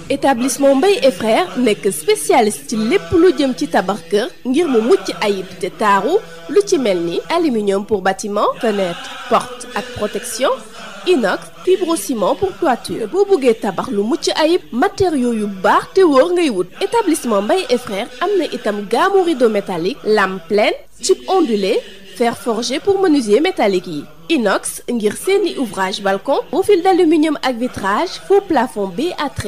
établissement Mbaye et frères nekk spécialiste ci lépp lu jëm ci tabax kër ngir mu mucc ayib te taaru lu ci mel ni. aluminium pour bâtiment fenêtre porte ak protection inox fibrociment pour toiture boo bëggee tabax lu mucc ayib matériaux yu baax te wóor ngay wut. établissement Mbaye et frères am na itam gamme rideau métallique lame pleine tube ondulé fer forgé pour menuisier métallique yi. inox ngir seeni ouvrage balcon profil d'aluminium ak vitrage faux plafond BA13.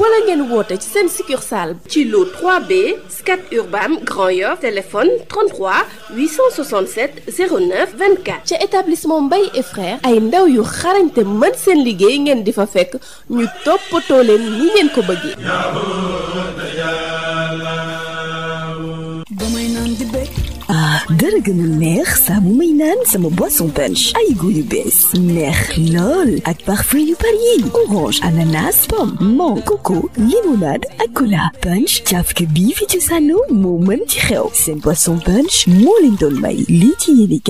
wala ngeen woote ci seen succursale ci lu 3B Scat Urbam Grand Yoff téléphone 33 867 09 24 ca établissement Mbaye et frères ay ndaw yu xarañ te mën seen liggéey ngeen di fa fekk ñu toppatoo leen ni ngeen ko bëggee dara gën a neex saa bu may naan sama boisson punch ay goût yu neex lool ak parfum yu bari yi orange ananas pomme mangue coco limonade ak cola punch cafka bii fi cosaanoo moo mën ci xew seen boisson punch moo leen may lii ci yéene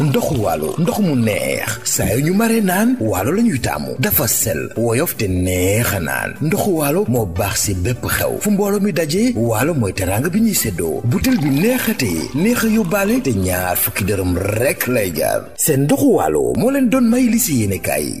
ndoxu waalo ndox mu neex saa yu ñu mare naan waalo la ñuy taamu dafa sel woyof te neex a naan ndoxu waalo moo baax si bépp xew fu mbooloo mi dajee waalo mooy teraanga bi ñuy seddoo butel bi neexatee neex a yóbbaale te ñaar fukki dërëm rekk lay jaar seen ndoxu waalo moo leen doon may li si yéene kaay yi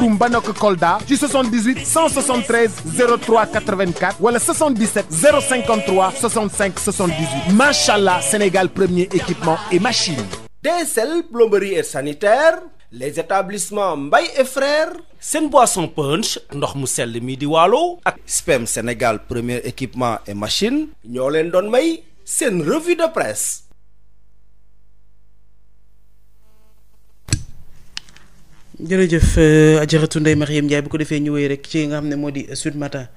Kourumba nekk Kolda ci 78 173 03 84 wala 77 053 65 78 macha allah Sénégal premier équipement et machine. DSL plomberie et sanitaire les établissements mbay et frères. seen boisson punch ndox mu sell mi di waalo ak. SPEM Sénégal premier équipement et machine. ñoo leen doon may seen revue de presse. jëf jërëjëf euh, Adjaratou Ndeye Marieme Ndiaye bu ko defee ñu wéy rek ci nga xam ne moo di Sud Matin.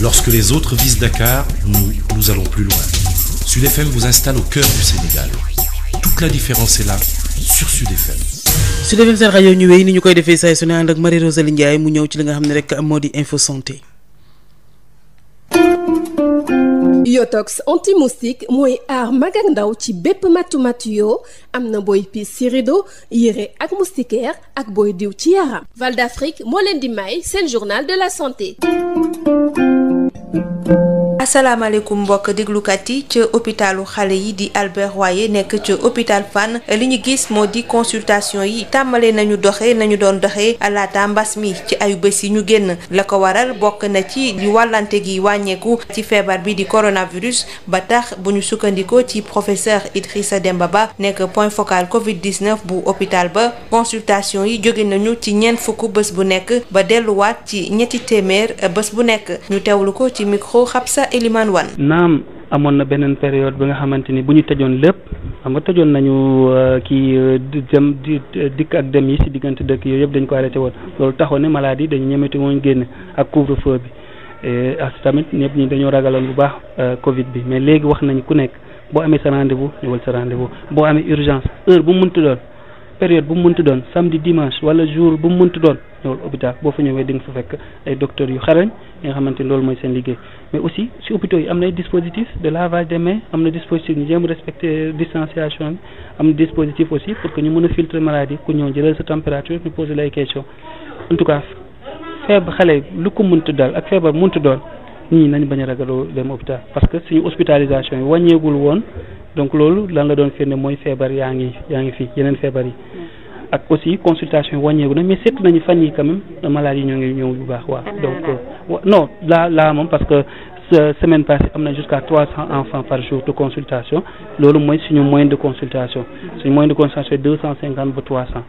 Lorsque les autres visent Dakar, nous, nous allons plus loin. Sud FM vous installe au cœur du Sénégal. Toute la différence est là sur Sud FM. Sud FM seen rajo ñu wéy ni ñu koy defee saa su ne ànd ak Marie Rosalie Ndiaye mu ñëw ci li nga xam ne rek moo di info santé. yotox anti-moustique mooy aar mag ak ndaw ci bépp matu-matu yoo am na booy piis ci rido yére ak moustiquaire ak booy diw ci yaram. Val d'Afrique moo leen di may seen journal de la santé. asalaamaaleykum mbokk déglukat yi ca hôpitalu xale yi di Albert Royer nekk ca hôpital Fann li ñu gis moo di consultation yi tàmbale nañu doxee nañu doon doxee laata mbas mi ci ayu bés yi ñu génn la ko waral bokk na ci di wàllante gi wàññeeku ci feebar bi di coronavirus ba tax bu ñu sukkandikoo ci professeur Idrissa Demba Ba nekk point focal Covid 19 bu hôpital ba consultation yi jóge nañu ci ñeent fukk bés bu nekk ba delluwaat ci ñetti téeméer bés bu nekk ñu teewlu ko ci micro xabsa Elimane Wane. naam amoon na beneen période bi nga xamante ni bu ñu tëjoon lépp xam nga tëjoon nañu euh, kii euh, jëm di euh, dikk ak dem yi si diggante dëkk yooyu yëpp dañ ko arrêté woon loolu taxoon ne malade yi dañu ñemete woon génne ak couvre-feu bi tamit ñëpp ñi dañoo ragaloon bu baax Covid bi mais léegi wax nañ ku nekk boo amee sa bu vous ñëwal sa rendez-vous boo amee urgence heure bu mu mënti doon période bu mu mënti doon samedi dimanche wala jour bu mu mënti doon. ñëwal hôpital boo fa ñëwee di nga fa fekk ay docteurs yu xarañ yi nga xamante loolu mooy seen liggéey mais aussi si hôpitaux yi am na dispositif de lavage des mains am na dispositif ñu jéem respecter distanciation am na dispositif aussi pour que ñu mën a filtrer maladie ku ñëw jëlal sa température ñu poser lay question en tout cas feebar xale lu ko mënta dal ak feebar mënta doon nit ñi nañ bañ ragaloo dem hôpital parce que suñu hospitalisation yi wàññeegul woon donc loolu lan la doon firnde mooy feebar yaa ngi yaa ngi fi yeneen feebar yi ak aussi consultation wàññeeku na mais seetlu nañu fan yi quand même malades yi ñoo ngi ñëw bu baax waaw donc euh, non laa laa moom parce que semaine passée am na jusqu'à t cent enfants par jour de consultation loolu mooy suñu moyen de consultation suñu moyen de consultation deux cent cinquante ba trois cent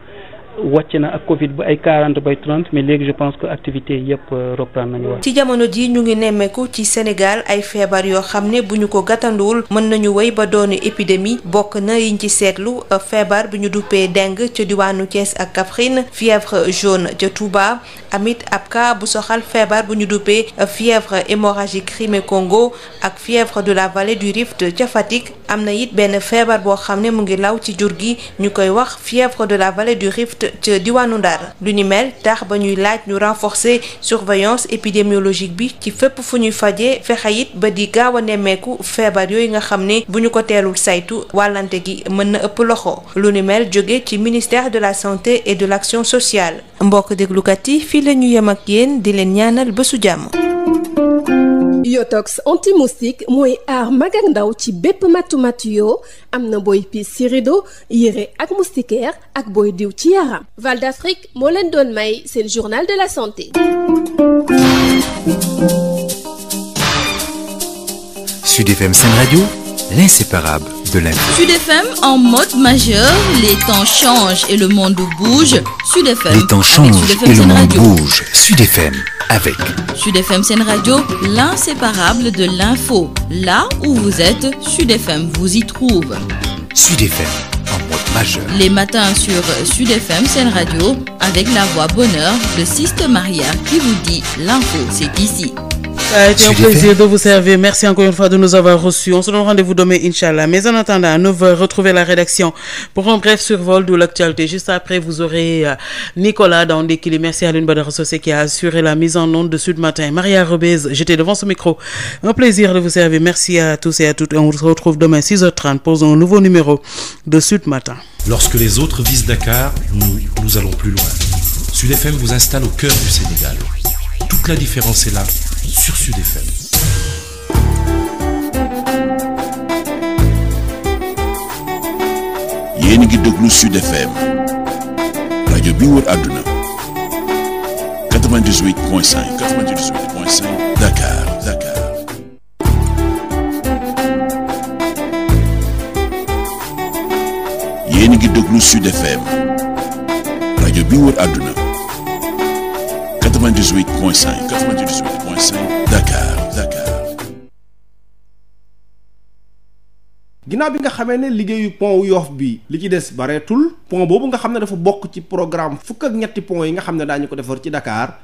wàcc na ak Covid ba ay quarante bay trente mais léegi je pense que activité yëpp euh, reprendre nañu wax. ci jamono ji ñu ngi nemmeeku ci Sénégal ay feebar yoo xam ne bu ñu ko gàttanduwul mën nañu woy ba doon épidémie bokk na yiñ ci seetlu euh, feebar bu ñu duppee dengue ca diwaanu Thiès ak Kaffrine fièvre jaune ca Touba amit ab cas bu soxal feebar bu ñu duppee euh, fièvre hémorragique Crimée Congo ak fièvre de la vallée du Rift ca Fatick am na it benn feebar boo xam ne mu law ci gi ca diwaanu Ndar lu ni mel tax ba ñuy laaj ñu renforcer surveillance épidémiologique bi ci fépp fu ñuy fajee fexe it ba di gaaw a nemmeeku feebar yooyu nga xam ne bu ñu ko teelul saytu wàllante gi mën na ëpp loxo lu ni mel jóge ci ministère de la santé et de l'action sociale mbokk déglukat yi fii la ñu yem ak yéen di leen ñaanal bésu jàmm. yotox anti-moustique mooy aar mag ndaw ci bépp mattu matu yoo am na booy piis ci rido yére ak moustiquaire ak booy diw ci yaram. Val d'Afrique moo leen doon may seen journal de la santé. Sud FM de l'info. Sud FM en mode majeur, les temps changent et le monde bouge. Sud FM. Les temps changent et le monde bouge. Sud FM avec. Sud FM Scène Radio, l'inséparable de l'info. Là où vous êtes, Sud FM vous y trouve. Sud FM en mode majeur. Les matins sur Sud FM Scène Radio avec la voix bonheur de Siste qui vous dit l'info, c'est ici. Ça a été un plaisir de vous servir. Merci encore une fois de nous avoir reçus. On se donne rendez-vous demain, Inch'Allah. Mais en attendant, à 9h, retrouvez la rédaction pour un bref survol de l'actualité. Juste après, vous aurez euh, Nicolas dans Ndekili. Merci à Lune Badara Socé qui a assuré la mise en onde de Sud Matin. Maria Rebez, j'étais devant ce micro. Un plaisir de vous servir. Merci à tous et à toutes. on se retrouve demain, 6h30, sur Sud FM. ngi déglu Sud FM rajo bi wër àdduna Dakar Dakar. yéen ngi déglu Sud FM rajo bi wër Times bi nga xamee ne liggéeyu pon wu yoof bi li ci des bareetul pont boobu nga xam ne dafa bokk ci programme fukk ak ñetti pont yi nga xam ne daañu ko defar ci dakaar